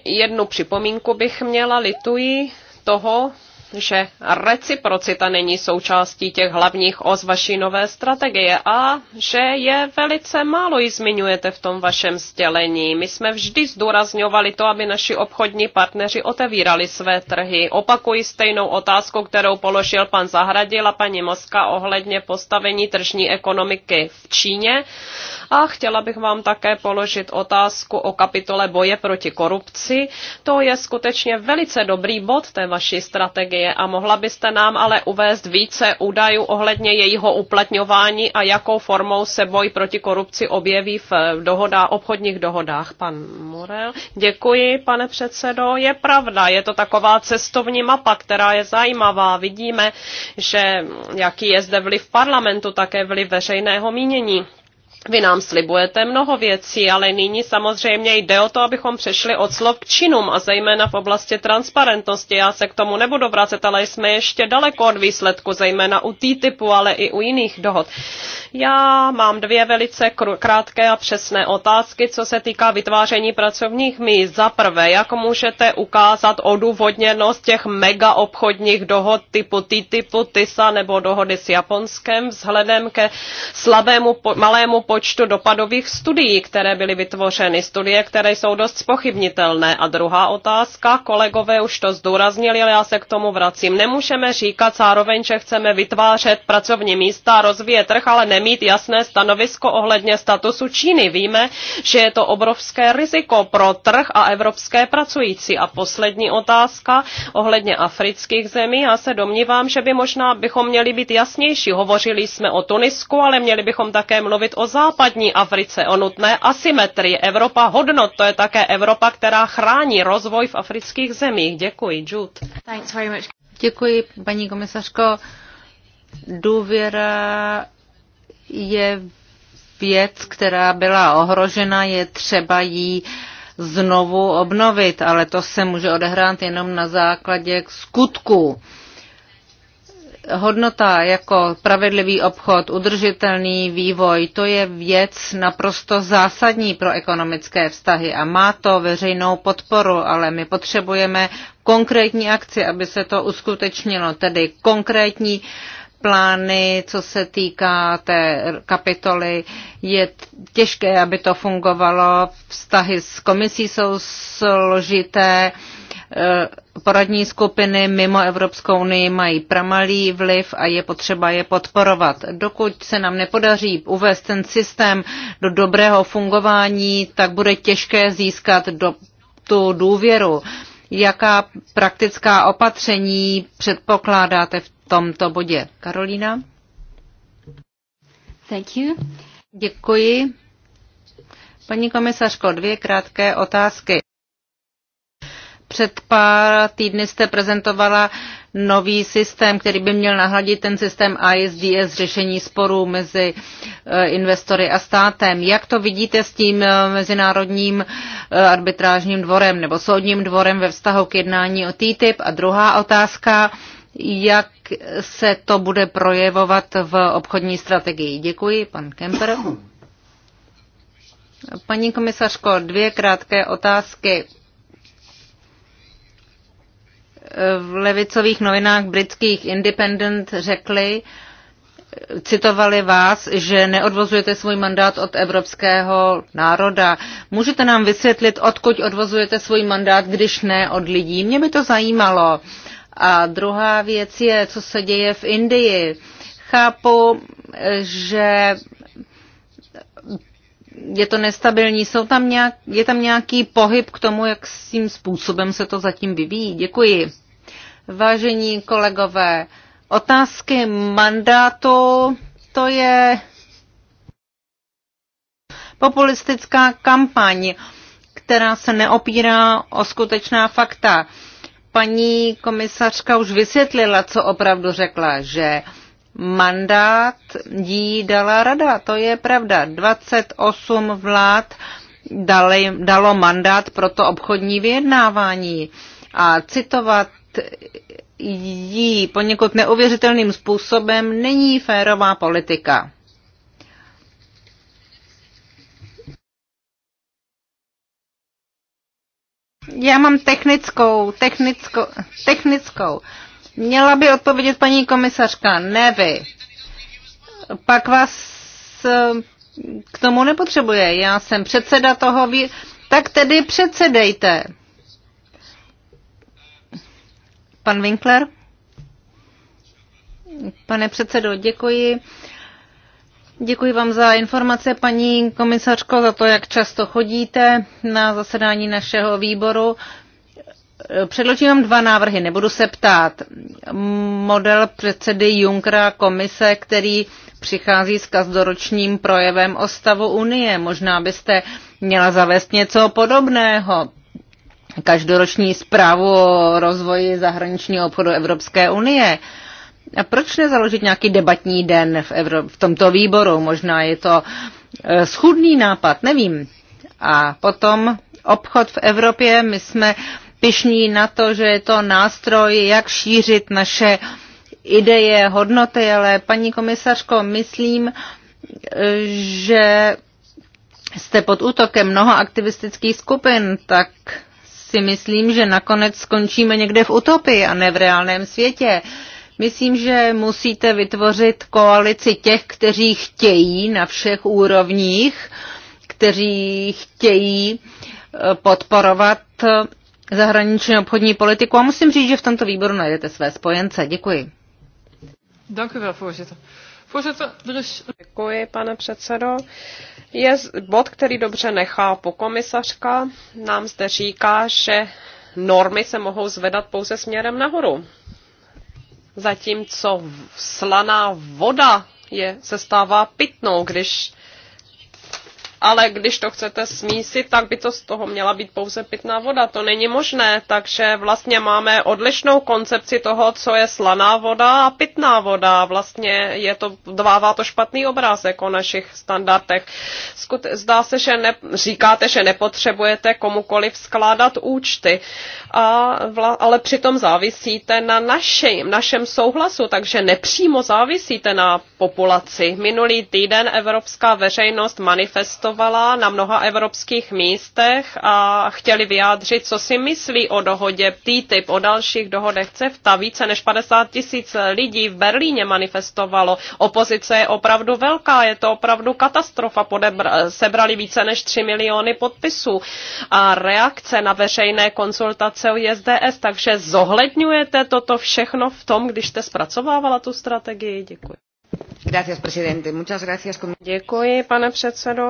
Jednu připomínku bych měla, lituji toho, že reciprocita není součástí těch hlavních os vaší nové strategie a že je velice málo ji zmiňujete v tom vašem sdělení. My jsme vždy zdůrazňovali to, aby naši obchodní partneři otevírali své trhy. Opakuji stejnou otázku, kterou položil pan Zahradil a paní Moska ohledně postavení tržní ekonomiky v Číně a chtěla bych vám také položit otázku o kapitole boje proti korupci. To je skutečně velice dobrý bod té vaší strategie a mohla byste nám ale uvést více údajů ohledně jejího uplatňování a jakou formou se boj proti korupci objeví v dohoda, obchodních dohodách. Pan Morel, děkuji, pane předsedo. Je pravda, je to taková cestovní mapa, která je zajímavá. Vidíme, že jaký je zde vliv parlamentu, také vliv veřejného mínění. Vy nám slibujete mnoho věcí, ale nyní samozřejmě jde o to, abychom přešli od slov k činům a zejména v oblasti transparentnosti. Já se k tomu nebudu vracet, ale jsme ještě daleko od výsledku, zejména u TTIPu, ale i u jiných dohod. Já mám dvě velice krátké a přesné otázky, co se týká vytváření pracovních míst. Za prvé, jak můžete ukázat odůvodněnost těch mega obchodních dohod typu TTIPu, TISA nebo dohody s Japonskem vzhledem ke slabému, po, malému po počtu dopadových studií, které byly vytvořeny, studie, které jsou dost spochybnitelné. A druhá otázka, kolegové už to zdůraznili, ale já se k tomu vracím. Nemůžeme říkat zároveň, že chceme vytvářet pracovní místa, rozvíjet trh, ale nemít jasné stanovisko ohledně statusu Číny. Víme, že je to obrovské riziko pro trh a evropské pracující. A poslední otázka ohledně afrických zemí. Já se domnívám, že by možná bychom měli být jasnější. Hovořili jsme o Tunisku, ale měli bychom také mluvit o zá západní Africe o nutné asymetrii. Evropa hodnot, to je také Evropa, která chrání rozvoj v afrických zemích. Děkuji, Jude. Thanks very much. Děkuji, paní komisařko. Důvěra je věc, která byla ohrožena, je třeba jí znovu obnovit, ale to se může odehrát jenom na základě skutku hodnota jako pravedlivý obchod, udržitelný vývoj, to je věc naprosto zásadní pro ekonomické vztahy a má to veřejnou podporu, ale my potřebujeme konkrétní akci, aby se to uskutečnilo, tedy konkrétní plány, co se týká té kapitoly. Je těžké, aby to fungovalo. Vztahy s komisí jsou složité Eh, poradní skupiny mimo Evropskou unii mají pramalý vliv a je potřeba je podporovat. Dokud se nám nepodaří uvést ten systém do dobrého fungování, tak bude těžké získat do, tu důvěru. Jaká praktická opatření předpokládáte v tomto bodě? Karolína? Thank you. Děkuji. Paní komisařko, dvě krátké otázky. Před pár týdny jste prezentovala nový systém, který by měl nahradit ten systém ISDS řešení sporů mezi eh, investory a státem. Jak to vidíte s tím eh, mezinárodním eh, arbitrážním dvorem nebo soudním dvorem ve vztahu k jednání o TTIP? A druhá otázka, jak se to bude projevovat v obchodní strategii? Děkuji, pan Kemper. Paní komisařko, dvě krátké otázky v levicových novinách britských Independent řekli, citovali vás, že neodvozujete svůj mandát od evropského národa. Můžete nám vysvětlit, odkud odvozujete svůj mandát, když ne od lidí? Mě by to zajímalo. A druhá věc je, co se děje v Indii. Chápu, že je to nestabilní. Jsou tam nějak, je tam nějaký pohyb k tomu, jak s tím způsobem se to zatím vyvíjí? Děkuji. Vážení kolegové, otázky mandátu, to je populistická kampaň, která se neopírá o skutečná fakta. Paní komisařka už vysvětlila, co opravdu řekla, že mandát jí dala rada. To je pravda. 28 vlád dali, dalo mandát pro to obchodní vyjednávání. A citovat jí poněkud neuvěřitelným způsobem není férová politika. Já mám technickou, technickou, technickou. Měla by odpovědět paní komisařka, ne vy. Pak vás eh, k tomu nepotřebuje. Já jsem předseda toho, vý... tak tedy předsedejte. Pan Winkler? Pane předsedo, děkuji. Děkuji vám za informace, paní komisařko, za to, jak často chodíte na zasedání našeho výboru. Předložím vám dva návrhy, nebudu se ptát. Model předsedy Junkra komise, který přichází s každoročním projevem o stavu Unie. Možná byste měla zavést něco podobného každoroční zprávu o rozvoji zahraničního obchodu Evropské unie. A proč nezaložit nějaký debatní den v, Evro- v tomto výboru? Možná je to eh, schudný nápad, nevím. A potom obchod v Evropě, my jsme pišní na to, že je to nástroj, jak šířit naše ideje, hodnoty, ale paní komisařko, myslím, eh, že jste pod útokem mnoha aktivistických skupin, tak si myslím, že nakonec skončíme někde v utopii a ne v reálném světě. Myslím, že musíte vytvořit koalici těch, kteří chtějí na všech úrovních, kteří chtějí eh, podporovat eh, zahraniční obchodní politiku. A musím říct, že v tomto výboru najdete své spojence. Děkuji. Děkuji, pane předsedo je bod, který dobře nechápu. Komisařka nám zde říká, že normy se mohou zvedat pouze směrem nahoru. Zatímco slaná voda je, se stává pitnou, když ale když to chcete smísit, tak by to z toho měla být pouze pitná voda. To není možné, takže vlastně máme odlišnou koncepci toho, co je slaná voda a pitná voda. Vlastně je to, dává to špatný obrázek o našich standardech. Zdá se, že ne, říkáte, že nepotřebujete komukoliv skládat účty, a vla, ale přitom závisíte na našem, našem souhlasu, takže nepřímo závisíte na populaci. Minulý týden evropská veřejnost manifestovala protestovala na mnoha evropských místech a chtěli vyjádřit, co si myslí o dohodě TTIP, o dalších dohodech CEFTA. Více než 50 tisíc lidí v Berlíně manifestovalo. Opozice je opravdu velká, je to opravdu katastrofa. Podebr- sebrali více než 3 miliony podpisů. A reakce na veřejné konsultace o JSDS, takže zohledňujete toto všechno v tom, když jste zpracovávala tu strategii? Děkuji. Děkuji, pane předsedo.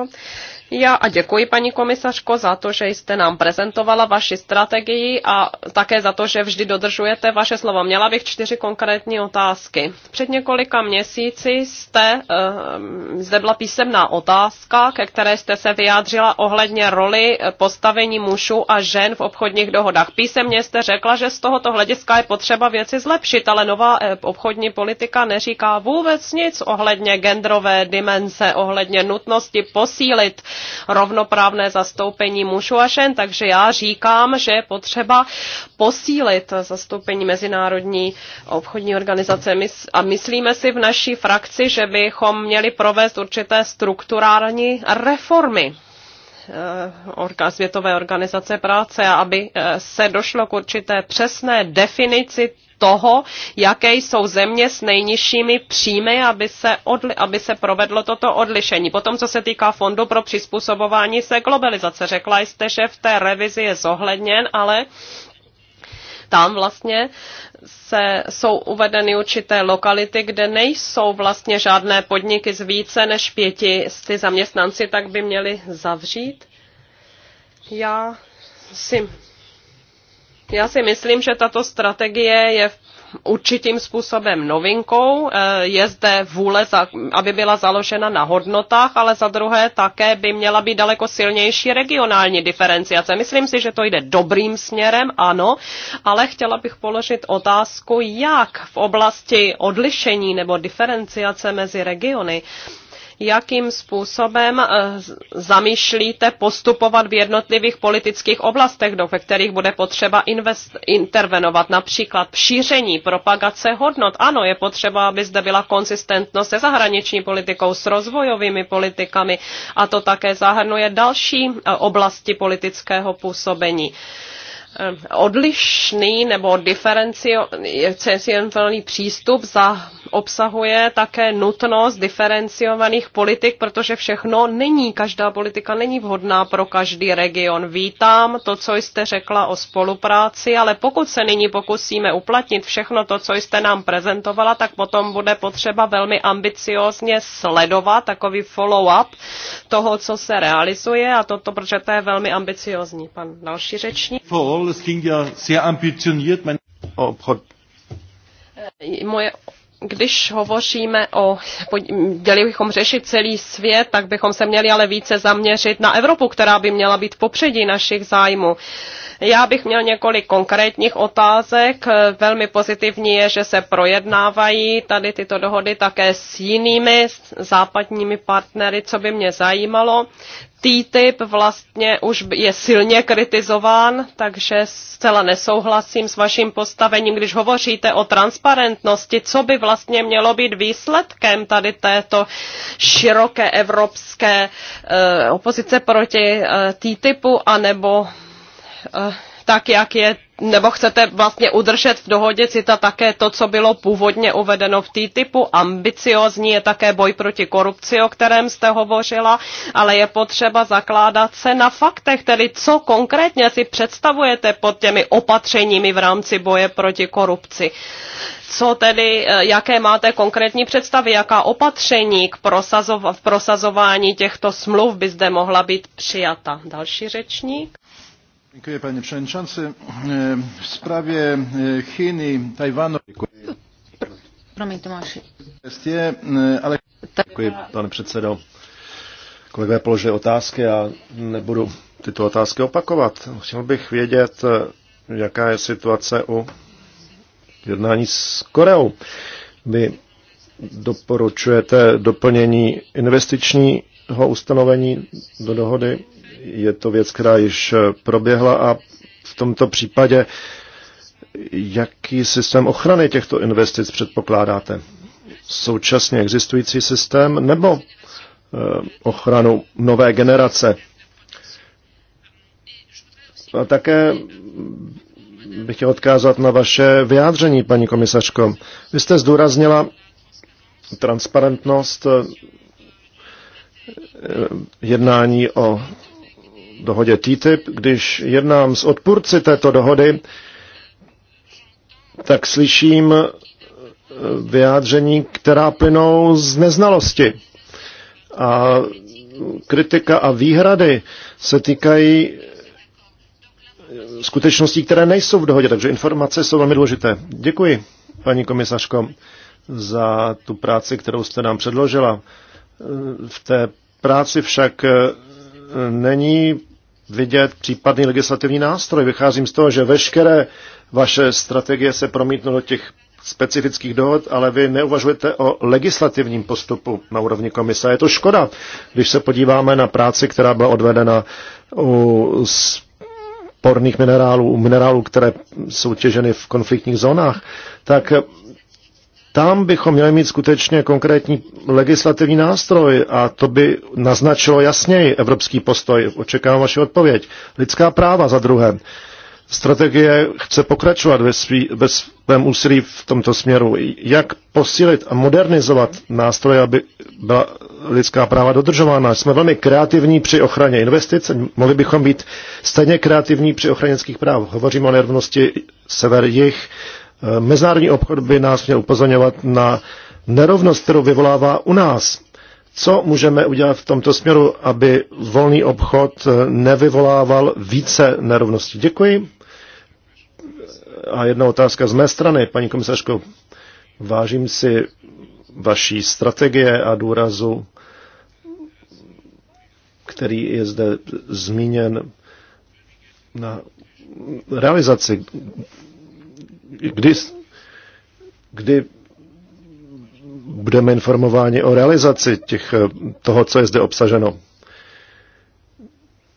Já a děkuji, paní komisařko, za to, že jste nám prezentovala vaši strategii a také za to, že vždy dodržujete vaše slova. Měla bych čtyři konkrétní otázky. Před několika měsíci jste, ehm, zde byla písemná otázka, ke které jste se vyjádřila ohledně roli eh, postavení mužů a žen v obchodních dohodách. Písemně jste řekla, že z tohoto hlediska je potřeba věci zlepšit, ale nová eh, obchodní politika neříká vůbec nic ohledně genderové dimenze, ohledně nutnosti posílit rovnoprávné zastoupení mužů a žen, takže já říkám, že je potřeba posílit zastoupení Mezinárodní obchodní organizace a myslíme si v naší frakci, že bychom měli provést určité strukturální reformy eh, Světové organizace práce, aby eh, se došlo k určité přesné definici toho, jaké jsou země s nejnižšími příjmy, aby se, odli, aby se provedlo toto odlišení. Potom, co se týká fondu pro přizpůsobování se globalizace, řekla jste, že v té revizi je zohledněn, ale tam vlastně se, jsou uvedeny určité lokality, kde nejsou vlastně žádné podniky z více než pěti z ty zaměstnanci, tak by měli zavřít. Já si já si myslím, že tato strategie je určitým způsobem novinkou. Eh, je zde vůle, aby byla založena na hodnotách, ale za druhé také by měla být daleko silnější regionální diferenciace. Myslím si, že to jde dobrým směrem, ano, ale chtěla bych položit otázku, jak v oblasti odlišení nebo diferenciace mezi regiony jakým způsobem eh, zamýšlíte postupovat v jednotlivých politických oblastech, ve kterých bude potřeba invest, intervenovat, například šíření, propagace hodnot. Ano, je potřeba, aby zde byla konsistentnost se zahraniční politikou, s rozvojovými politikami a to také zahrnuje další eh, oblasti politického působení. Eh, odlišný nebo diferenciovaný přístup za, obsahuje také nutnost diferenciovaných politik, protože všechno není, každá politika není vhodná pro každý region. Vítám to, co jste řekla o spolupráci, ale pokud se nyní pokusíme uplatnit všechno to, co jste nám prezentovala, tak potom bude potřeba velmi ambiciózně sledovat takový follow-up toho, co se realizuje a toto, protože to je velmi ambiciózní. Pan další řečník. Vol es ja sehr ambitioniert. Mein Moje když hovoříme o, měli bychom řešit celý svět, tak bychom se měli ale více zaměřit na Evropu, která by měla být popředí našich zájmů. Já bych měl několik konkrétních otázek. Velmi pozitivní je, že se projednávají tady tyto dohody také s jinými západními partnery, co by mě zajímalo. TTIP vlastně už je silně kritizován, takže zcela nesouhlasím s vaším postavením, když hovoříte o transparentnosti, co by vlastně mělo být výsledkem tady této široké evropské eh, opozice proti eh, TTIPu, anebo Eh, tak jak je, nebo chcete vlastně udržet v dohodě CITA také to, co bylo původně uvedeno v TTIPu. Ambiciozní je také boj proti korupci, o kterém jste hovořila, ale je potřeba zakládat se na faktech, tedy co konkrétně si představujete pod těmi opatřeními v rámci boje proti korupci. Co tedy, eh, jaké máte konkrétní představy, jaká opatření k prosazov, prosazování těchto smluv by zde mohla být přijata? Další řečník. Děkuji, paní předsedající. V zprávě Číny, Tajvanu. ale... pane předsedo. Kolegové položili otázky, a nebudu tyto otázky opakovat. Chtěl bych vědět, e, jaká je situace u jednání s Koreou. Vy doporučujete doplnění investičního ustanovení do dohody je to věc, která již eh, proběhla a v tomto případě jaký systém ochrany těchto investic předpokládáte? Současně existující systém nebo eh, ochranu nové generace? A také bych chtěl odkázat na vaše vyjádření, paní komisařko. Vy jste zdůraznila transparentnost eh, jednání o dohodě TTIP, když jednám s odpůrci této dohody, tak slyším eh, vyjádření, která plynou z neznalosti. A kritika a výhrady se týkají eh, skutečností, které nejsou v dohodě, takže informace jsou velmi důležité. Děkuji, paní komisařko, za tu práci, kterou jste nám předložila. Eh, v té práci však není vidět případný legislativní nástroj. Vycházím z toho, že veškeré vaše strategie se promítnou do těch specifických dohod, ale vy neuvažujete o legislativním postupu na úrovni komise. Je to škoda, když se podíváme na práci, která byla odvedena u sporných minerálů, u minerálů, které jsou těženy v konfliktních zónách, tak tam bychom měli mít skutečně konkrétní legislativní nástroj a to by naznačilo jasněji evropský postoj. Očekávám vaši odpověď. Lidská práva za druhé. Strategie chce pokračovat ve, svý, ve svém úsilí v tomto směru. Jak posílit a modernizovat nástroje, aby byla lidská práva dodržována? Jsme velmi kreativní při ochraně investic, mohli bychom být stejně kreativní při ochraně lidských práv. Hovoříme o nervnosti sever-jih, Eh, mezinárodní obchod by nás měl upozorňovat na nerovnost, kterou vyvolává u nás. Co můžeme udělat v tomto směru, aby volný obchod eh, nevyvolával více nerovností? Děkuji. A jedna otázka z mé strany, paní komisařko. Vážím si vaší strategie a důrazu, který je zde zmíněn na realizaci kdy, kdy budeme informováni o realizaci těch, eh, toho, co je zde obsaženo.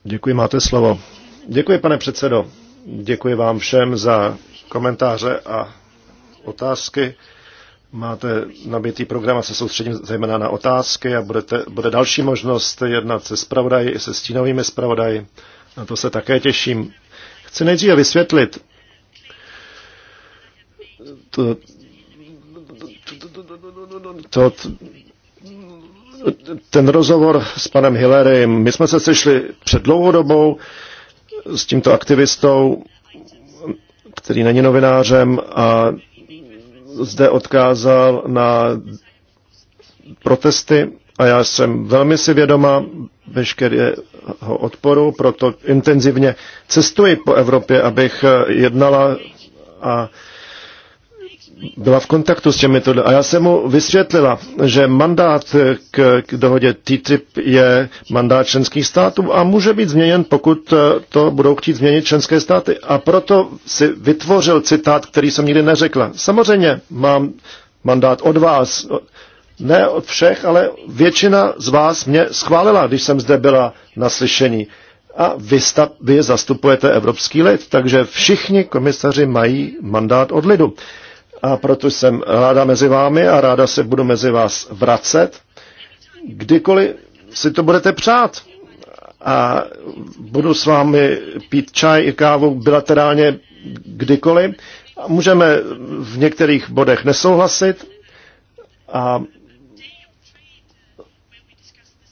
Děkuji, máte slovo. Děkuji, pane předsedo. Děkuji vám všem za komentáře a otázky. Máte nabitý program a se soustředím zejména na otázky a budete, bude další možnost jednat se zpravodaji i se stínovými zpravodaji. Na to se také těším. Chci nejdříve vysvětlit, to, to, ten rozhovor s panem Hillerym, my jsme se sešli před dlouhou dobou s tímto aktivistou, který není novinářem a zde odkázal na protesty a já jsem velmi si vědoma veškerého odporu, proto intenzivně cestuji po Evropě, abych jednala a byla v kontaktu s těmito a já jsem mu vysvětlila, že mandát k, k dohodě TTIP je mandát členských států a může být změněn, pokud eh, to budou chtít změnit členské státy. A proto si vytvořil citát, který jsem nikdy neřekla. Samozřejmě mám mandát od vás, ne od všech, ale většina z vás mě schválila, když jsem zde byla na slyšení. A vy, sta, vy zastupujete evropský lid, takže všichni komisaři mají mandát od lidu a proto jsem ráda mezi vámi a ráda se budu mezi vás vracet, kdykoliv si to budete přát. A budu s vámi pít čaj i kávu bilaterálně kdykoliv. A můžeme v některých bodech nesouhlasit a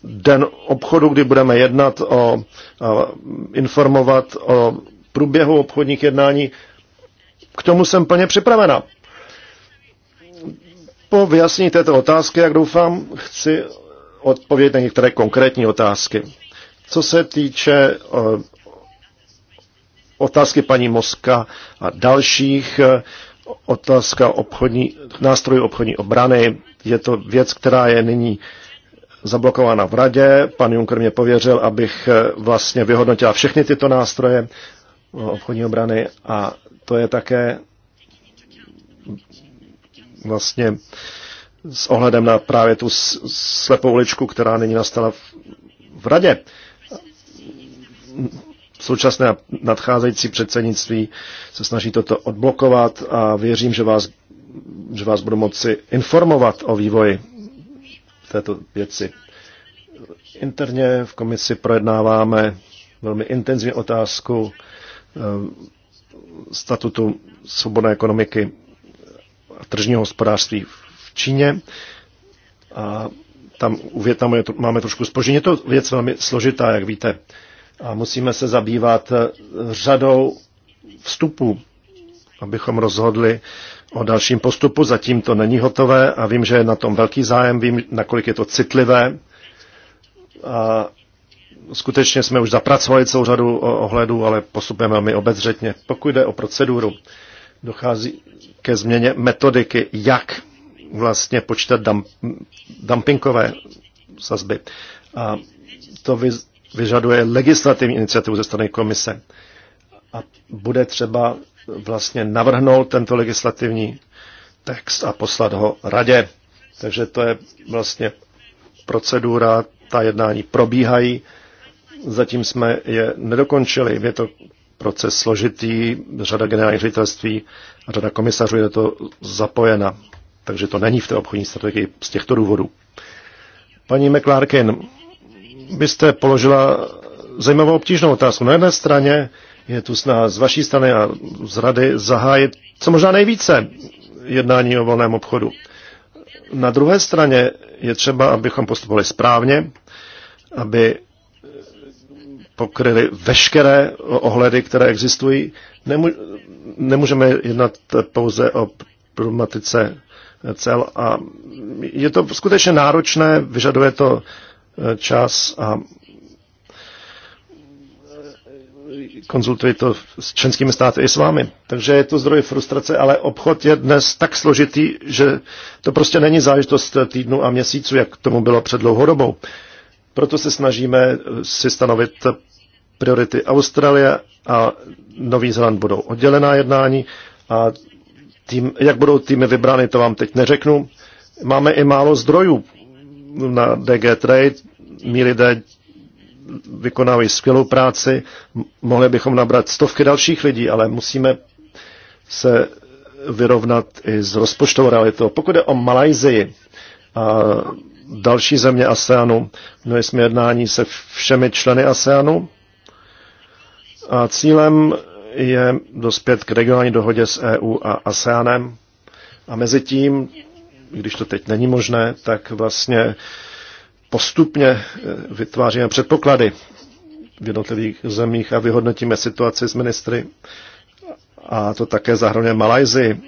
den obchodu, kdy budeme jednat o, a informovat o průběhu obchodních jednání, k tomu jsem plně připravena. Po vyjasnění této otázky, jak doufám, chci odpovědět na některé konkrétní otázky. Co se týče eh, otázky paní Moska a dalších, eh, otázka obchodní, nástrojů obchodní obrany, je to věc, která je nyní zablokována v radě. Pan Juncker mě pověřil, abych eh, vlastně vyhodnotila všechny tyto nástroje obchodní obrany a to je také vlastně s ohledem na právě tu slepou uličku, která nyní nastala v radě. Současné a nadcházející předsednictví se snaží toto odblokovat a věřím, že vás, že vás budu moci informovat o vývoji této věci. Interně v komisi projednáváme velmi intenzivně otázku eh, statutu svobodné ekonomiky tržního hospodářství v Číně. A tam u Větnamu máme trošku spožení. Je to věc velmi složitá, jak víte. A musíme se zabývat eh, řadou vstupů, abychom rozhodli o dalším postupu. Zatím to není hotové a vím, že je na tom velký zájem, vím, nakolik je to citlivé. A skutečně jsme už zapracovali celou řadu ohledů, ale postupujeme velmi obezřetně. Pokud jde o proceduru, dochází ke změně metodiky, jak vlastně počítat dump, dumpingové sazby. A to vyžaduje legislativní iniciativu ze strany komise. A bude třeba vlastně navrhnout tento legislativní text a poslat ho radě. Takže to je vlastně procedura, ta jednání probíhají. Zatím jsme je nedokončili. Je to proces složitý, řada generálních ředitelství a řada komisařů je do to zapojena, takže to není v té obchodní strategii z těchto důvodů. Paní McClarkin, byste položila zajímavou obtížnou otázku. Na jedné straně je tu snaha z vaší strany a z rady zahájit co možná nejvíce jednání o volném obchodu. Na druhé straně je třeba, abychom postupovali správně, aby pokryli veškeré ohledy, které existují. Nemů- nemůžeme jednat pouze o problematice cel a je to skutečně náročné, vyžaduje to eh, čas a konzultuji to s členskými státy i s vámi. Takže je to zdroj frustrace, ale obchod je dnes tak složitý, že to prostě není záležitost týdnu a měsíců, jak tomu bylo před dlouhou dobou. Proto se snažíme eh, si stanovit priority Austrálie a Nový Zéland budou oddělená jednání a tým, jak budou týmy vybrány, to vám teď neřeknu. Máme i málo zdrojů na DG Trade, mí lidé vykonávají skvělou práci, mohli bychom nabrat stovky dalších lidí, ale musíme se vyrovnat i s rozpočtovou realitou. Pokud je o Malajzii, a další země ASEANu. Měli jsme jednání se všemi členy ASEANu a cílem je dospět k regionální dohodě s EU a ASEANem. A mezi tím, když to teď není možné, tak vlastně postupně eh, vytváříme předpoklady v jednotlivých zemích a vyhodnotíme situaci s ministry. A to také zahrnuje Malajzii.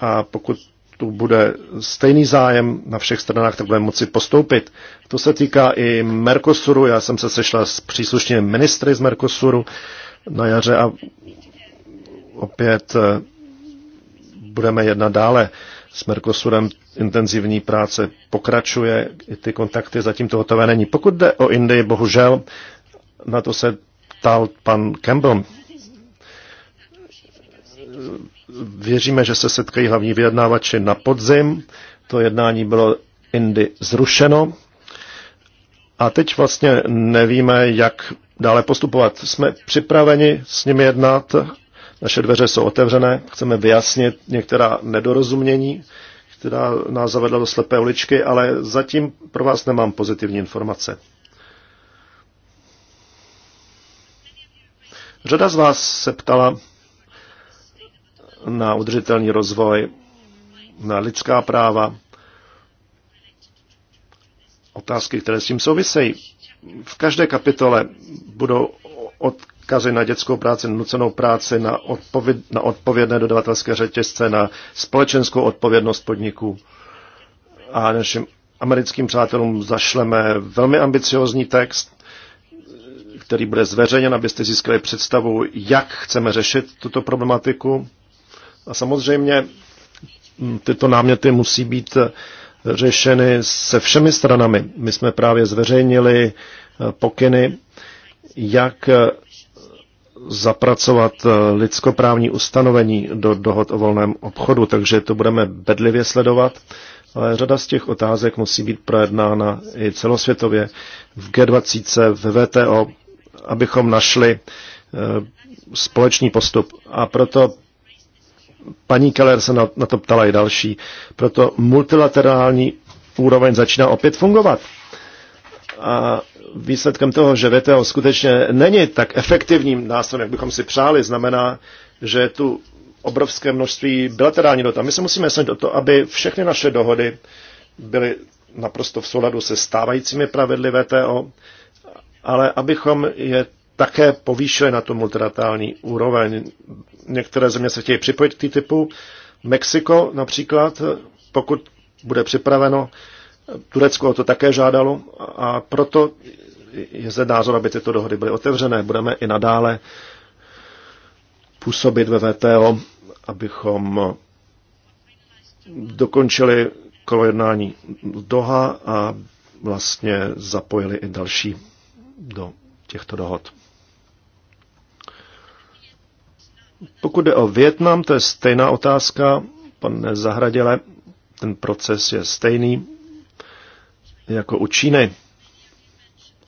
A pokud tu bude stejný zájem na všech stranách, tak budeme moci postoupit. To se týká i Mercosuru. Já jsem se sešla s příslušně ministry z Mercosuru na jaře a opět eh, budeme jednat dále. S Mercosurem intenzivní práce pokračuje, i ty kontakty zatím to hotové není. Pokud jde o Indii, bohužel, na to se ptal pan Campbell. Věříme, že se setkají hlavní vyjednávači na podzim. To jednání bylo Indy zrušeno. A teď vlastně nevíme, jak dále postupovat. Jsme připraveni s nimi jednat, naše dveře jsou otevřené, chceme vyjasnit některá nedorozumění, která nás zavedla do slepé uličky, ale zatím pro vás nemám pozitivní informace. Řada z vás se ptala na udržitelný rozvoj, na lidská práva, otázky, které s tím souvisejí. V každé kapitole budou odkazy na dětskou práci, na nucenou práci, na, odpověd, na odpovědné dodavatelské řetězce, na společenskou odpovědnost podniků. A našim americkým přátelům zašleme velmi ambiciozní text, který bude zveřejněn, abyste získali představu, jak chceme řešit tuto problematiku. A samozřejmě hm, tyto náměty musí být eh, řešeny se všemi stranami. My jsme právě zveřejnili eh, pokyny, jak eh, zapracovat lidskoprávní ustanovení do dohod o volném obchodu, takže to budeme bedlivě sledovat. Ale řada z těch otázek musí být projednána i celosvětově v G20, v VTO, abychom našli společný postup. A proto Paní Keller se na, na to ptala i další. Proto multilaterální úroveň začíná opět fungovat. A výsledkem toho, že VTO skutečně není tak efektivním nástrojem, jak bychom si přáli, znamená, že je tu obrovské množství bilaterální dohod. A my se musíme snažit o to, aby všechny naše dohody byly naprosto v souladu se stávajícími pravidly VTO, ale abychom je také povýšili na tu multilaterální úroveň. Některé země se chtějí připojit k TTIPu. Mexiko například, pokud bude připraveno, Turecko o to také žádalo a proto je zde názor, aby tyto dohody byly otevřené. Budeme i nadále působit ve VTO, abychom dokončili kolo jednání Doha a vlastně zapojili i další do těchto dohod. Pokud jde o Větnam, to je stejná otázka. Pane Zahraděle, ten proces je stejný jako u Číny.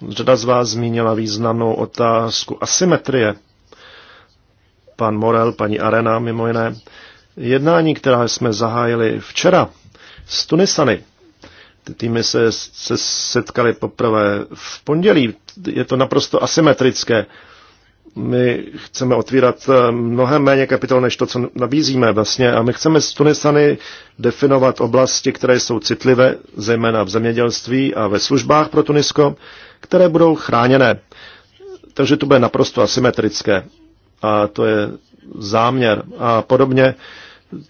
Řada z vás zmínila významnou otázku asymetrie. Pan Morel, paní Arena, mimo jiné. Jednání, která jsme zahájili včera s Tunisany, ty týmy se, se setkali poprvé v pondělí. Je to naprosto asymetrické my chceme otvírat eh, mnohem méně kapitol, než to, co nabízíme vlastně. A my chceme z Tunisany definovat oblasti, které jsou citlivé, zejména v zemědělství a ve službách pro Tunisko, které budou chráněné. Takže to bude naprosto asymetrické. A to je záměr. A podobně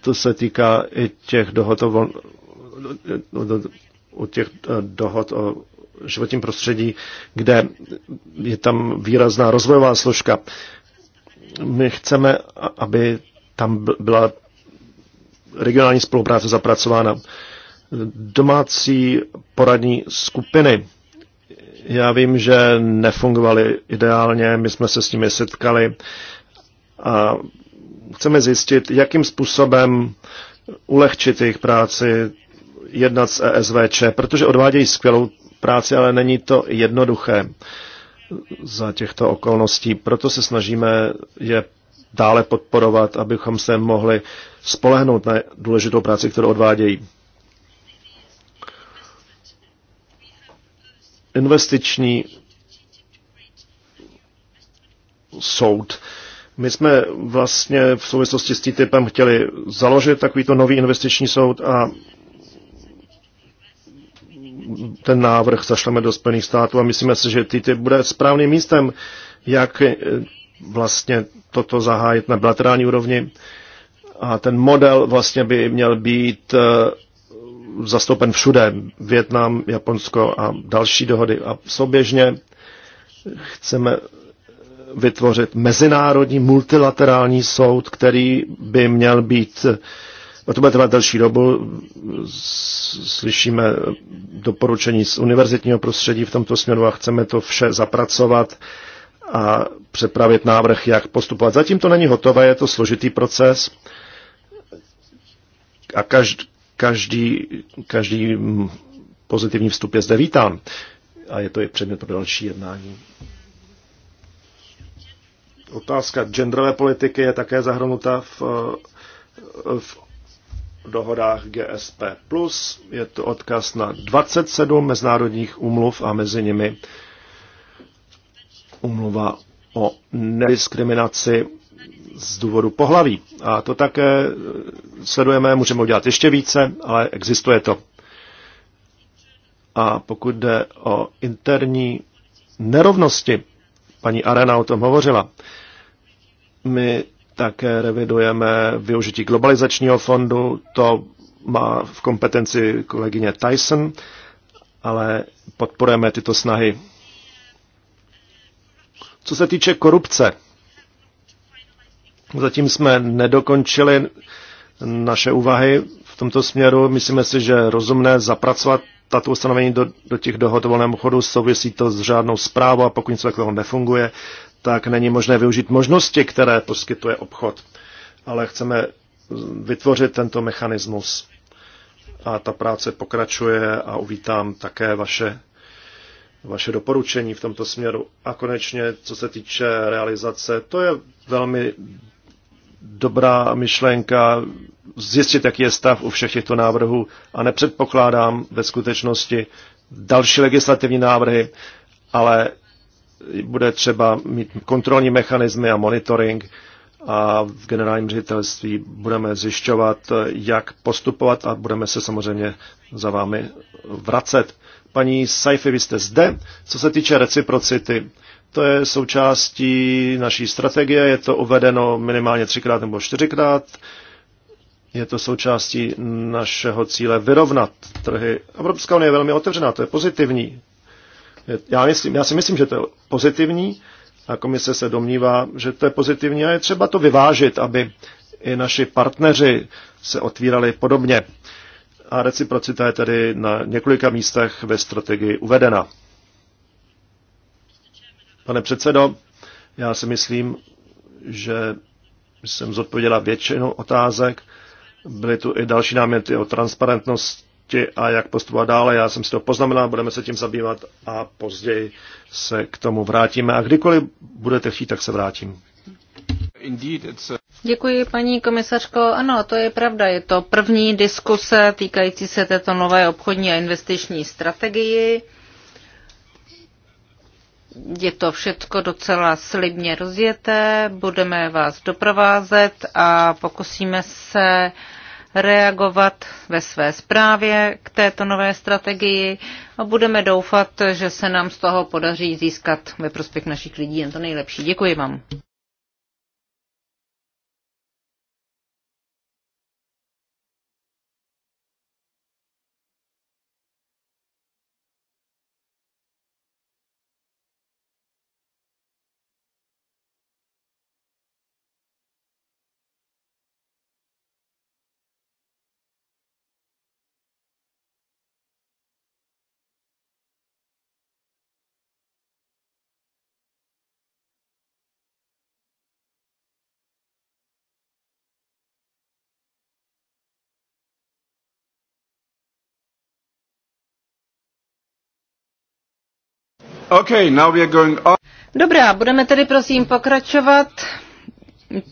to se týká i těch dohod o, o těch eh, dohod o životním prostředí, kde je tam výrazná rozvojová složka. My chceme, aby tam byla regionální spolupráce zapracována. Domácí poradní skupiny. Já vím, že nefungovaly ideálně, my jsme se s nimi setkali a chceme zjistit, jakým způsobem ulehčit jejich práci, jednat s ESVČ, protože odvádějí skvělou práci, ale není to jednoduché za těchto okolností. Proto se snažíme je dále podporovat, abychom se mohli spolehnout na důležitou práci, kterou odvádějí. Investiční soud. My jsme vlastně v souvislosti s TTIPem chtěli založit takovýto nový investiční soud a ten návrh zašleme do Spojených států a myslíme si, že TTIP bude správným místem, jak eh, vlastně toto zahájit na bilaterální úrovni. A ten model vlastně by měl být eh, zastoupen všude, Větnam, Japonsko a další dohody. A souběžně chceme vytvořit mezinárodní multilaterální soud, který by měl být a to bude trvat delší dobu. Slyšíme doporučení z univerzitního prostředí v tomto směru a chceme to vše zapracovat a přepravit návrh, jak postupovat. Zatím to není hotové, je to složitý proces a každý, každý, každý pozitivní vstup je zde vítám a je to i předmět pro další jednání. Otázka genderové politiky je také zahrnuta v, v dohodách GSP+. Je to odkaz na 27 mezinárodních umluv a mezi nimi umluva o nediskriminaci z důvodu pohlaví. A to také eh, sledujeme, můžeme udělat ještě více, ale existuje to. A pokud jde o interní nerovnosti, paní Arena o tom hovořila, my také revidujeme využití globalizačního fondu, to má v kompetenci kolegyně Tyson, ale podporujeme tyto snahy. Co se týče korupce, zatím jsme nedokončili naše úvahy v tomto směru. Myslíme si, že je rozumné zapracovat tato ustanovení do, do těch dohod o volném souvisí to s řádnou zprávou a pokud něco takového nefunguje, tak není možné využít možnosti, které poskytuje obchod. Ale chceme vytvořit tento mechanismus. A ta práce pokračuje a uvítám také vaše, vaše doporučení v tomto směru. A konečně, co se týče realizace, to je velmi dobrá myšlenka zjistit, jaký je stav u všech těchto návrhů a nepředpokládám ve skutečnosti další legislativní návrhy, ale bude třeba mít kontrolní mechanismy a monitoring a v generálním ředitelství budeme zjišťovat, jak postupovat a budeme se samozřejmě za vámi vracet. Paní Saifi, vy jste zde. Co se týče reciprocity, to je součástí naší strategie, je to uvedeno minimálně třikrát nebo čtyřikrát. Je to součástí našeho cíle vyrovnat trhy. Evropská unie je velmi otevřená, to je pozitivní. Já, myslím, já si myslím, že to je pozitivní a komise se domnívá, že to je pozitivní a je třeba to vyvážit, aby i naši partneři se otvírali podobně. A reciprocita je tedy na několika místech ve strategii uvedena. Pane předsedo, já si myslím, že jsem zodpověděla většinu otázek. Byly tu i další náměty o transparentnosti a jak postupovat dále. Já jsem si to poznamenal, budeme se tím zabývat a později se k tomu vrátíme. A kdykoliv budete chtít, tak se vrátím. Děkuji, paní komisařko. Ano, to je pravda. Je to první diskuse týkající se této nové obchodní a investiční strategii. Je to všechno docela slibně rozjeté, budeme vás doprovázet a pokusíme se uh, reagovat ve své zprávě k této nové strategii a budeme doufat, že se nám z toho podaří získat ve prospěch našich lidí jen to nejlepší. Děkuji vám. Okay, now we are going on. Dobrá, budeme tedy prosím pokračovat.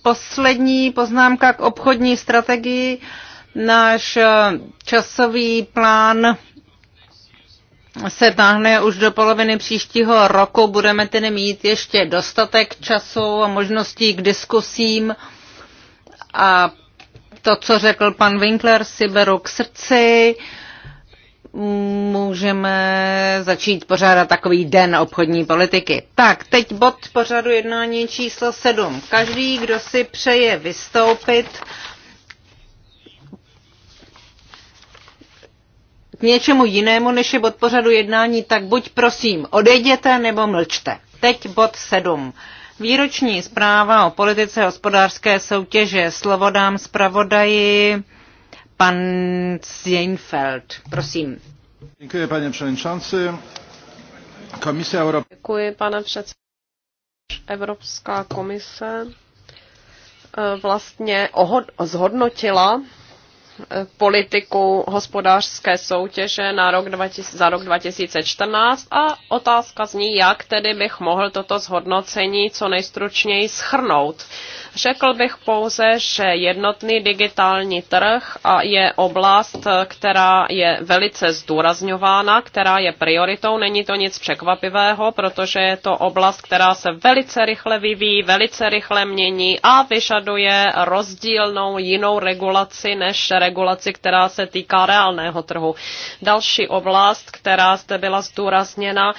Poslední poznámka k obchodní strategii. Náš eh, časový plán se táhne už do poloviny příštího roku. Budeme tedy mít ještě dostatek času a možností k diskusím. A to, co řekl pan Winkler, si beru k srdci můžeme začít pořádat takový den obchodní politiky. Tak, teď bod pořadu jednání číslo 7. Každý, kdo si přeje vystoupit, k něčemu jinému, než je bod pořadu jednání, tak buď prosím odejděte nebo mlčte. Teď bod 7. Výroční zpráva o politice hospodářské soutěže. Slovo dám zpravodaji Pan Zeinfeld, prosím. Děkuji, pane předsedající. Komise Evropa. Děkuji, pane předsedající. Evropská komise eh, vlastně zhodnotila politiku hospodářské soutěže na rok 20, za rok 2014 a otázka zní, jak tedy bych mohl toto zhodnocení co nejstručněji schrnout. Řekl bych pouze, že jednotný digitální trh a je oblast, která je velice zdůrazňována, která je prioritou. Není to nic překvapivého, protože je to oblast, která se velice rychle vyvíjí, velice rychle mění a vyžaduje rozdílnou jinou regulaci než regulaci, která se týká reálného trhu. Další oblast, která zde byla zdůrazněna,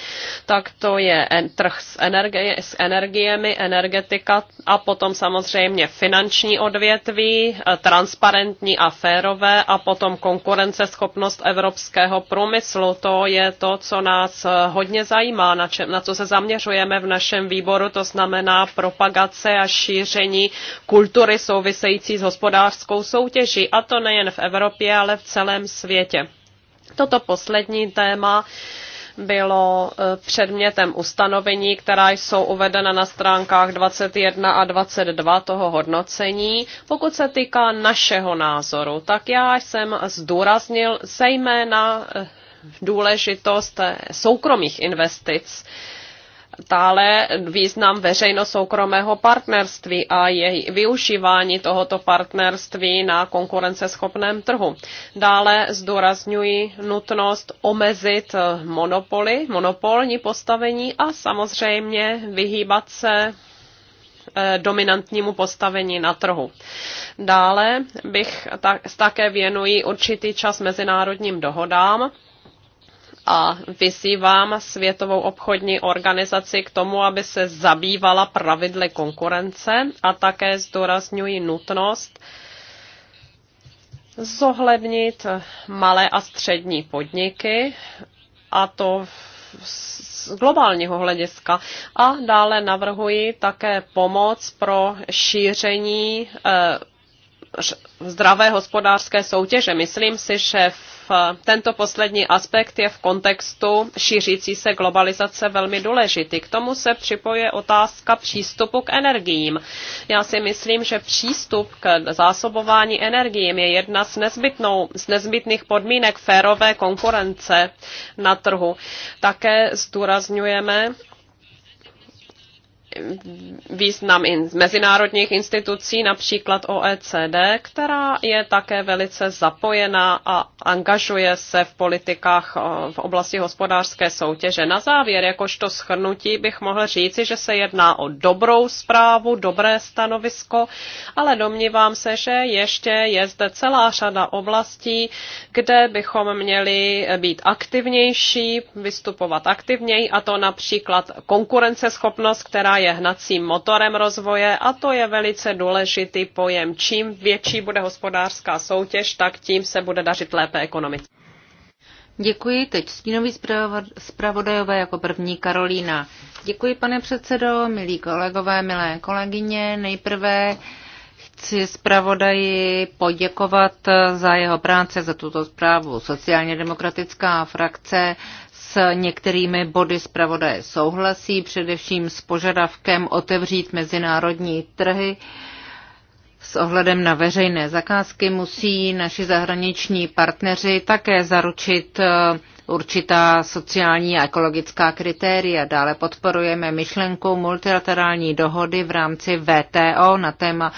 tak to je trh s, energie, s energiemi, energetika a potom samozřejmě finanční odvětví, e, transparentní a férové a potom konkurenceschopnost evropského průmyslu. To je to, co nás e, hodně zajímá, na, čem, na co se zaměřujeme v našem výboru, to znamená propagace a šíření kultury související s hospodářskou soutěží. A to ne nejen v Evropě, ale v celém světě. Toto poslední téma bylo e, předmětem ustanovení, která jsou uvedena na stránkách 21 a 22 toho hodnocení. Pokud se týká našeho názoru, tak já jsem zdůraznil zejména e, důležitost e, soukromých investic dále význam veřejno-soukromého partnerství a její využívání tohoto partnerství na konkurenceschopném trhu. Dále zdůrazňuji nutnost omezit monopoly, monopolní postavení a samozřejmě vyhýbat se eh, dominantnímu postavení na trhu. Dále bych tak, také věnuji určitý čas mezinárodním dohodám, a vyzývám Světovou obchodní organizaci k tomu, aby se zabývala pravidly konkurence a také zdůrazňuji nutnost zohlednit malé a střední podniky a to z globálního hlediska. A dále navrhuji také pomoc pro šíření eh, zdravé hospodářské soutěže. Myslím si, že v tento poslední aspekt je v kontextu šířící se globalizace velmi důležitý. K tomu se připoje otázka přístupu k energiím. Já si myslím, že přístup k zásobování energiím je jedna z, nezbytnou, z nezbytných podmínek férové konkurence na trhu. Také zdůrazňujeme význam in, mezinárodních institucí, například OECD, která je také velice zapojená a angažuje se v politikách eh, v oblasti hospodářské soutěže. Na závěr, jakožto schrnutí, bych mohl říci, že se jedná o dobrou zprávu, dobré stanovisko, ale domnívám se, že ještě je zde celá řada oblastí, kde bychom měli být aktivnější, vystupovat aktivněji, a to například konkurenceschopnost, která je je hnacím motorem rozvoje a to je velice důležitý pojem. Čím větší bude hospodářská soutěž, tak tím se bude dařit lépe ekonomice. Děkuji. Teď stínový zpravodajové jako první Karolína. Děkuji, pane předsedo, milí kolegové, milé kolegyně. Nejprve chci zpravodaji poděkovat za jeho práce, za tuto zprávu. Sociálně demokratická frakce některými body zpravodaje souhlasí, především s požadavkem otevřít mezinárodní trhy. S ohledem na veřejné zakázky musí naši zahraniční partneři také zaručit eh, určitá sociální a ekologická kritéria. Dále podporujeme myšlenku multilaterální dohody v rámci VTO na téma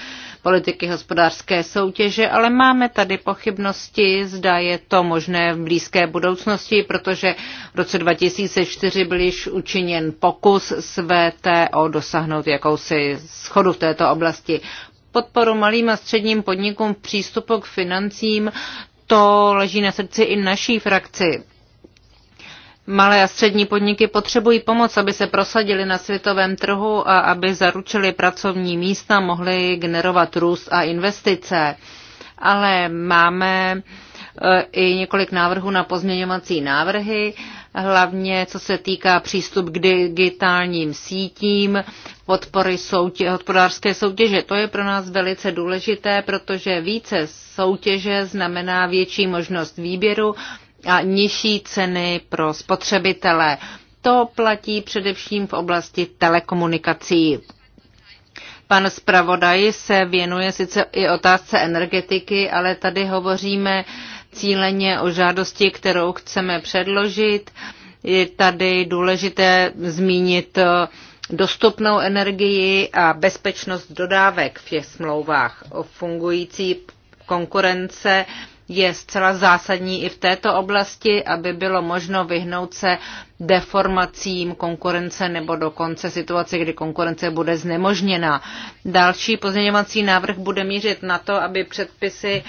politiky hospodářské soutěže, ale máme tady pochybnosti, zda je to možné v blízké budoucnosti, protože v roce 2004 byl již učiněn pokus s VTO dosáhnout jakousi schodu v této oblasti. Podporu malým a středním podnikům v přístupu k financím, to leží na srdci i naší frakci Malé a střední podniky potřebují pomoc, aby se prosadili na světovém trhu a aby zaručili pracovní místa, mohli generovat růst a investice. Ale máme eh, i několik návrhů na pozměňovací návrhy, hlavně co se týká přístup k digitálním sítím, podpory soutě, hospodářské soutěže. To je pro nás velice důležité, protože více soutěže znamená větší možnost výběru a nižší ceny pro spotřebitele. To platí především v oblasti telekomunikací. Pan zpravodaj se věnuje sice i otázce energetiky, ale tady hovoříme cíleně o žádosti, kterou chceme předložit. Je tady důležité zmínit dostupnou energii a bezpečnost dodávek v těch smlouvách o fungující konkurence je zcela zásadní i v této oblasti, aby bylo možno vyhnout se deformacím konkurence nebo dokonce situaci, kdy konkurence bude znemožněna. Další pozměňovací návrh bude mířit na to, aby předpisy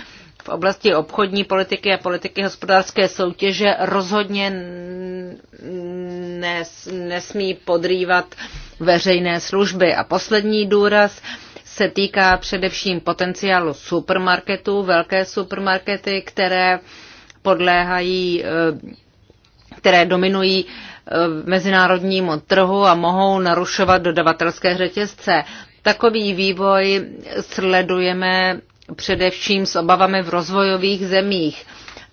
v oblasti obchodní politiky a politiky hospodářské soutěže rozhodně nes, nesmí podrývat veřejné služby. A poslední důraz se týká především potenciálu supermarketů, velké supermarkety, které podléhají, eh, které dominují eh, mezinárodnímu trhu a mohou narušovat dodavatelské řetězce. Takový vývoj sledujeme především s obavami v rozvojových zemích.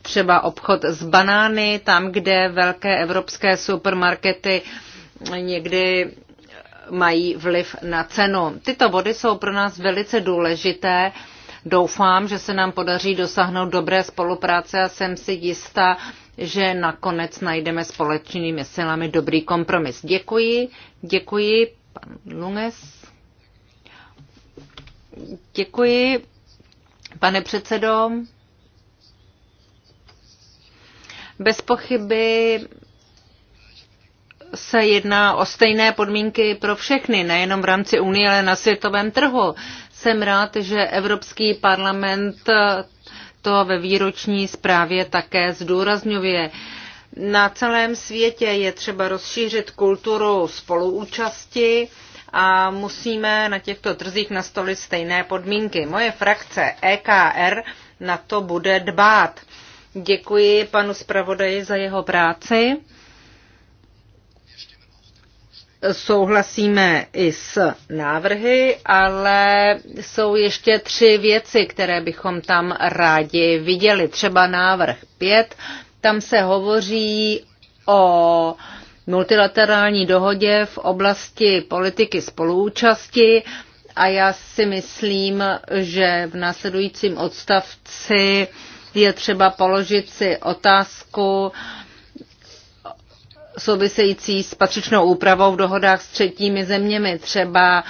Třeba obchod s banány, tam, kde velké evropské supermarkety někdy mají vliv na cenu. Tyto body jsou pro nás velice důležité. Doufám, že se nám podaří dosáhnout dobré spolupráce a jsem si jistá, že nakonec najdeme společnými silami dobrý kompromis. Děkuji, děkuji, pan Lunes, Děkuji, pane předsedo. Bez pochyby se jedná o stejné podmínky pro všechny, nejenom v rámci Unie, ale na světovém trhu. Jsem rád, že Evropský parlament to ve výroční zprávě také zdůrazňuje. Na celém světě je třeba rozšířit kulturu spoluúčasti a musíme na těchto trzích nastolit stejné podmínky. Moje frakce EKR na to bude dbát. Děkuji panu zpravodaji za jeho práci souhlasíme i s návrhy, ale jsou ještě tři věci, které bychom tam rádi viděli. Třeba návrh 5, tam se hovoří o multilaterální dohodě v oblasti politiky spoluúčasti a já si myslím, že v následujícím odstavci je třeba položit si otázku, související s patřičnou úpravou v dohodách s třetími zeměmi, třeba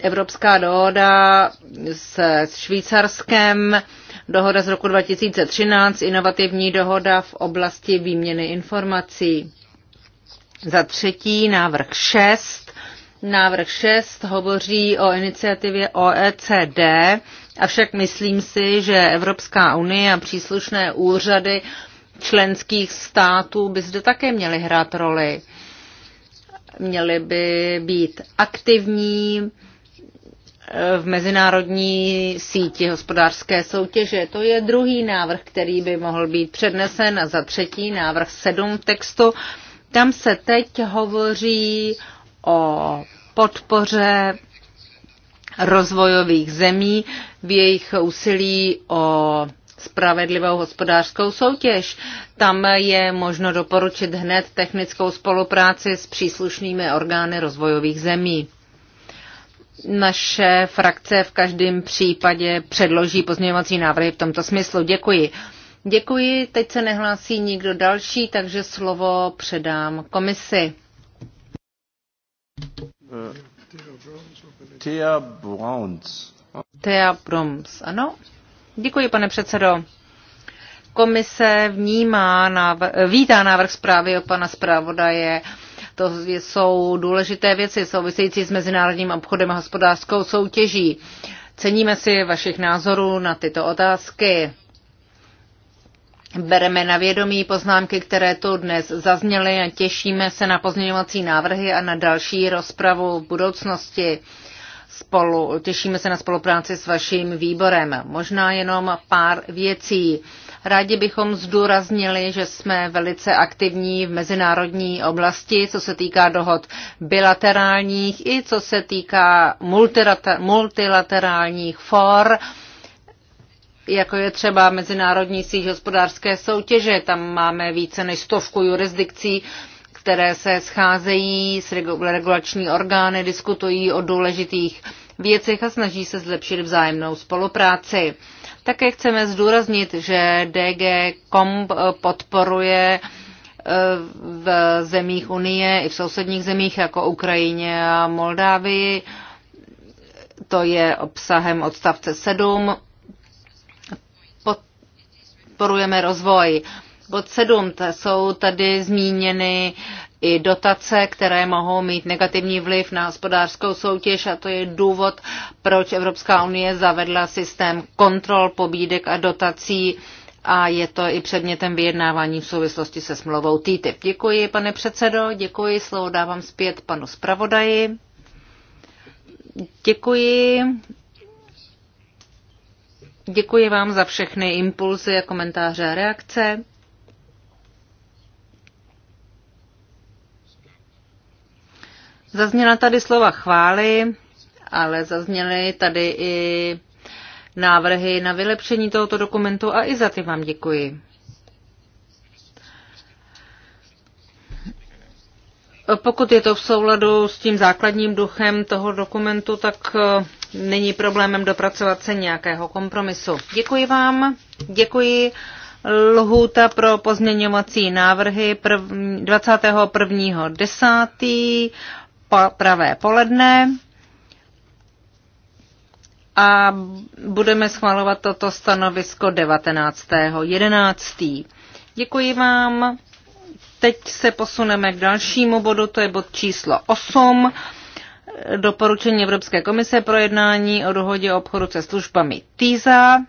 Evropská dohoda s Švýcarskem, dohoda z roku 2013, inovativní dohoda v oblasti výměny informací. Za třetí návrh 6. Návrh 6 hovoří o iniciativě OECD, avšak myslím si, že Evropská unie a příslušné úřady členských států by zde také měly hrát roli. Měly by být aktivní eh, v mezinárodní síti hospodářské soutěže. To je druhý návrh, který by mohl být přednesen a za třetí návrh sedm textu. Tam se teď hovoří o podpoře rozvojových zemí v jejich úsilí o spravedlivou hospodářskou soutěž. Tam je možno doporučit hned technickou spolupráci s příslušnými orgány rozvojových zemí. Naše frakce v každém případě předloží pozměňovací návrhy v tomto smyslu. Děkuji. Děkuji, teď se nehlásí nikdo další, takže slovo předám komisi. Thea Browns. Thea Browns, ano. Děkuji, pane předsedo. Komise vnímá, návr, vítá návrh zprávy od pana zpravodaje. To jsou důležité věci související s mezinárodním obchodem a hospodářskou soutěží. Ceníme si vašich názorů na tyto otázky. Bereme na vědomí poznámky, které tu dnes zazněly a těšíme se na pozměňovací návrhy a na další rozpravu v budoucnosti spolu, těšíme se na spolupráci s vaším výborem. Možná jenom pár věcí. Rádi bychom zdůraznili, že jsme velice aktivní v mezinárodní oblasti, co se týká dohod bilaterálních i co se týká multilaterálních for jako je třeba Mezinárodní síť hospodářské soutěže. Tam máme více než stovku jurisdikcí, které se scházejí s regulační orgány, diskutují o důležitých věcech a snaží se zlepšit vzájemnou spolupráci. Také chceme zdůraznit, že DG Comp eh, podporuje eh, v zemích Unie i v sousedních zemích jako Ukrajině a Moldávii. To je obsahem odstavce 7. Podporujeme rozvoj Bod 7. Jsou tady zmíněny i dotace, které mohou mít negativní vliv na hospodářskou soutěž a to je důvod, proč Evropská unie zavedla systém kontrol pobídek a dotací a je to i předmětem vyjednávání v souvislosti se smlouvou TTIP. Děkuji, pane předsedo, děkuji, slovo dávám zpět panu zpravodaji. Děkuji. Děkuji vám za všechny impulzy, komentáře a reakce. Zazněla tady slova chvály, ale zazněly tady i návrhy na vylepšení tohoto dokumentu a i za ty vám děkuji. Pokud je to v souladu s tím základním duchem toho dokumentu, tak eh, není problémem dopracovat se nějakého kompromisu. Děkuji vám, děkuji. Lhůta pro pozměňovací návrhy 21.10 pravé poledne a budeme schvalovat toto stanovisko 19.11. Děkuji vám. Teď se posuneme k dalšímu bodu, to je bod číslo 8. Doporučení Evropské komise pro jednání o dohodě o obchodu se službami TISA.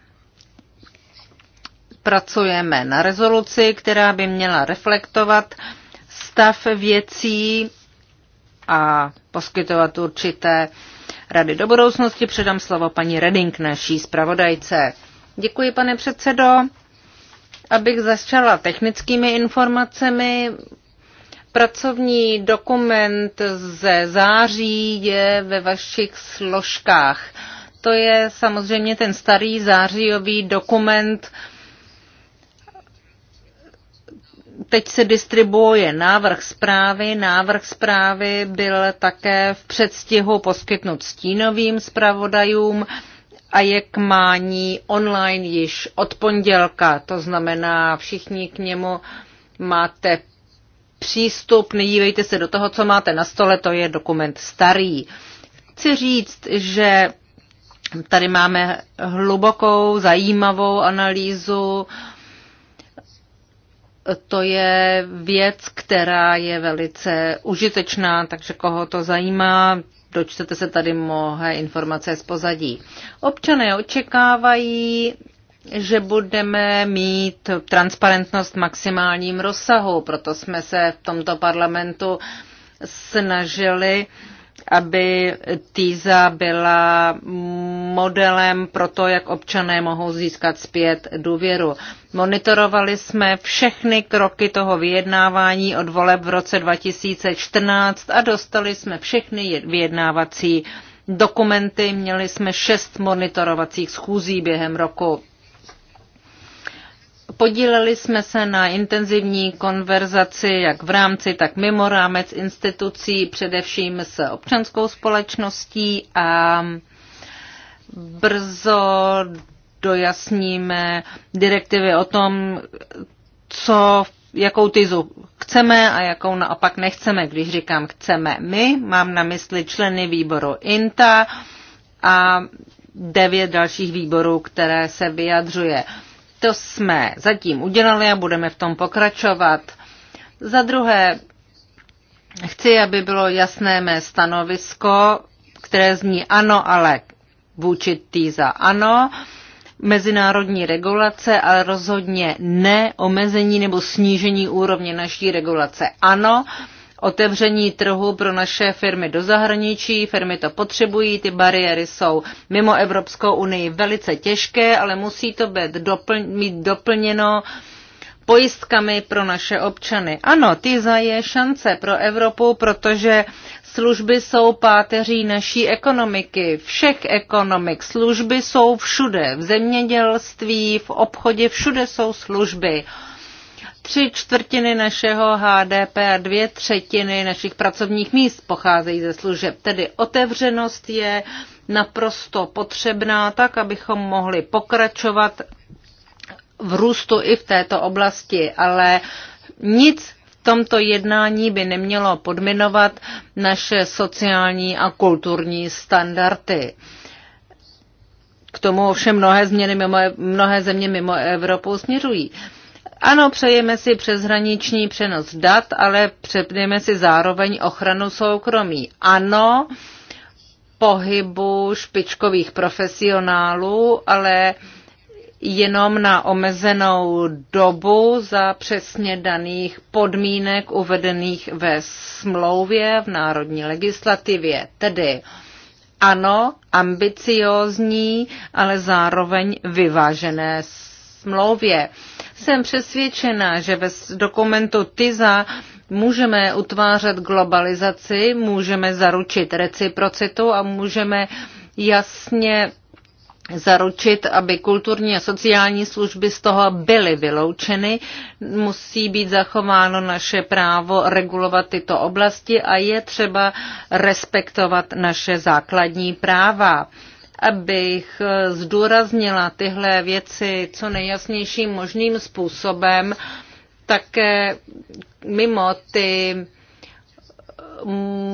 Pracujeme na rezoluci, která by měla reflektovat stav věcí a poskytovat určité rady do budoucnosti. Předám slovo paní Reding, naší zpravodajce. Děkuji, pane předsedo. Abych začala technickými informacemi, pracovní dokument ze září je ve vašich složkách. To je samozřejmě ten starý zářijový dokument, Teď se distribuuje návrh zprávy. Návrh zprávy byl také v předstihu poskytnut stínovým zpravodajům a je k mání online již od pondělka. To znamená, všichni k němu máte přístup, nedívejte se do toho, co máte na stole, to je dokument starý. Chci říct, že tady máme hlubokou, zajímavou analýzu to je věc, která je velice užitečná, takže koho to zajímá, dočtete se tady mnohé informace z pozadí. Občané očekávají, že budeme mít transparentnost v maximálním rozsahu, proto jsme se v tomto parlamentu snažili uh, aby TISA byla modelem pro to, jak občané mohou získat zpět důvěru. Monitorovali jsme všechny kroky toho vyjednávání od voleb v roce 2014 a dostali jsme všechny vyjednávací dokumenty. Měli jsme šest monitorovacích schůzí během roku. Podíleli jsme se na intenzivní konverzaci jak v rámci, tak mimo rámec institucí, především s občanskou společností a brzo dojasníme direktivy o tom, co, jakou tyzu chceme a jakou naopak nechceme. Když říkám chceme my, mám na mysli členy výboru INTA a devět dalších výborů, které se vyjadřuje. Uh, to jsme zatím udělali a budeme v tom pokračovat. Za druhé, chci, aby bylo jasné mé stanovisko, které zní ano, ale vůči za ano, mezinárodní regulace, ale rozhodně ne omezení nebo snížení úrovně naší regulace ano otevření trhu pro naše firmy do zahraničí. Firmy to potřebují, ty bariéry jsou mimo Evropskou unii velice těžké, ale musí to být doplň, mít doplněno pojistkami pro naše občany. Ano, ty je šance pro Evropu, protože služby jsou páteří naší ekonomiky, všech ekonomik. Služby jsou všude, v zemědělství, v obchodě, všude jsou služby. Tři čtvrtiny našeho HDP a dvě třetiny našich pracovních míst pocházejí ze služeb. Tedy otevřenost je naprosto potřebná, tak abychom mohli pokračovat v růstu i v této oblasti, ale nic v tomto jednání by nemělo podminovat naše sociální a kulturní standardy. K tomu ovšem mnohé, změny mimo, mnohé země mimo Evropu směřují. Ano, přejeme si přeshraniční přenos dat, ale přepneme si zároveň ochranu soukromí. Ano, pohybu špičkových profesionálů, ale jenom na omezenou dobu za přesně daných podmínek uvedených ve smlouvě v národní legislativě. Tedy ano, ambiciózní, ale zároveň vyvážené smlouvě. Jsem přesvědčena, že bez dokumentu TISA můžeme utvářet globalizaci, můžeme zaručit reciprocitu a můžeme jasně zaručit, aby kulturní a sociální služby z toho byly vyloučeny. Musí být zachováno naše právo regulovat tyto oblasti a je třeba respektovat naše základní práva abych zdůraznila tyhle věci co nejjasnějším možným způsobem, také mimo ty eh,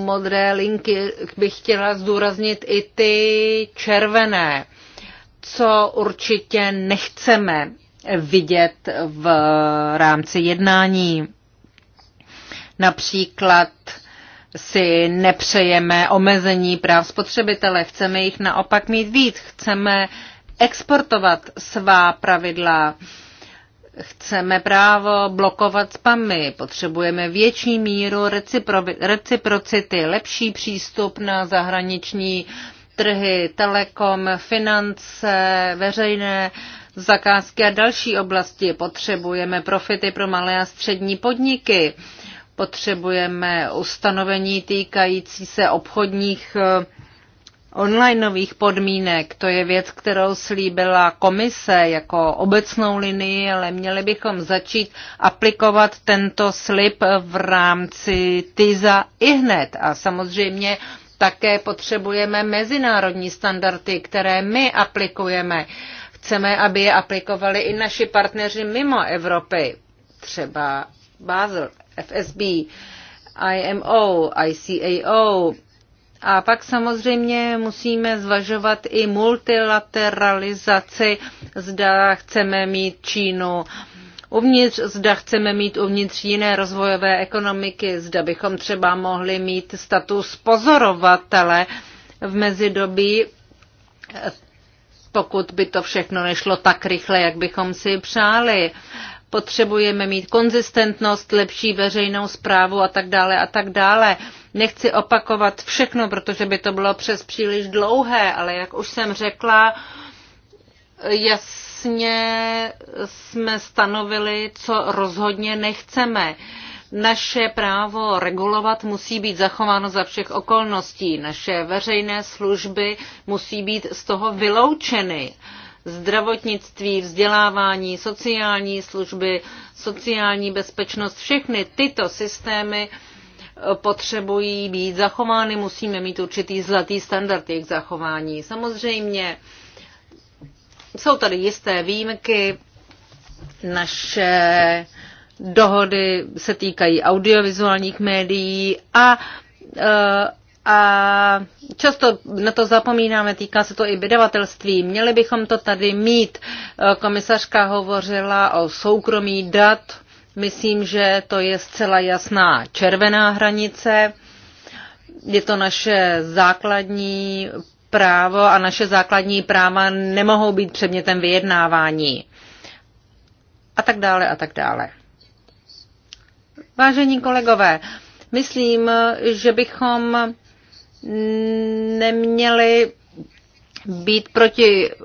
modré linky bych chtěla zdůraznit i ty červené, co určitě nechceme vidět v rámci jednání. Například si nepřejeme omezení práv spotřebitele, chceme jich naopak mít víc, chceme exportovat svá pravidla, chceme právo blokovat spamy, potřebujeme větší míru reciprocity, lepší přístup na zahraniční trhy, telekom, finance, veřejné zakázky a další oblasti. Potřebujeme profity pro malé a střední podniky. Uh, Potřebujeme ustanovení týkající se obchodních eh, onlineových podmínek. To je věc, kterou slíbila komise jako obecnou linii, ale měli bychom začít aplikovat tento slib v rámci TISA i hned. A samozřejmě také potřebujeme mezinárodní standardy, které my aplikujeme. Chceme, aby je aplikovali i naši partneři mimo Evropy, třeba Basel FSB, IMO, ICAO. A pak samozřejmě musíme zvažovat i multilateralizaci, zda chceme mít Čínu uvnitř, zda chceme mít uvnitř jiné rozvojové ekonomiky, zda bychom třeba mohli mít status pozorovatele v mezidobí, pokud by to všechno nešlo tak rychle, jak bychom si přáli potřebujeme mít konzistentnost, lepší veřejnou zprávu a tak dále a tak dále. Nechci opakovat všechno, protože by to bylo přes příliš dlouhé, ale jak už jsem řekla, jasně jsme stanovili, co rozhodně nechceme. Naše právo regulovat musí být zachováno za všech okolností. Naše veřejné služby musí být z toho vyloučeny. Uh, zdravotnictví, vzdělávání, sociální služby, sociální bezpečnost, všechny tyto systémy eh, potřebují být zachovány, musíme mít určitý zlatý standard jejich zachování. Samozřejmě jsou tady jisté výjimky, naše dohody se týkají audiovizuálních médií a eh, a často na to zapomínáme, týká se to i vydavatelství. Měli bychom to tady mít. E, komisařka hovořila o soukromí dat. Myslím, že to je zcela jasná červená hranice. Je to naše základní právo a naše základní práva nemohou být předmětem vyjednávání. A tak dále, a tak dále. Vážení kolegové, myslím, že bychom neměli být proti eh,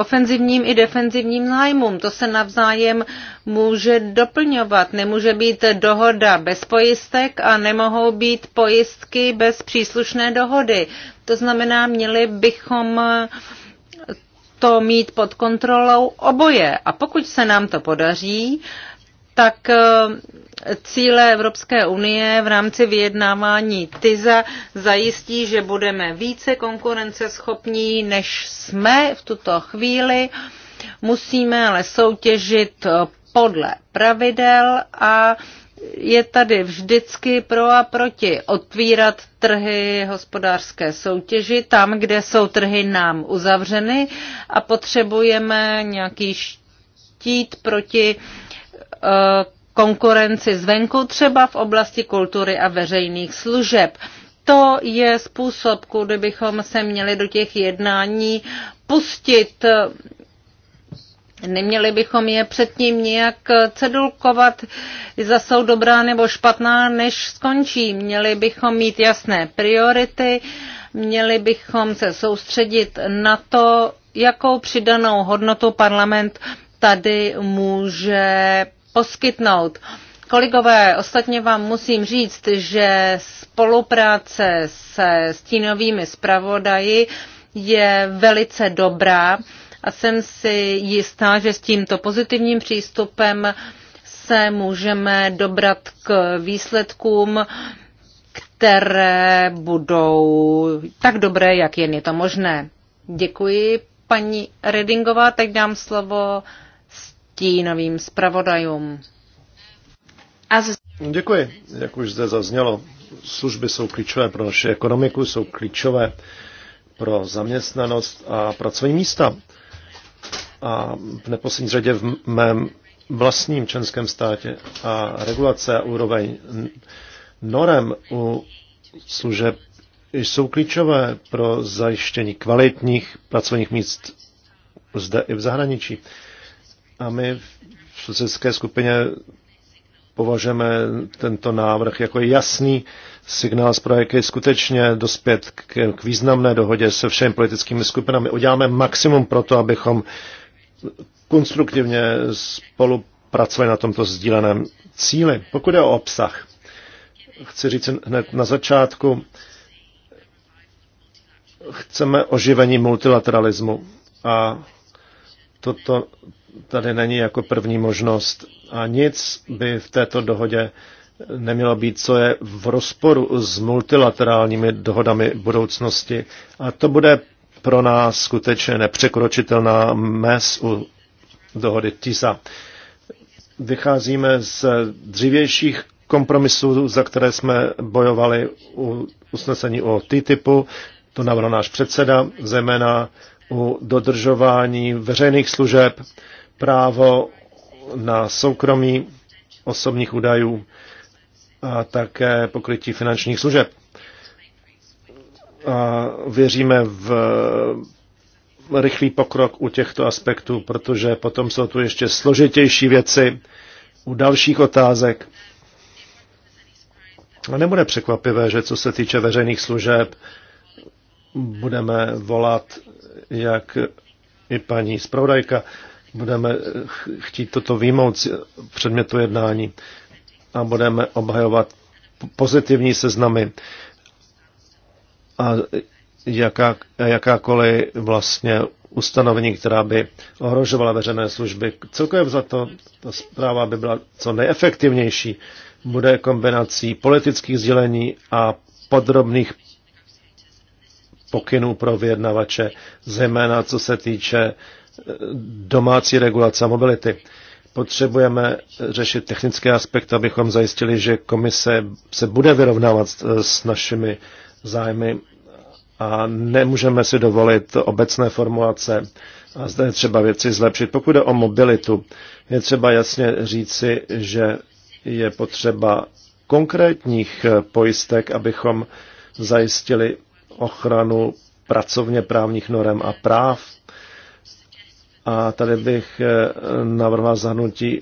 ofenzivním i defenzivním zájmům. To se navzájem může doplňovat. Nemůže být dohoda bez pojistek a nemohou být pojistky bez příslušné dohody. To znamená, měli bychom to mít pod kontrolou oboje. A pokud se nám to podaří, tak eh, cíle Evropské unie v rámci vyjednávání TISA zajistí, že budeme více konkurenceschopní, než jsme v tuto chvíli. Musíme ale soutěžit podle pravidel a je tady vždycky pro a proti otvírat trhy hospodářské soutěži tam, kde jsou trhy nám uzavřeny a potřebujeme nějaký štít proti eh, konkurenci zvenku, třeba v oblasti kultury a veřejných služeb. To je způsob, kudy bychom se měli do těch jednání pustit. Neměli bychom je předtím nějak cedulkovat, za jsou dobrá nebo špatná, než skončí. Měli bychom mít jasné priority, měli bychom se soustředit na to, jakou přidanou hodnotu parlament tady může poskytnout. Kolegové, ostatně vám musím říct, že spolupráce se stínovými zpravodaji je velice dobrá a jsem si jistá, že s tímto pozitivním přístupem se můžeme dobrat k výsledkům, které budou tak dobré, jak jen je to možné. Děkuji, paní Redingová. Teď dám slovo stínovým zpravodajům. Děkuji. Jak už zde zaznělo, služby jsou klíčové pro naši ekonomiku, jsou klíčové pro zaměstnanost a pracovní místa. A v neposlední řadě v mém vlastním členském státě a regulace a úroveň norem u služeb jsou klíčové pro zajištění kvalitních pracovních míst zde i v zahraničí. A my v socialistické skupině považujeme tento návrh jako jasný signál z projekty skutečně dospět k, k významné dohodě se všemi politickými skupinami. Uděláme maximum pro to, abychom konstruktivně spolupracovali na tomto sdíleném cíli. Pokud je o obsah, chci říct hned na začátku, chceme oživení multilateralismu a toto tady není jako první možnost a nic by v této dohodě nemělo být, co je v rozporu s multilaterálními dohodami budoucnosti. A to bude pro nás skutečně nepřekročitelná mez u dohody TISA. Vycházíme z dřívějších kompromisů, za které jsme bojovali u usnesení o TTIPu, to navrhl náš předseda, zejména u dodržování veřejných služeb právo na soukromí osobních údajů a také pokrytí finančních služeb. A věříme v rychlý pokrok u těchto aspektů, protože potom jsou tu ještě složitější věci u dalších otázek. A nebude překvapivé, že co se týče veřejných služeb, budeme volat, jak i paní zpravodajka, budeme eh, chtít toto výmout z předmětu jednání a budeme obhajovat pozitivní seznamy a jaká, jakákoliv vlastně ustanovení, která by ohrožovala veřejné služby. Celkově za to ta zpráva by byla co nejefektivnější. Bude kombinací politických sdělení a podrobných pokynů pro vyjednavače, zejména co se týče domácí regulace a mobility. Potřebujeme řešit technické aspekty, abychom zajistili, že komise se bude vyrovnávat s našimi zájmy a nemůžeme si dovolit obecné formulace a zde je třeba věci zlepšit. Pokud jde o mobilitu, je třeba jasně říci, že je potřeba konkrétních pojistek, abychom zajistili ochranu pracovně právních norem a práv a tady bych eh, navrhl zahrnutí,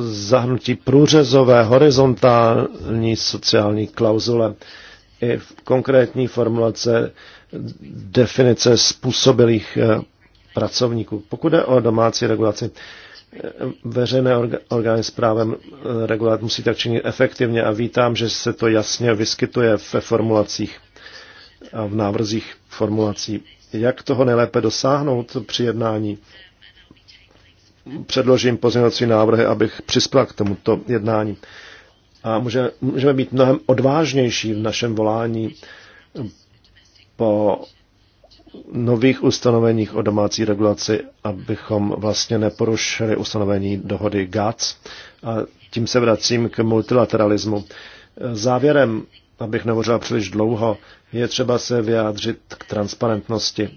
zahrnutí průřezové, horizontální sociální klauzule i v konkrétní formulace definice způsobilých eh, pracovníků. Pokud je o domácí regulaci, eh, veřejné orgány s právem regulovat musí tak činit efektivně a vítám, že se to jasně vyskytuje ve formulacích a v návrzích formulací jak toho nejlépe dosáhnout při jednání. Předložím pozměňovací návrhy, abych přispěl k tomuto jednání. A můžeme, můžeme být mnohem odvážnější v našem volání po nových ustanoveních o domácí regulaci, abychom vlastně neporušili ustanovení dohody GATS. A tím se vracím k multilateralismu. Závěrem abych nemořil příliš dlouho, je třeba se vyjádřit k transparentnosti.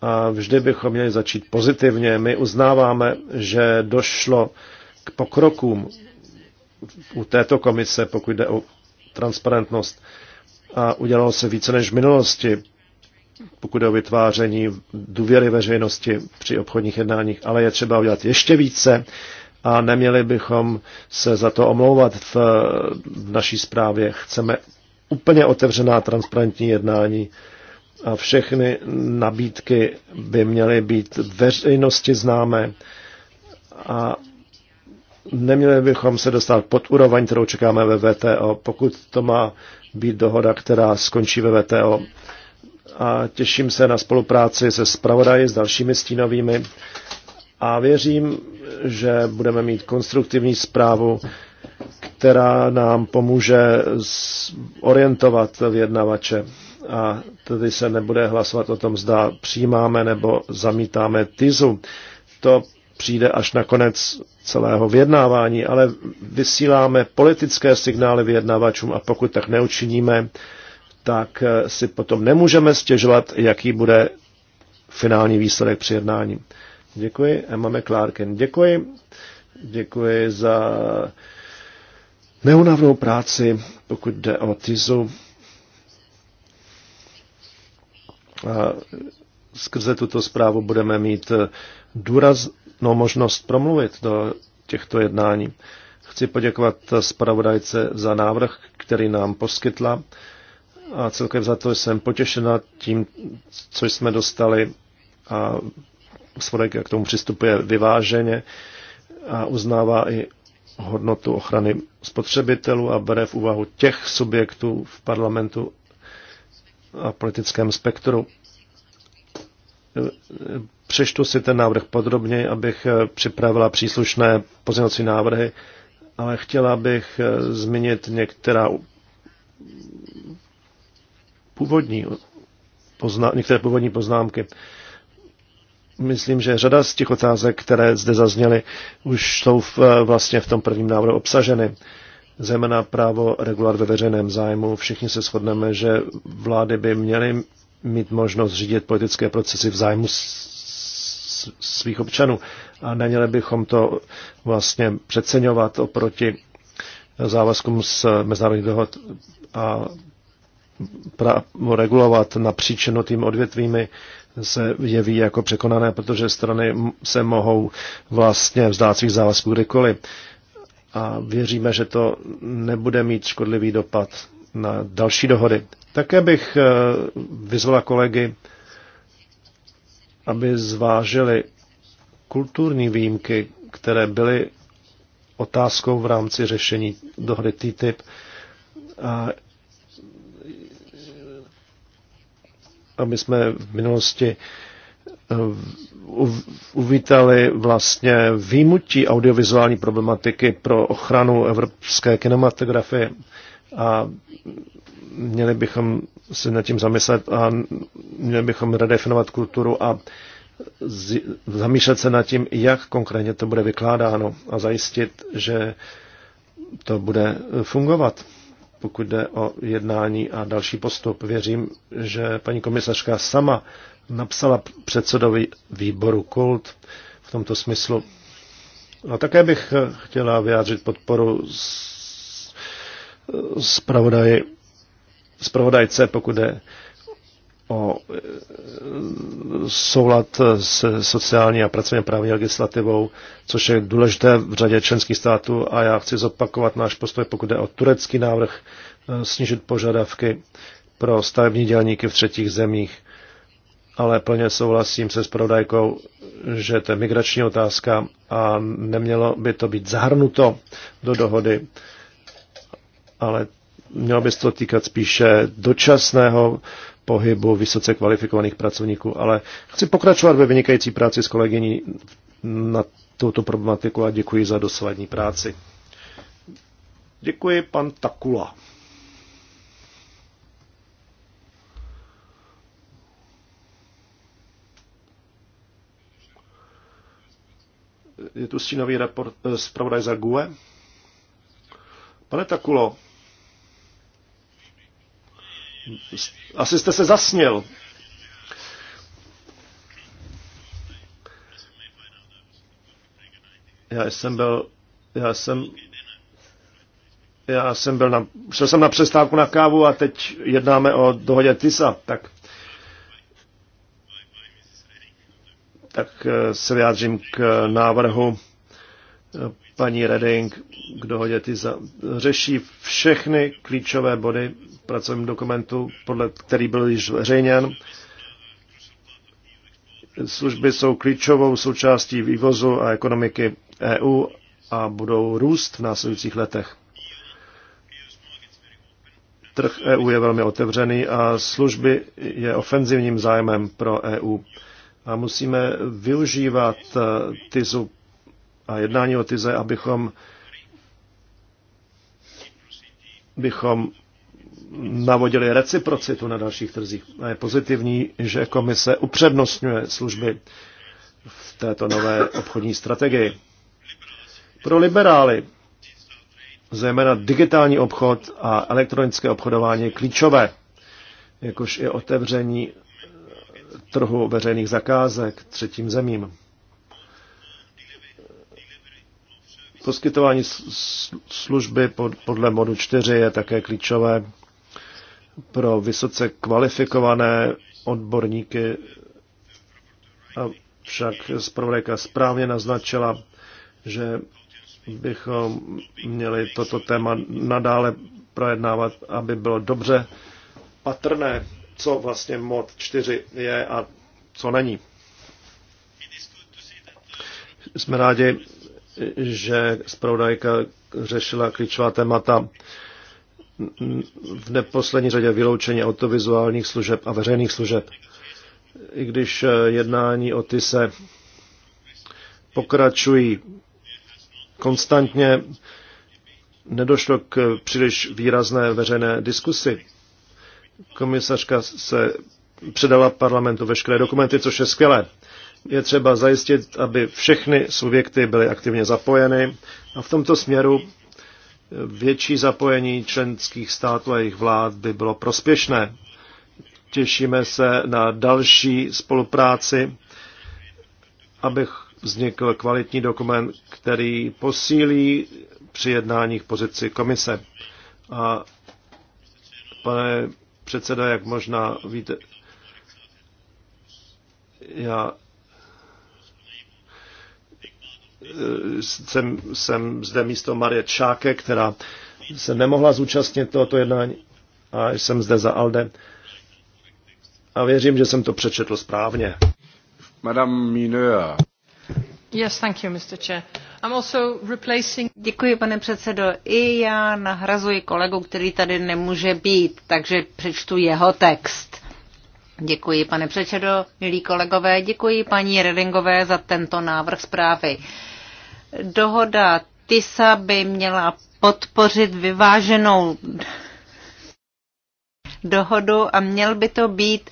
A vždy bychom měli začít pozitivně. My uznáváme, že došlo k pokrokům u této komise, pokud jde o transparentnost. A udělalo se více než v minulosti, pokud jde o vytváření důvěry veřejnosti při obchodních jednáních, ale je třeba udělat ještě více a neměli bychom se za to omlouvat v, v naší zprávě. Chceme úplně otevřená transparentní jednání a všechny nabídky by měly být veřejnosti známé a neměli bychom se dostat pod úroveň, kterou čekáme ve VTO, pokud to má být dohoda, která skončí ve VTO. A těším se na spolupráci se spravodaji, s dalšími stínovými a věřím, že budeme mít konstruktivní zprávu, která nám pomůže orientovat vyjednavače. A tedy se nebude hlasovat o tom, zda přijímáme nebo zamítáme TIZu. To přijde až na konec celého vyjednávání, ale vysíláme politické signály vyjednavačům a pokud tak neučiníme, tak si potom nemůžeme stěžovat, jaký bude finální výsledek při jednání. Děkuji, Máme Clarken. Děkuji. Děkuji za neunavnou práci, pokud jde o TISu. A skrze tuto zprávu budeme mít důraznou možnost promluvit do těchto jednání. Chci poděkovat zpravodajce za návrh, který nám poskytla a celkem za to jsem potěšena tím, co jsme dostali a svodek k tomu přistupuje vyváženě a uznává i hodnotu ochrany spotřebitelů a bere v úvahu těch subjektů v parlamentu a politickém spektru. Přeštu si ten návrh podrobněji, abych připravila příslušné pozměňovací návrhy, ale chtěla bych zmínit některá původní pozná, některé původní poznámky myslím, že řada z těch otázek, které zde zazněly, už jsou v, eh, vlastně v tom prvním návrhu obsaženy. Zejména právo regulovat ve veřejném zájmu. Všichni se shodneme, že vlády by měly mít možnost řídit politické procesy v zájmu svých občanů a neměli bychom to vlastně přeceňovat oproti závazkům z mezinárodních dohod a regulovat napříč jednotými odvětvími se jeví jako překonané, protože strany se mohou vlastně vzdát svých závazků kdykoliv. A věříme, že to nebude mít škodlivý dopad na další dohody. Také bych eh, vyzvala kolegy, aby zvážili kulturní výjimky, které byly otázkou v rámci řešení dohody TTIP. A A my jsme v minulosti eh, uvítali vlastně výmutí audiovizuální problematiky pro ochranu evropské kinematografie a měli bychom se nad tím zamyslet a měli bychom redefinovat kulturu a zamýšlet se nad tím, jak konkrétně to bude vykládáno a zajistit, že to bude fungovat pokud jde o jednání a další postup. Věřím, že paní komisařka sama napsala předsedovi výboru KULT v tomto smyslu. A také bych chtěla vyjádřit podporu zpravodajce, pokud jde o e, soulad s sociální a pracovně právní legislativou, což je důležité v řadě členských států a já chci zopakovat náš postoj, pokud jde o turecký návrh e, snížit požadavky pro stavební dělníky v třetích zemích. Ale plně souhlasím se s prodajkou, že to je migrační otázka a nemělo by to být zahrnuto do dohody, ale mělo by se to týkat spíše dočasného pohybu vysoce kvalifikovaných pracovníků, ale chci pokračovat ve vynikající práci s kolegyní na tuto problematiku a děkuji za dosavadní práci. Děkuji, pan Takula. Je tu stínový report, eh, zpravodaj za GUE. Pane Takulo, asi jste se zasněl. Já jsem byl, já jsem, já jsem byl na, šel jsem na přestávku na kávu a teď jednáme o dohodě TISA, tak tak eh, se vyjádřím k eh, návrhu eh, paní Reding k dohodě za, řeší všechny klíčové body v pracovním dokumentu, podle který byl již zveřejněn. Služby jsou klíčovou součástí vývozu a ekonomiky EU a budou růst v následujících letech. Trh EU je velmi otevřený a služby je ofenzivním zájmem pro EU. A musíme využívat eh, TISu a jednání o tyze, abychom bychom navodili reciprocitu na dalších trzích. A je pozitivní, že komise upřednostňuje služby v této nové obchodní strategii. Pro liberály zejména digitální obchod a elektronické obchodování je klíčové, jakož i otevření trhu veřejných zakázek třetím zemím. Poskytování služby podle modu 4 je také klíčové pro vysoce kvalifikované odborníky. A však zpravodajka správně naznačila, že bychom měli toto téma nadále projednávat, aby bylo dobře patrné, co vlastně mod 4 je a co není. Jsme rádi, že zpravodajka řešila klíčová témata v neposlední řadě vyloučení autovizuálních služeb a veřejných služeb. I když jednání o ty se pokračují konstantně, nedošlo k příliš výrazné veřejné diskusi. Komisařka se předala parlamentu veškeré dokumenty, což je skvělé je třeba zajistit, aby všechny subjekty byly aktivně zapojeny a v tomto směru větší zapojení členských států a jejich vlád by bylo prospěšné. Těšíme se na další spolupráci, abych vznikl kvalitní dokument, který posílí při jednáních pozici komise. A pane předseda, jak možná víte, já jsem, jsem zde místo Marie Čáke, která se nemohla zúčastnit tohoto jednání a jsem zde za Alde. A věřím, že jsem to přečetl správně. Madame Mineur. Yes, thank you, Mr. Chair. I'm also replacing... Děkuji, pane předsedo. I já nahrazuji kolegu, který tady nemůže být, takže přečtu jeho text. Děkuji, pane předsedo, milí kolegové, děkuji paní Redingové za tento návrh zprávy. Dohoda TISA by měla podpořit vyváženou dohodu a měl by to být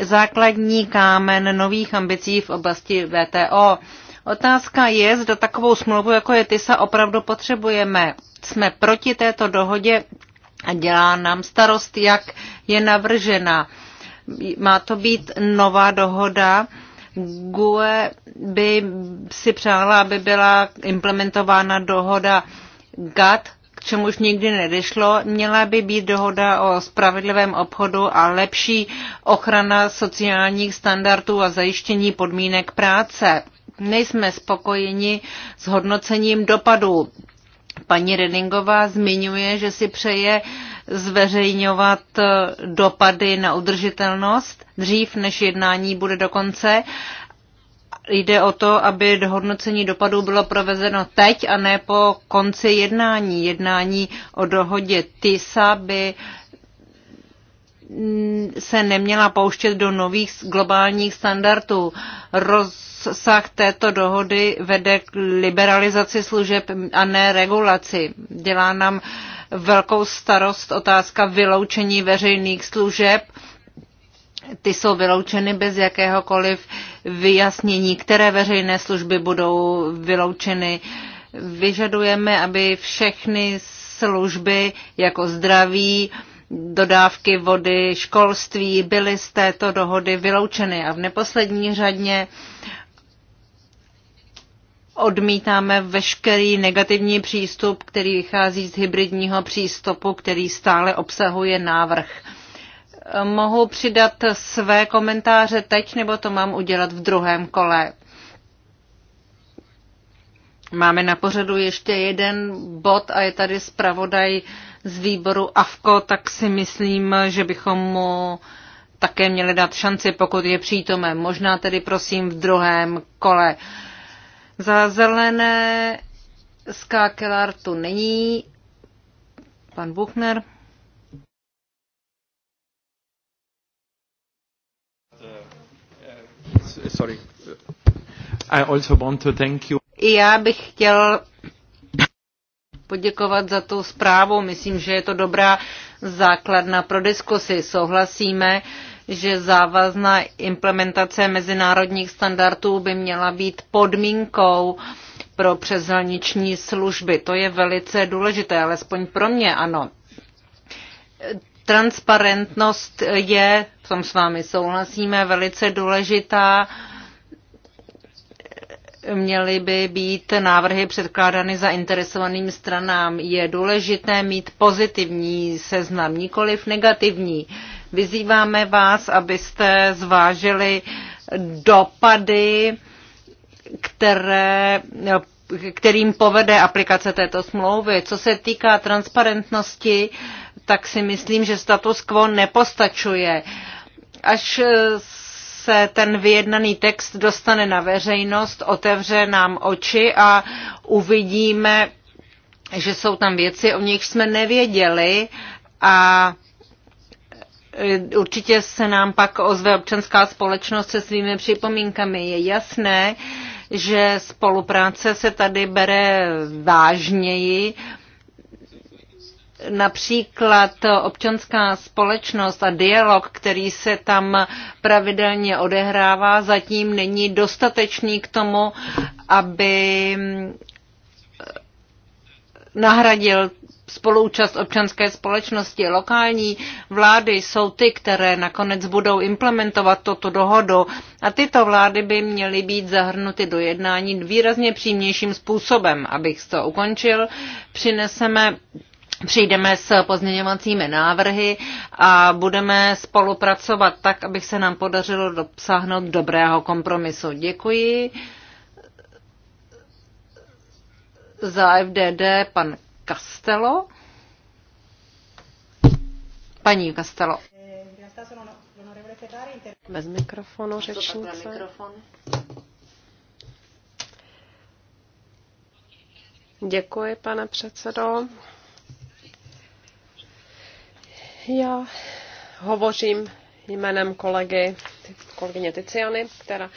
základní kámen nových ambicí v oblasti VTO. Otázka je, zda takovou smlouvu, jako je TISA, opravdu potřebujeme. Jsme proti této dohodě a dělá nám starost, jak je navržena má to být nová dohoda. GUE by si přála, aby byla implementována dohoda GATT, k čemuž nikdy nedešlo. Měla by být dohoda o spravedlivém obchodu a lepší ochrana sociálních standardů a zajištění podmínek práce. Nejsme spokojeni s hodnocením dopadů. Paní Redingová zmiňuje, že si přeje zveřejňovat eh, dopady na udržitelnost dřív, než jednání bude dokonce. Jde o to, aby dohodnocení dopadů bylo provezeno teď a ne po konci jednání. Jednání o dohodě TISA by mm, se neměla pouštět do nových globálních standardů. Rozsah této dohody vede k liberalizaci služeb a ne regulaci. Dělá nám uh, velkou starost otázka vyloučení veřejných služeb. Ty jsou vyloučeny bez jakéhokoliv vyjasnění, které veřejné služby budou vyloučeny. Vyžadujeme, aby všechny služby jako zdraví, dodávky vody, školství byly z této dohody vyloučeny. A v neposlední řadě odmítáme veškerý negativní přístup, který vychází z hybridního přístupu, který stále obsahuje návrh. Mohu přidat své komentáře teď, nebo to mám udělat v druhém kole? Máme na pořadu ještě jeden bod a je tady zpravodaj z výboru AFKO, tak si myslím, že bychom mu také měli dát šanci, pokud je přítomen. Možná tedy prosím v druhém kole. Uh, za zelené Ska tu není. Pan Buchner. Sorry. I also want to thank you. I já bych chtěl poděkovat za tu zprávu. Myslím, že je to dobrá základna pro diskusy. Souhlasíme, že závazná implementace mezinárodních standardů by měla být podmínkou pro přeshraniční služby. To je velice důležité, alespoň pro mě ano. Transparentnost je, v tom s vámi souhlasíme, velice důležitá. Měly by být návrhy předkládány zainteresovaným stranám. Je důležité mít pozitivní seznam, nikoliv negativní Vyzýváme vás, abyste zvážili dopady, které kterým povede aplikace této smlouvy. Co se týká transparentnosti, tak si myslím, že status quo nepostačuje. Až se ten vyjednaný text dostane na veřejnost, otevře nám oči a uvidíme, že jsou tam věci, o nichž jsme nevěděli a Určitě se nám pak ozve občanská společnost se svými připomínkami. Je jasné, že spolupráce se tady bere vážněji. Například občanská společnost a dialog, který se tam pravidelně odehrává, zatím není dostatečný k tomu, aby nahradil spolúčast občanské společnosti, lokální vlády jsou ty, které nakonec budou implementovat toto dohodu a tyto vlády by měly být zahrnuty do jednání výrazně přímějším způsobem. Abych to ukončil, přineseme Přijdeme s pozměňovacími návrhy a budeme spolupracovat tak, abych se nám podařilo dosáhnout dobrého kompromisu. Děkuji. Za FDD pan Castello. Paní Castello. Bez mikrofonu řečnice. Děkuji, pane předsedo. Já hovořím jménem kolegy kolegyně která...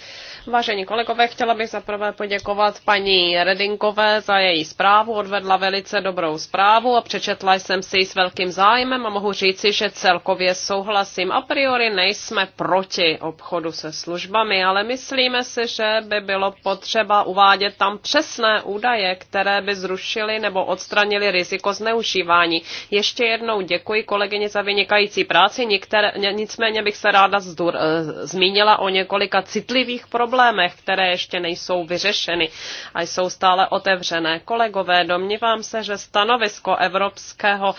Vážení kolegové, chtěla bych zaprvé poděkovat paní Redinkové za její zprávu. Odvedla velice dobrou zprávu a přečetla jsem si ji s velkým zájmem a mohu říci, že celkově souhlasím. A priori nejsme proti obchodu se službami, ale myslíme si, že by bylo potřeba uvádět tam přesné údaje, které by zrušily nebo odstranily riziko zneužívání. Ještě jednou děkuji kolegyně za vynikající práci, Některé, nicméně bych se ráda zdůraznila zmínila o několika citlivých problémech, které ještě nejsou vyřešeny a jsou stále otevřené. Kolegové, domnívám se, že stanovisko Evropského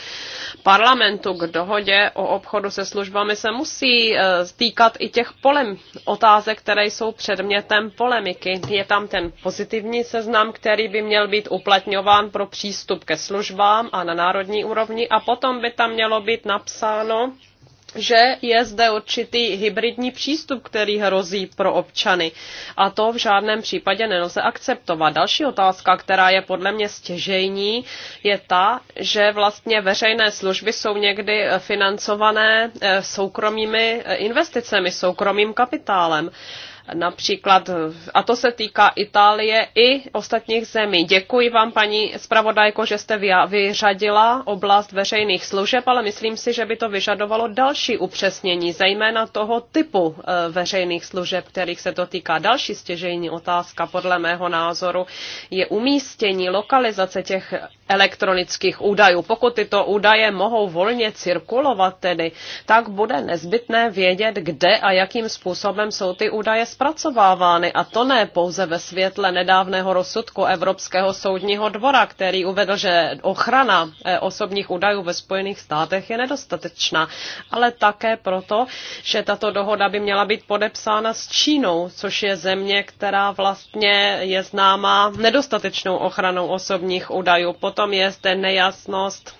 parlamentu k dohodě o obchodu se službami se musí eh, týkat i těch polem otázek, které jsou předmětem polemiky. Je tam ten pozitivní seznam, který by měl být uplatňován pro přístup ke službám a na národní úrovni a potom by tam mělo být napsáno, že je zde určitý hybridní přístup, který hrozí pro občany. A to v žádném případě nelze akceptovat. Další otázka, která je podle mě stěžejní, je ta, že vlastně veřejné služby jsou někdy financované eh, soukromými eh, investicemi, soukromým kapitálem například, a to se týká Itálie i ostatních zemí. Děkuji vám, paní zpravodajko, že jste vyřadila oblast veřejných služeb, ale myslím si, že by to vyžadovalo další upřesnění, zejména toho typu eh, veřejných služeb, kterých se to týká. Další stěžejní otázka, podle mého názoru, je umístění, lokalizace těch elektronických údajů. Pokud tyto údaje mohou volně cirkulovat tedy, tak bude nezbytné vědět, kde a jakým způsobem jsou ty údaje zpracovávány a to ne pouze ve světle nedávného rozsudku Evropského soudního dvora, který uvedl, že ochrana eh, osobních údajů ve Spojených státech je nedostatečná, ale také proto, že tato dohoda by měla být podepsána s Čínou, což je země, která vlastně je známá nedostatečnou ochranou osobních údajů. Potom je zde nejasnost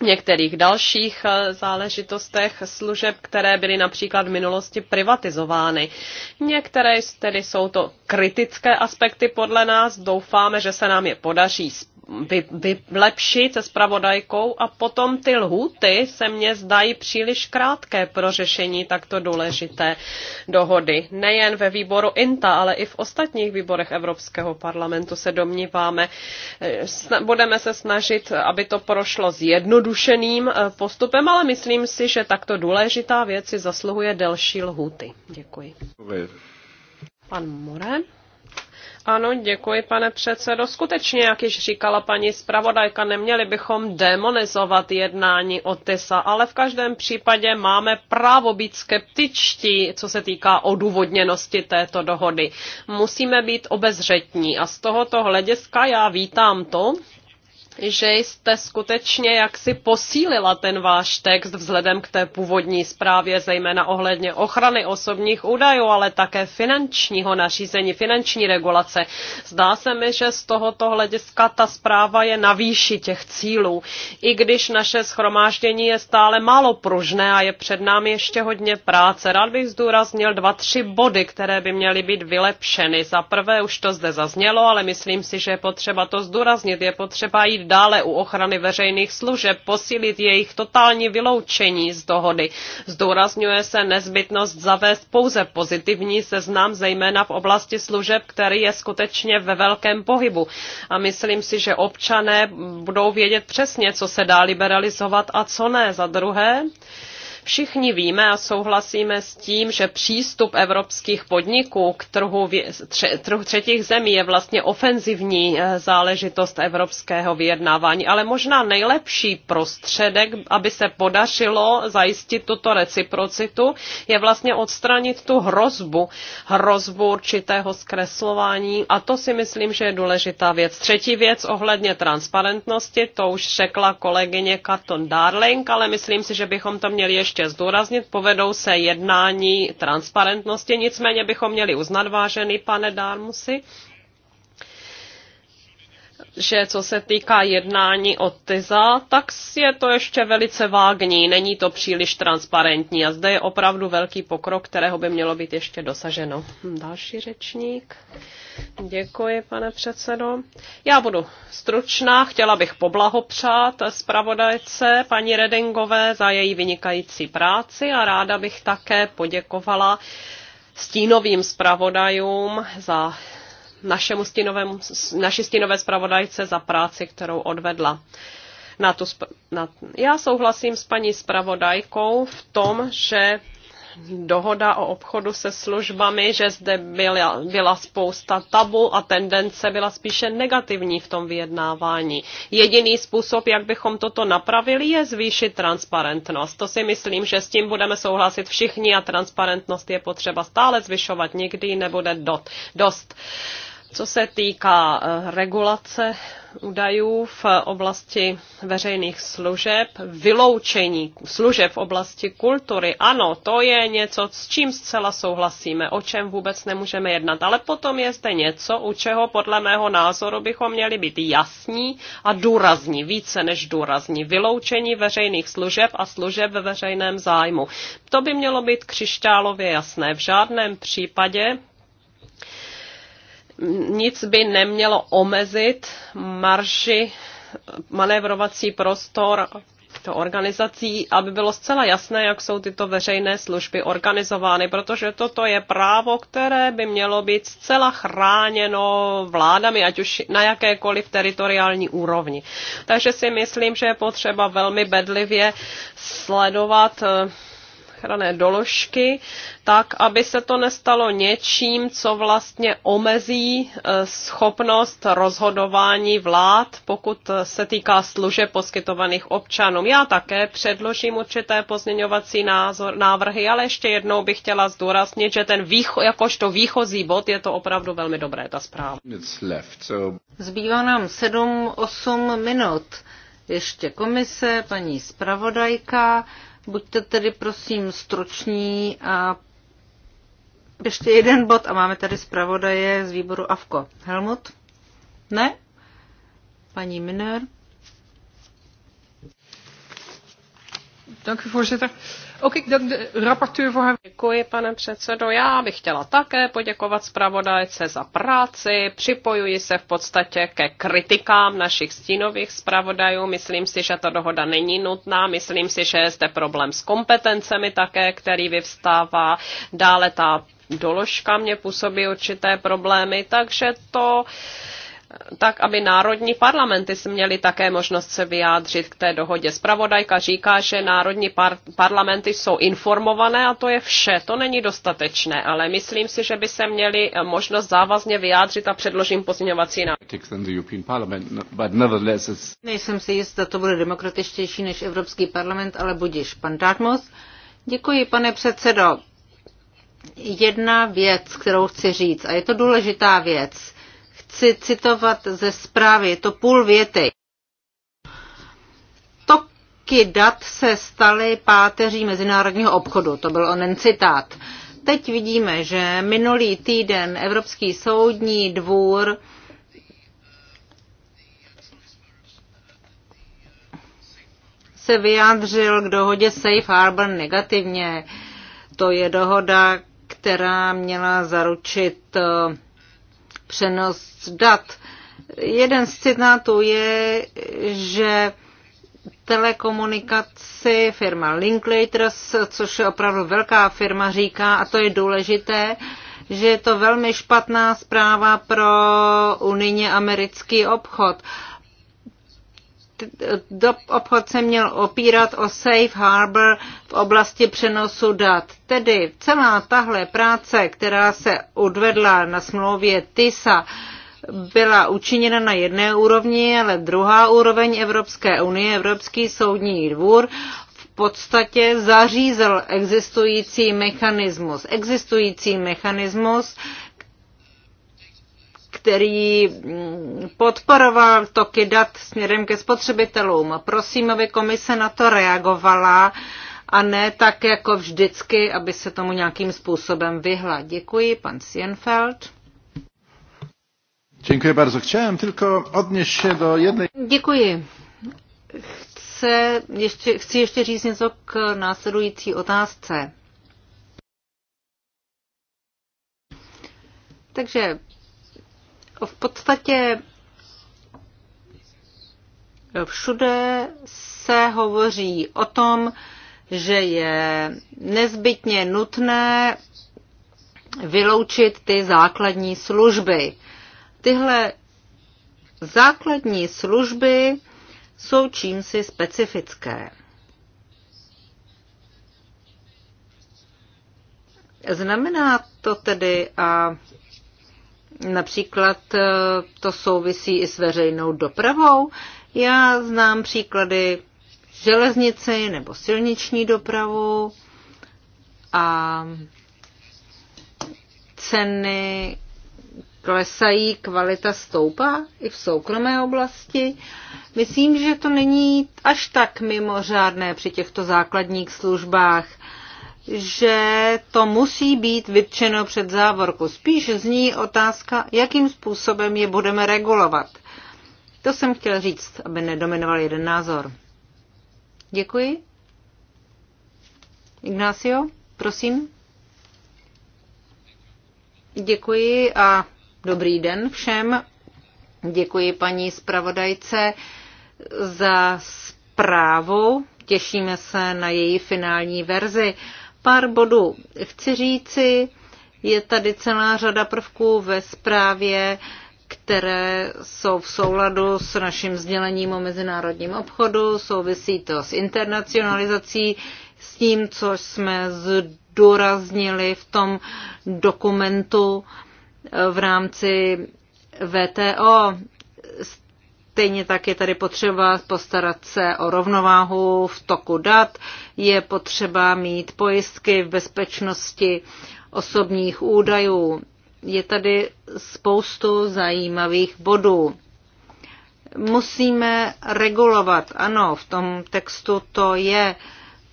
některých dalších eh, záležitostech služeb, které byly například v minulosti privatizovány. Některé tedy jsou to kritické aspekty podle nás, doufáme, že se nám je podaří vy, vylepšit se spravodajkou a potom ty lhuty se mně zdají příliš krátké pro řešení takto důležité dohody. Nejen ve výboru INTA, ale i v ostatních výborech Evropského parlamentu se domníváme. Eh, budeme se snažit, aby to prošlo zjednodušeným eh, postupem, ale myslím si, že takto důležitá věc si zasluhuje delší lhuty. Děkuji. Pan More. Ano, děkuji, pane předsedo. Skutečně, jak již říkala paní zpravodajka, neměli bychom demonizovat jednání Otisa, ale v každém případě máme právo být skeptičtí, co se týká odůvodněnosti této dohody. Musíme být obezřetní a z tohoto hlediska já vítám to, že jste skutečně jaksi posílila ten váš text vzhledem k té původní zprávě, zejména ohledně ochrany osobních údajů, ale také finančního nařízení, finanční regulace. Zdá se mi, že z tohoto hlediska ta zpráva je na výši těch cílů, i když naše schromáždění je stále málo pružné a je před námi ještě hodně práce. Rád bych zdůraznil dva, tři body, které by měly být vylepšeny. Za prvé už to zde zaznělo, ale myslím si, že je potřeba to zdůraznit. Je potřeba jít jít dále u ochrany veřejných služeb, posílit jejich totální vyloučení z dohody. Zdůrazňuje se nezbytnost zavést pouze pozitivní seznam, zejména v oblasti služeb, který je skutečně ve velkém pohybu. A myslím si, že občané budou vědět přesně, co se dá liberalizovat a co ne. Za druhé, Všichni víme a souhlasíme s tím, že přístup evropských podniků k trhu, trhu třetích zemí je vlastně ofenzivní eh, záležitost evropského vyjednávání, ale možná nejlepší prostředek, aby se podařilo zajistit tuto reciprocitu, je vlastně odstranit tu hrozbu, hrozbu určitého zkreslování a to si myslím, že je důležitá věc. Třetí věc ohledně transparentnosti, to už řekla kolegyně Katon Darling, ale myslím si, že bychom to měli ještě ještě zdůraznit, povedou se jednání transparentnosti, nicméně bychom měli uznat, vážený pane Dármusi, že co se týká jednání od TISA, tak je to ještě velice vágní, není to příliš transparentní a zde je opravdu velký pokrok, kterého by mělo být ještě dosaženo. Hm, Další řečník. Děkuji, pane předsedo. Já budu stručná, chtěla bych poblahopřát zpravodajce paní Redingové za její vynikající práci a ráda bych také poděkovala stínovým zpravodajům za našemu stínovému naši stínové zpravodajce za práci, kterou odvedla. Na tu, na, já souhlasím s paní zpravodajkou v tom, že dohoda o obchodu se službami, že zde byla, byla spousta tabu a tendence byla spíše negativní v tom vyjednávání. Jediný způsob, jak bychom toto napravili, je zvýšit transparentnost. To si myslím, že s tím budeme souhlasit všichni a transparentnost je potřeba stále zvyšovat, nikdy nebude dot, dost. Uh, co se týká eh, regulace údajů v oblasti veřejných služeb, vyloučení služeb v oblasti kultury, ano, to je něco, s čím zcela souhlasíme, o čem vůbec nemůžeme jednat, ale potom je zde něco, u čeho podle mého názoru bychom měli být jasní a důrazní, více než důrazní, vyloučení veřejných služeb a služeb ve veřejném zájmu. To by mělo být křišťálově jasné. V žádném případě nic by nemělo omezit marži, manévrovací prostor to organizací, aby bylo zcela jasné, jak jsou tyto veřejné služby organizovány, protože toto je právo, které by mělo být zcela chráněno vládami, ať už na jakékoliv teritoriální úrovni. Takže si myslím, že je potřeba velmi bedlivě sledovat eh, ochranné doložky, tak aby se to nestalo něčím, co vlastně omezí eh, schopnost rozhodování vlád, pokud eh, se týká služeb poskytovaných občanům. Já také předložím určité pozměňovací názor, návrhy, ale ještě jednou bych chtěla zdůraznit, že ten výcho, jakožto výchozí bod je to opravdu velmi dobré, ta zpráva. Zbývá nám 7-8 minut ještě komise, paní zpravodajka. Buďte tedy prosím struční a ještě jeden bod a máme tady zpravodaje z výboru AVKO. Helmut? Ne? Paní Miner? Dank u voorzitter. Uh, Děkuji, pane předsedo. Já bych chtěla také poděkovat zpravodajce za práci. Připojuji se v podstatě ke kritikám našich stínových zpravodajů. Myslím si, že ta dohoda není nutná. Myslím si, že je zde problém s kompetencemi také, který vyvstává. Dále ta doložka mě působí určité problémy, takže to tak aby národní parlamenty měly také možnost se vyjádřit k té dohodě. Spravodajka říká, že národní par- parlamenty jsou informované a to je vše. To není dostatečné, ale myslím si, že by se měly eh, možnost závazně vyjádřit a předložím pozměňovací návrh. No, Nejsem si jistá, to bude demokratičtější než Evropský parlament, ale budíš. Pan Dartmouth. Děkuji, pane předsedo. Jedna věc, kterou chci říct, a je to důležitá věc chci citovat ze zprávy, je to půl věty. Toky dat se staly páteří mezinárodního obchodu, to byl onen citát. Teď vidíme, že minulý týden Evropský soudní dvůr se vyjádřil k dohodě Safe Harbor negativně. To je dohoda, která měla zaručit eh, přenos dat. Jeden z citátů je, že telekomunikaci firma Linklaters, což je opravdu velká firma, říká, a to je důležité, že je to velmi špatná zpráva pro unijně americký obchod. Uh, obchod se měl opírat o safe harbor v oblasti přenosu dat. Tedy celá tahle práce, která se odvedla na smlouvě TISA, byla učiněna na jedné úrovni, ale druhá úroveň Evropské unie, Evropský soudní dvůr, v podstatě zařízl existující mechanismus. Existující mechanismus, který mm, podporoval toky dat směrem ke spotřebitelům. Prosím, aby komise na to reagovala a ne tak jako vždycky, aby se tomu nějakým způsobem vyhla. Děkuji, pan Sienfeld. Dziękuję bardzo. Chciałem tylko odnieść się do jednej... Děkuji. Chce ještě, chci ještě říct něco k následující otázce. Takže v podstatě všude se hovoří o tom, že je nezbytně nutné vyloučit ty základní služby. Tyhle základní služby jsou čímsi specifické. Znamená to tedy, a Například eh, to souvisí i s veřejnou dopravou. Já znám příklady železnice nebo silniční dopravu a ceny klesají, kvalita stoupá i v soukromé oblasti. Myslím, že to není až tak mimořádné při těchto základních službách že to musí být vypčeno před závorku. Spíš zní otázka, jakým způsobem je budeme regulovat. To jsem chtěl říct, aby nedominoval jeden názor. Děkuji. Ignacio, prosím. Děkuji a dobrý den všem. Děkuji paní zpravodajce za zprávu. Těšíme se na její finální verzi. Pár bodů chci říci, je tady celá řada prvků ve zprávě, které jsou v souladu s naším sdělením o mezinárodním obchodu, souvisí to s internacionalizací, s tím, co jsme zdůraznili v tom dokumentu v rámci VTO. Stejně tak je tady potřeba postarat se o rovnováhu v toku dat, je potřeba mít pojistky v bezpečnosti osobních údajů. Je tady spoustu zajímavých bodů. Musíme regulovat, ano, v tom textu to je,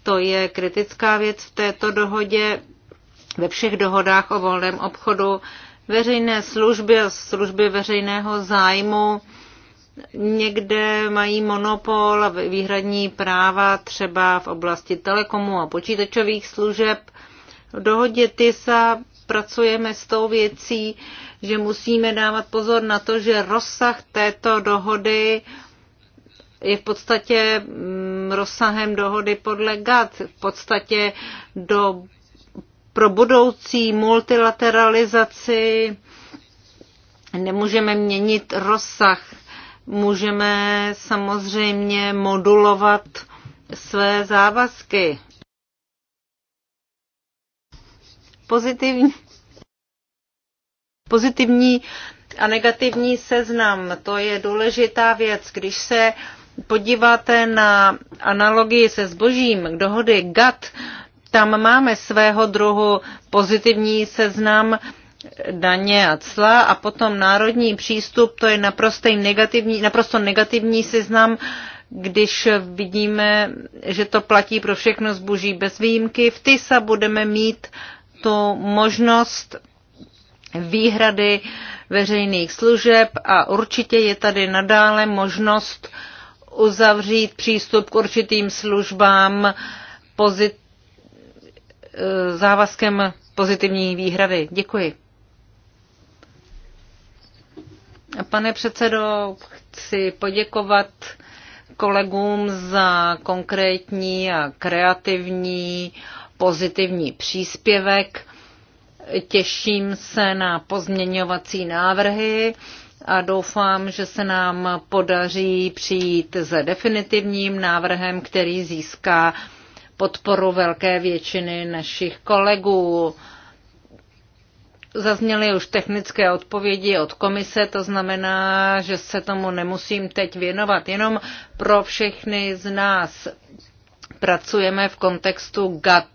to je kritická věc v této dohodě, ve všech dohodách o volném obchodu, veřejné služby a služby veřejného zájmu někde mají monopol a výhradní práva třeba v oblasti telekomu a počítačových služeb. V dohodě TISA pracujeme s tou věcí, že musíme dávat pozor na to, že rozsah této dohody je v podstatě mm, rozsahem dohody podle GATT. V podstatě do, pro budoucí multilateralizaci nemůžeme měnit rozsah Můžeme samozřejmě modulovat své závazky. Pozitivní, pozitivní a negativní seznam, to je důležitá věc. Když se podíváte na analogii se zbožím, dohody GATT, tam máme svého druhu pozitivní seznam daně a cla a potom národní přístup, to je naprosto negativní, naprosto negativní seznam, když vidíme, že to platí pro všechno zboží bez výjimky. V TISA budeme mít tu možnost výhrady veřejných služeb a určitě je tady nadále možnost uzavřít přístup k určitým službám pozit- eh, závazkem pozitivní výhrady. Děkuji. Pane předsedo, chci poděkovat kolegům za konkrétní a kreativní pozitivní příspěvek. Těším se na pozměňovací návrhy a doufám, že se nám podaří přijít s definitivním návrhem, který získá podporu velké většiny našich kolegů. Zazněly už technické odpovědi od komise, to znamená, že se tomu nemusím teď věnovat. Jenom pro všechny z nás pracujeme v kontextu GATT.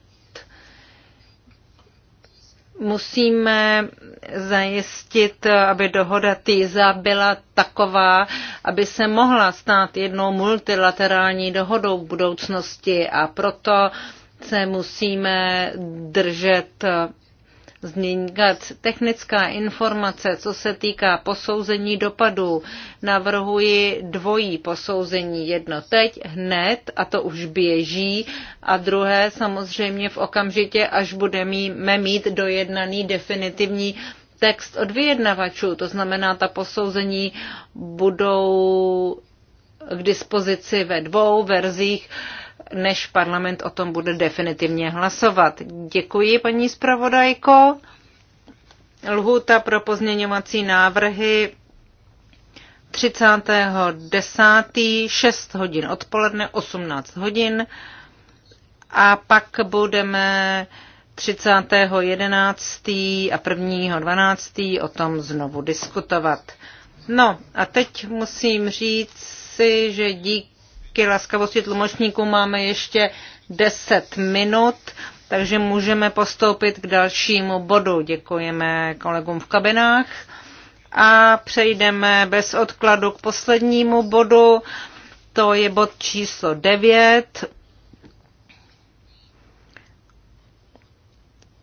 Musíme zajistit, aby dohoda TISA byla taková, aby se mohla stát jednou multilaterální dohodou v budoucnosti a proto se musíme držet změnit. Technická informace, co se týká posouzení dopadů, navrhuji dvojí posouzení. Jedno teď, hned, a to už běží, a druhé samozřejmě v okamžitě, až budeme mít dojednaný definitivní text od vyjednavačů. To znamená, ta posouzení budou k dispozici ve dvou verzích než parlament o tom bude definitivně hlasovat. Děkuji, paní zpravodajko. Lhůta pro pozměňovací návrhy 30.10. 6 hodin odpoledne, 18 hodin a pak budeme 30.11. a 1.12. o tom znovu diskutovat. No a teď musím říct si, že dík díky laskavosti tlumočníků máme ještě 10 minut, takže můžeme postoupit k dalšímu bodu. Děkujeme kolegům v kabinách a přejdeme bez odkladu k poslednímu bodu. To je bod číslo 9.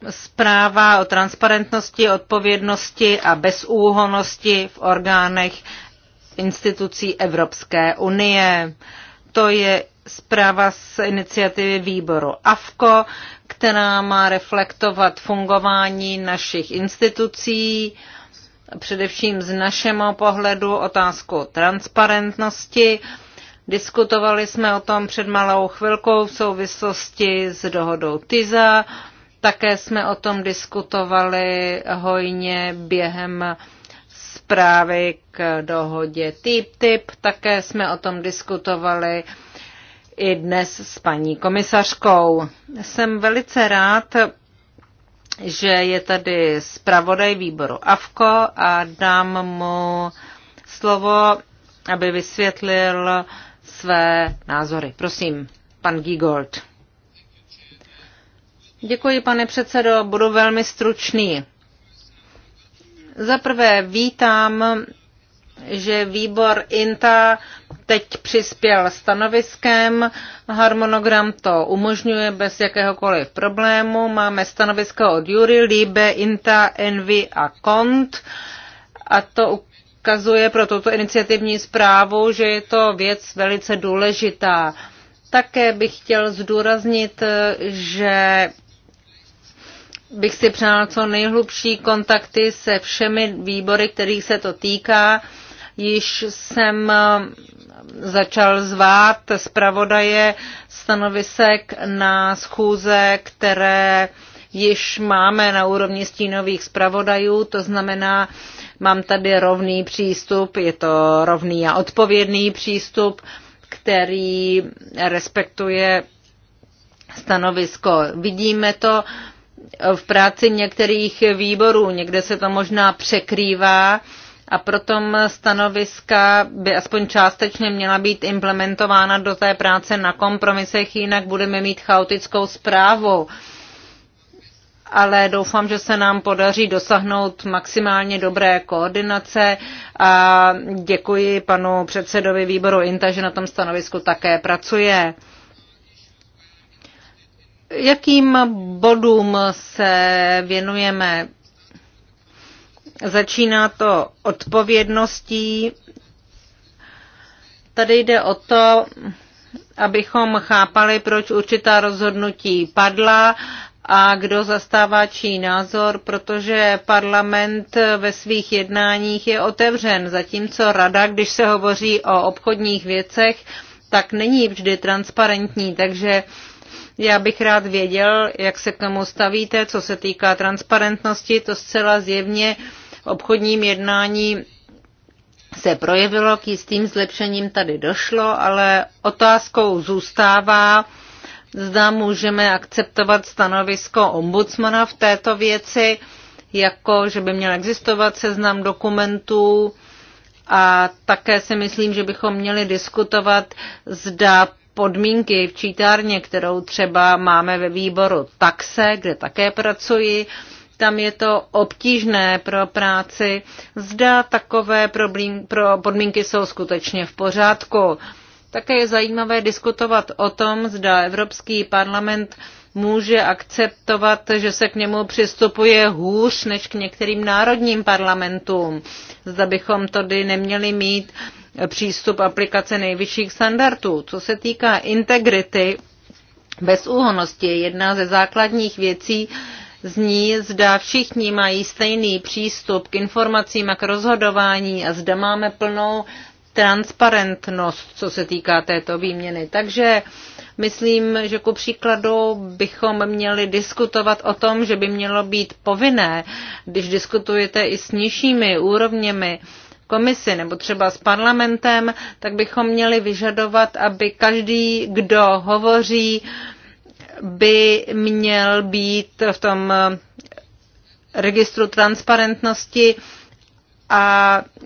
Zpráva o transparentnosti, odpovědnosti a bezúhonosti v orgánech institucí Evropské unie. To je zpráva z iniciativy výboru AFKO, která má reflektovat fungování našich institucí, především z našeho pohledu otázku transparentnosti. Diskutovali jsme o tom před malou chvilkou v souvislosti s dohodou TISA. Také jsme o tom diskutovali hojně během zprávy k dohodě Typ. Také jsme o tom diskutovali i dnes s paní komisařkou. Jsem velice rád, že je tady zpravodaj výboru AVKO a dám mu slovo, aby vysvětlil své názory. Prosím, pan Gigold. Děkuji, pane předsedo, budu velmi stručný. Zaprvé vítám, že výbor INTA teď přispěl stanoviskem. Harmonogram to umožňuje bez jakéhokoliv problému. Máme stanovisko od Jury, Líbe, INTA, Envy a KONT. A to ukazuje pro tuto iniciativní zprávu, že je to věc velice důležitá. Také bych chtěl zdůraznit, že bych si přál co nejhlubší kontakty se všemi výbory, kterých se to týká. Již jsem eh, začal zvát zpravodaje stanovisek na schůze, které již máme na úrovni stínových zpravodajů, to znamená, mám tady rovný přístup, je to rovný a odpovědný přístup, který respektuje stanovisko. Vidíme to, v práci některých výborů. Někde se to možná překrývá a proto stanoviska by aspoň částečně měla být implementována do té práce na kompromisech, jinak budeme mít chaotickou zprávu. Ale doufám, že se nám podaří dosáhnout maximálně dobré koordinace a děkuji panu předsedovi výboru INTA, že na tom stanovisku také pracuje. Jakým bodům se věnujeme? Začíná to odpovědností. Tady jde o to, abychom chápali, proč určitá rozhodnutí padla a kdo zastává čí názor, protože parlament ve svých jednáních je otevřen, zatímco rada, když se hovoří o obchodních věcech, tak není vždy transparentní, takže uh, já bych rád věděl, jak se k tomu stavíte, co se týká transparentnosti, to zcela zjevně v obchodním jednání se projevilo, k jistým zlepšením tady došlo, ale otázkou zůstává, zda můžeme akceptovat stanovisko ombudsmana v této věci, jako že by měl existovat seznam dokumentů a také si myslím, že bychom měli diskutovat, zda podmínky v čítárně, kterou třeba máme ve výboru taxe, kde také pracuji, tam je to obtížné pro práci. Zda takové problém, pro podmínky jsou skutečně v pořádku. Také je zajímavé diskutovat o tom, zda Evropský parlament může akceptovat, že se k němu přistupuje hůř než k některým národním parlamentům. Zda bychom tady neměli mít přístup aplikace nejvyšších standardů. Co se týká integrity, bezúhonosti je jedna ze základních věcí, z ní zda všichni mají stejný přístup k informacím a k rozhodování a zda máme plnou transparentnost, co se týká této výměny. Takže Myslím, že ku příkladu bychom měli diskutovat o tom, že by mělo být povinné, když diskutujete i s nižšími úrovněmi komisy nebo třeba s parlamentem, tak bychom měli vyžadovat, aby každý, kdo hovoří, by měl být v tom eh, registru transparentnosti a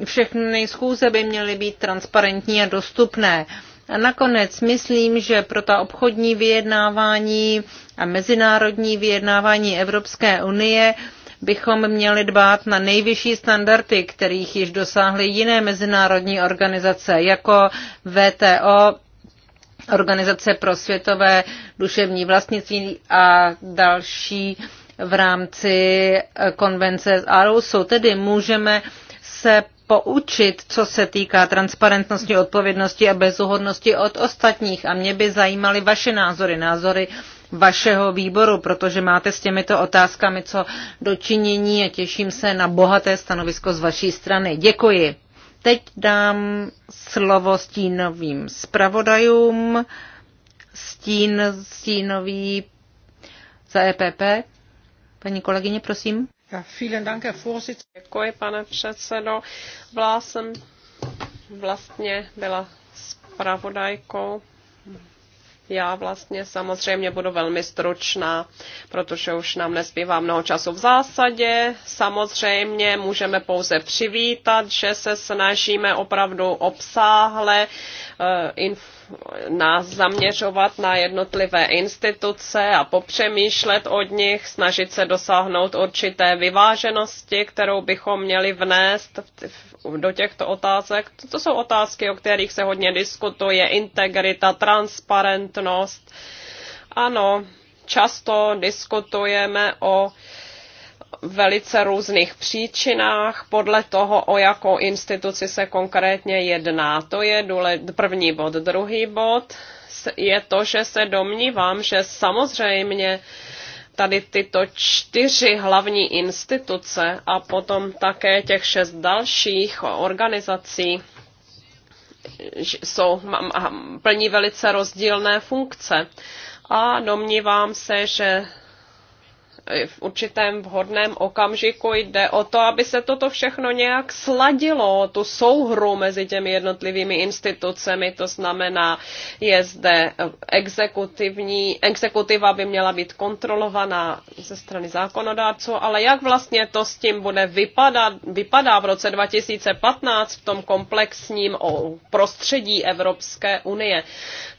všechny schůze by měly být transparentní a dostupné. A nakonec myslím, že pro ta obchodní vyjednávání a mezinárodní vyjednávání Evropské unie bychom měli dbát na nejvyšší standardy, kterých již dosáhly jiné mezinárodní organizace, jako VTO, Organizace pro světové duševní vlastnictví a další v rámci konvence z Arusu. Tedy můžeme se poučit, co se týká transparentnosti, odpovědnosti a bezúhodnosti od ostatních. A mě by zajímaly vaše názory, názory vašeho výboru, protože máte s těmito otázkami co dočinění a těším se na bohaté stanovisko z vaší strany. Děkuji. Teď dám slovo stínovým zpravodajům. Stín, stínový za EPP. Paní kolegyně, prosím pane předsedající Byla jsem vlastně byla zpravodajkou. Já vlastně samozřejmě budu velmi stručná, protože už nám nezbývá mnoho času v zásadě. Samozřejmě můžeme pouze přivítat, že se snažíme opravdu obsáhle uh, inf- nás zaměřovat na jednotlivé instituce a popřemýšlet od nich, snažit se dosáhnout určité vyváženosti, kterou bychom měli vnést do těchto otázek. To jsou otázky, o kterých se hodně diskutuje, integrita, transparentnost. Ano, často diskutujeme o velice různých příčinách podle toho, o jakou instituci se konkrétně jedná. To je důle, první bod. Druhý bod je to, že se domnívám, že samozřejmě tady tyto čtyři hlavní instituce a potom také těch šest dalších organizací jsou, plní velice rozdílné funkce. A domnívám se, že v určitém vhodném okamžiku jde o to, aby se toto všechno nějak sladilo, tu souhru mezi těmi jednotlivými institucemi, to znamená, je zde exekutivní, exekutiva by měla být kontrolovaná ze strany zákonodárců, ale jak vlastně to s tím bude vypadat, vypadá v roce 2015 v tom komplexním prostředí Evropské unie.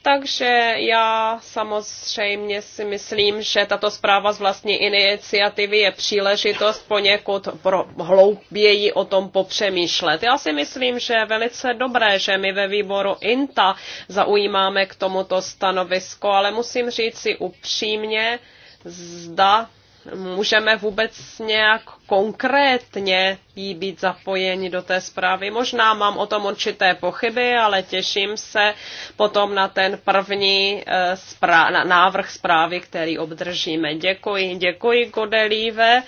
Takže já samozřejmě si myslím, že tato zpráva z vlastní iniciativy iniciativy je příležitost poněkud pro hlouběji o tom popřemýšlet. Já si myslím, že je velice dobré, že my ve výboru INTA zaujímáme k tomuto stanovisko, ale musím říct si upřímně, zda můžeme vůbec nějak konkrétně jí být zapojeni do té zprávy. Možná mám o tom určité pochyby, ale těším se potom na ten první eh, na návrh zprávy, který obdržíme. Děkuji, děkuji, Godelíve.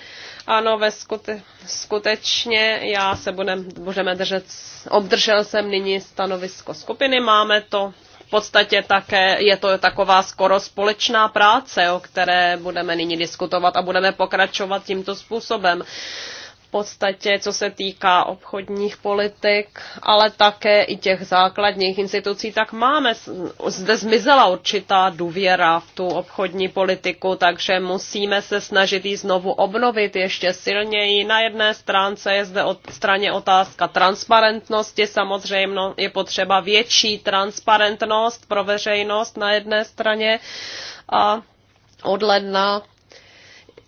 Ano, ve skute- skutečně já se budem, budeme držet, obdržel jsem nyní stanovisko skupiny, máme to podstatě také je to taková skoro společná práce, o které budeme nyní diskutovat a budeme pokračovat tímto způsobem podstatě, co se týká obchodních politik, ale také i těch základních institucí, tak máme, zde zmizela určitá důvěra v tu obchodní politiku, takže musíme se snažit ji znovu obnovit ještě silněji. Na jedné stránce je zde od straně otázka transparentnosti, samozřejmě je potřeba větší transparentnost pro veřejnost na jedné straně a od ledna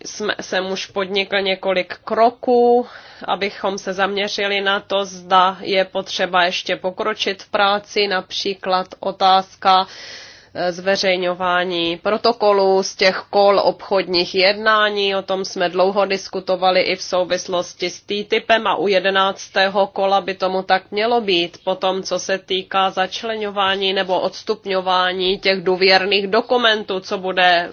jsme, jsem už podnikl několik kroků, abychom se zaměřili na to, zda je potřeba ještě pokročit v práci, například otázka Eh, zveřejňování protokolů z těch kol obchodních jednání. O tom jsme dlouho diskutovali i v souvislosti s TTIPem a u 11. kola by tomu tak mělo být. Potom, co se týká začlenování nebo odstupňování těch důvěrných dokumentů, co bude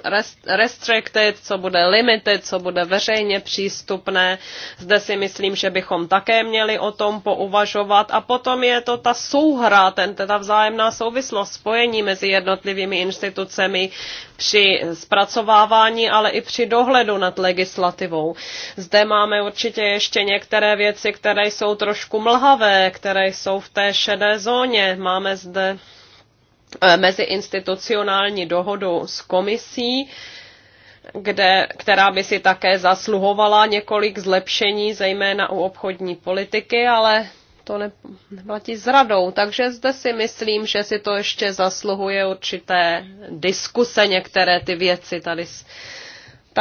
restricted, co bude limited, co bude veřejně přístupné. Zde si myslím, že bychom také měli o tom pouvažovat. A potom je to ta souhra, ten, ta vzájemná souvislost, spojení mezi jednotlivými jednotlivými institucemi při zpracovávání, ale i při dohledu nad legislativou. Zde máme určitě ještě některé věci, které jsou trošku mlhavé, které jsou v té šedé zóně. Máme zde eh, meziinstitucionální dohodu s komisí, kde, která by si také zasluhovala několik zlepšení, zejména u obchodní politiky, ale to neplatí zradou. Takže zde si myslím, že si to ještě zasluhuje určité diskuse, některé ty věci tady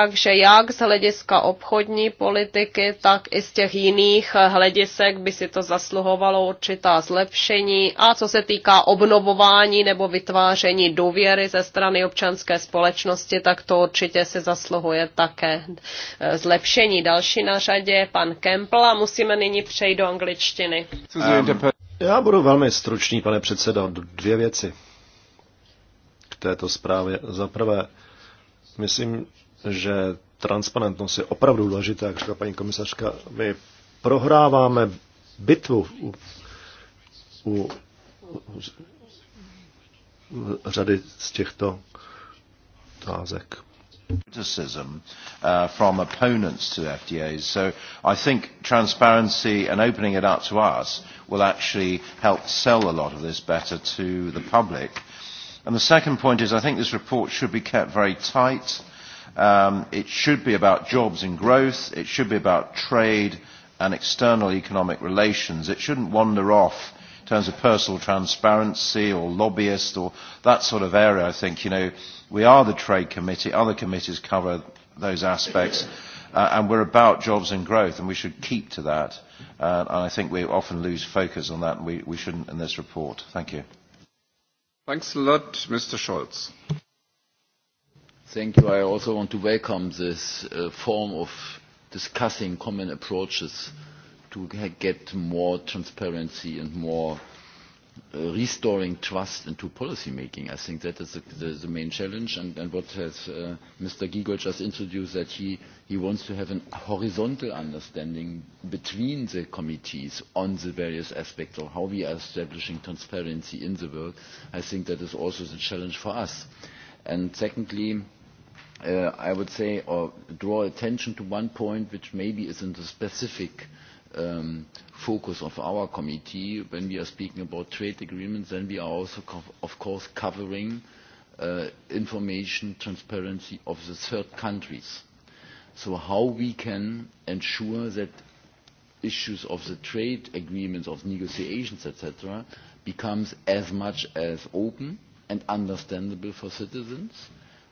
takže jak z hlediska obchodní politiky, tak i z těch jiných hledisek by si to zasluhovalo určitá zlepšení. A co se týká obnovování nebo vytváření důvěry ze strany občanské společnosti, tak to určitě si zasluhuje také eh, zlepšení. Další na řadě je pan Kempl a musíme nyní přejít do angličtiny. Ehm, já budu velmi stručný, pane předsedo. Dvě věci k této zprávě. Za prvé, myslím, že transparentnost je opravdu důležitá, jak řekla paní komisařka. My prohráváme bitvu u, u, u řady z těchto otázek. Criticism uh, from opponents to FDAs. So I think transparency and opening it up to us will actually help sell a lot of this better to the public. And the second point is I think this report should be kept very tight. Uh, Um, it should be about jobs and growth. It should be about trade and external economic relations. It shouldn't wander off in terms of personal transparency or lobbyist or that sort of area. I think, you know, we are the trade committee. Other committees cover those aspects. Uh, and we're about jobs and growth, and we should keep to that. Uh, and I think we often lose focus on that, and we, we shouldn't in this report. Thank you. Thanks a lot, Mr. Scholz. Thank you. I also want to welcome this uh, form of discussing common approaches to get more transparency and more uh, restoring trust into policy making. I think that is the, the, the main challenge, and, and what has uh, Mr. Giegel just introduced, that he, he wants to have a horizontal understanding between the committees on the various aspects of how we are establishing transparency in the world. I think that is also the challenge for us. And secondly, Uh, I would say, or draw attention to one point which maybe is in the specific um, focus of our committee. When we are speaking about trade agreements, then we are also, of course, covering uh, information transparency of the third countries. So how we can ensure that issues of the trade agreements, of negotiations, etc., becomes as much as open and understandable for citizens, uh,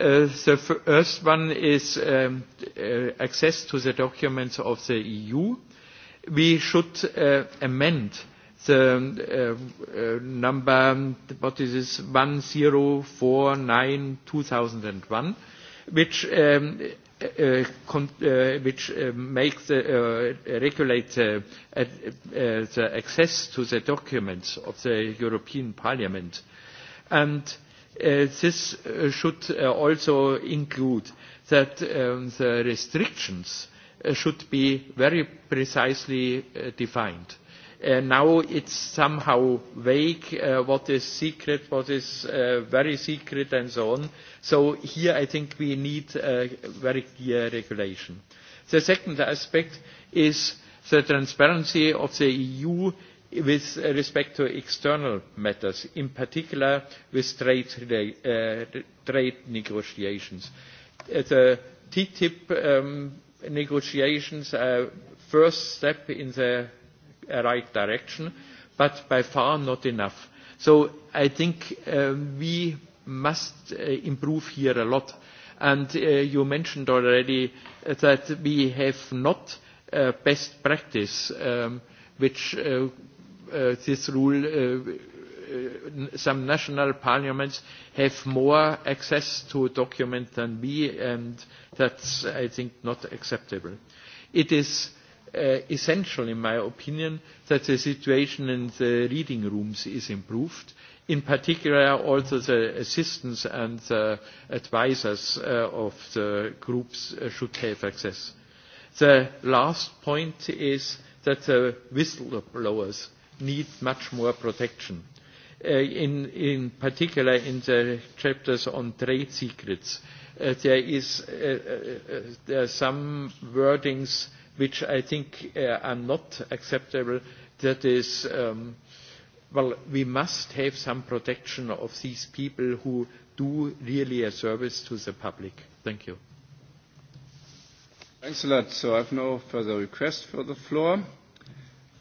Uh, the first one is um, uh, access to the documents of the EU. We should uh, amend the uh, uh, number, what is this, 1049/2001, which um, uh, uh, which makes the regulate the, the access to the documents of the European Parliament. and Uh, this uh, should uh, also include that um, the restrictions should be very precisely defined. Now it is somehow vague what is secret, what is very secret, and so on. So here I think we need a very clear regulation. The second aspect is the transparency of the EU with respect to external matters, in particular with trade, uh, trade negotiations. Uh, the TTIP um, negotiations are first step in the right direction, but by far not enough. So I think um, we must uh, improve here a lot. And uh, you mentioned already that we have not uh, best practice um, which uh, uh, this rule, uh, some national parliaments have more access to a document than we, and that's, I think, not acceptable. It is uh, essential, in my opinion, that the situation in the reading rooms is improved. In particular, also the assistants and uh, advisors uh, of the groups uh, should have access. The last point is that the whistleblowers need much more protection, uh, in, in particular in the chapters on trade secrets. Uh, there is uh, uh, uh, there are some wordings which I think uh, are not acceptable. That is, um, well, we must have some protection of these people who do really a service to the public. Thank you. Thanks a lot. So I have no further requests for the floor.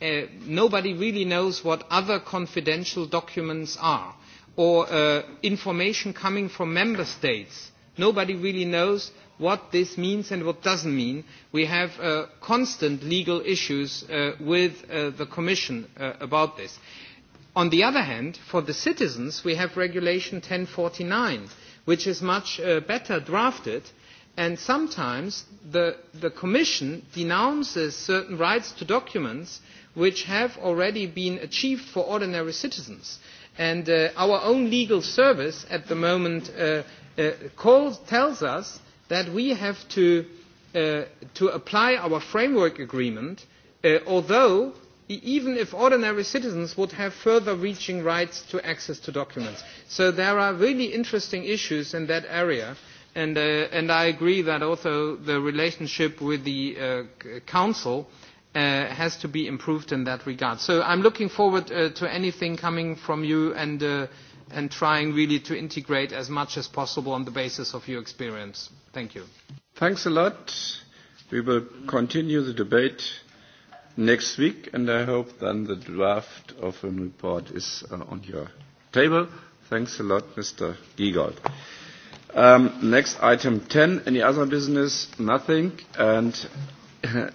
Uh, nobody really knows what other confidential documents are, or uh, information coming from member states. Nobody really knows what this means and what doesn't mean. We have uh, constant legal issues uh, with uh, the Commission uh, about this. On the other hand, for the citizens, we have Regulation 1049, which is much uh, better drafted, and sometimes the, the Commission denounces certain rights to documents which have already been achieved for ordinary citizens. And uh, our own legal service at the moment uh, uh, calls, tells us that we have to, uh, to apply our framework agreement, uh, although e, even if ordinary citizens would have further reaching rights to access to documents. So there are really interesting issues in that area. And, uh, and I agree that also the relationship with the uh, Council uh, Uh, has to be improved in that regard. So I'm looking forward uh, to anything coming from you and, uh, and trying really to integrate as much as possible on the basis of your experience. Thank you. Thanks a lot. We will continue the debate next week, and I hope then the draft of a report is uh, on your table. Thanks a lot, Mr. Giegold. Um, next item 10, any other business? Nothing. And [LAUGHS]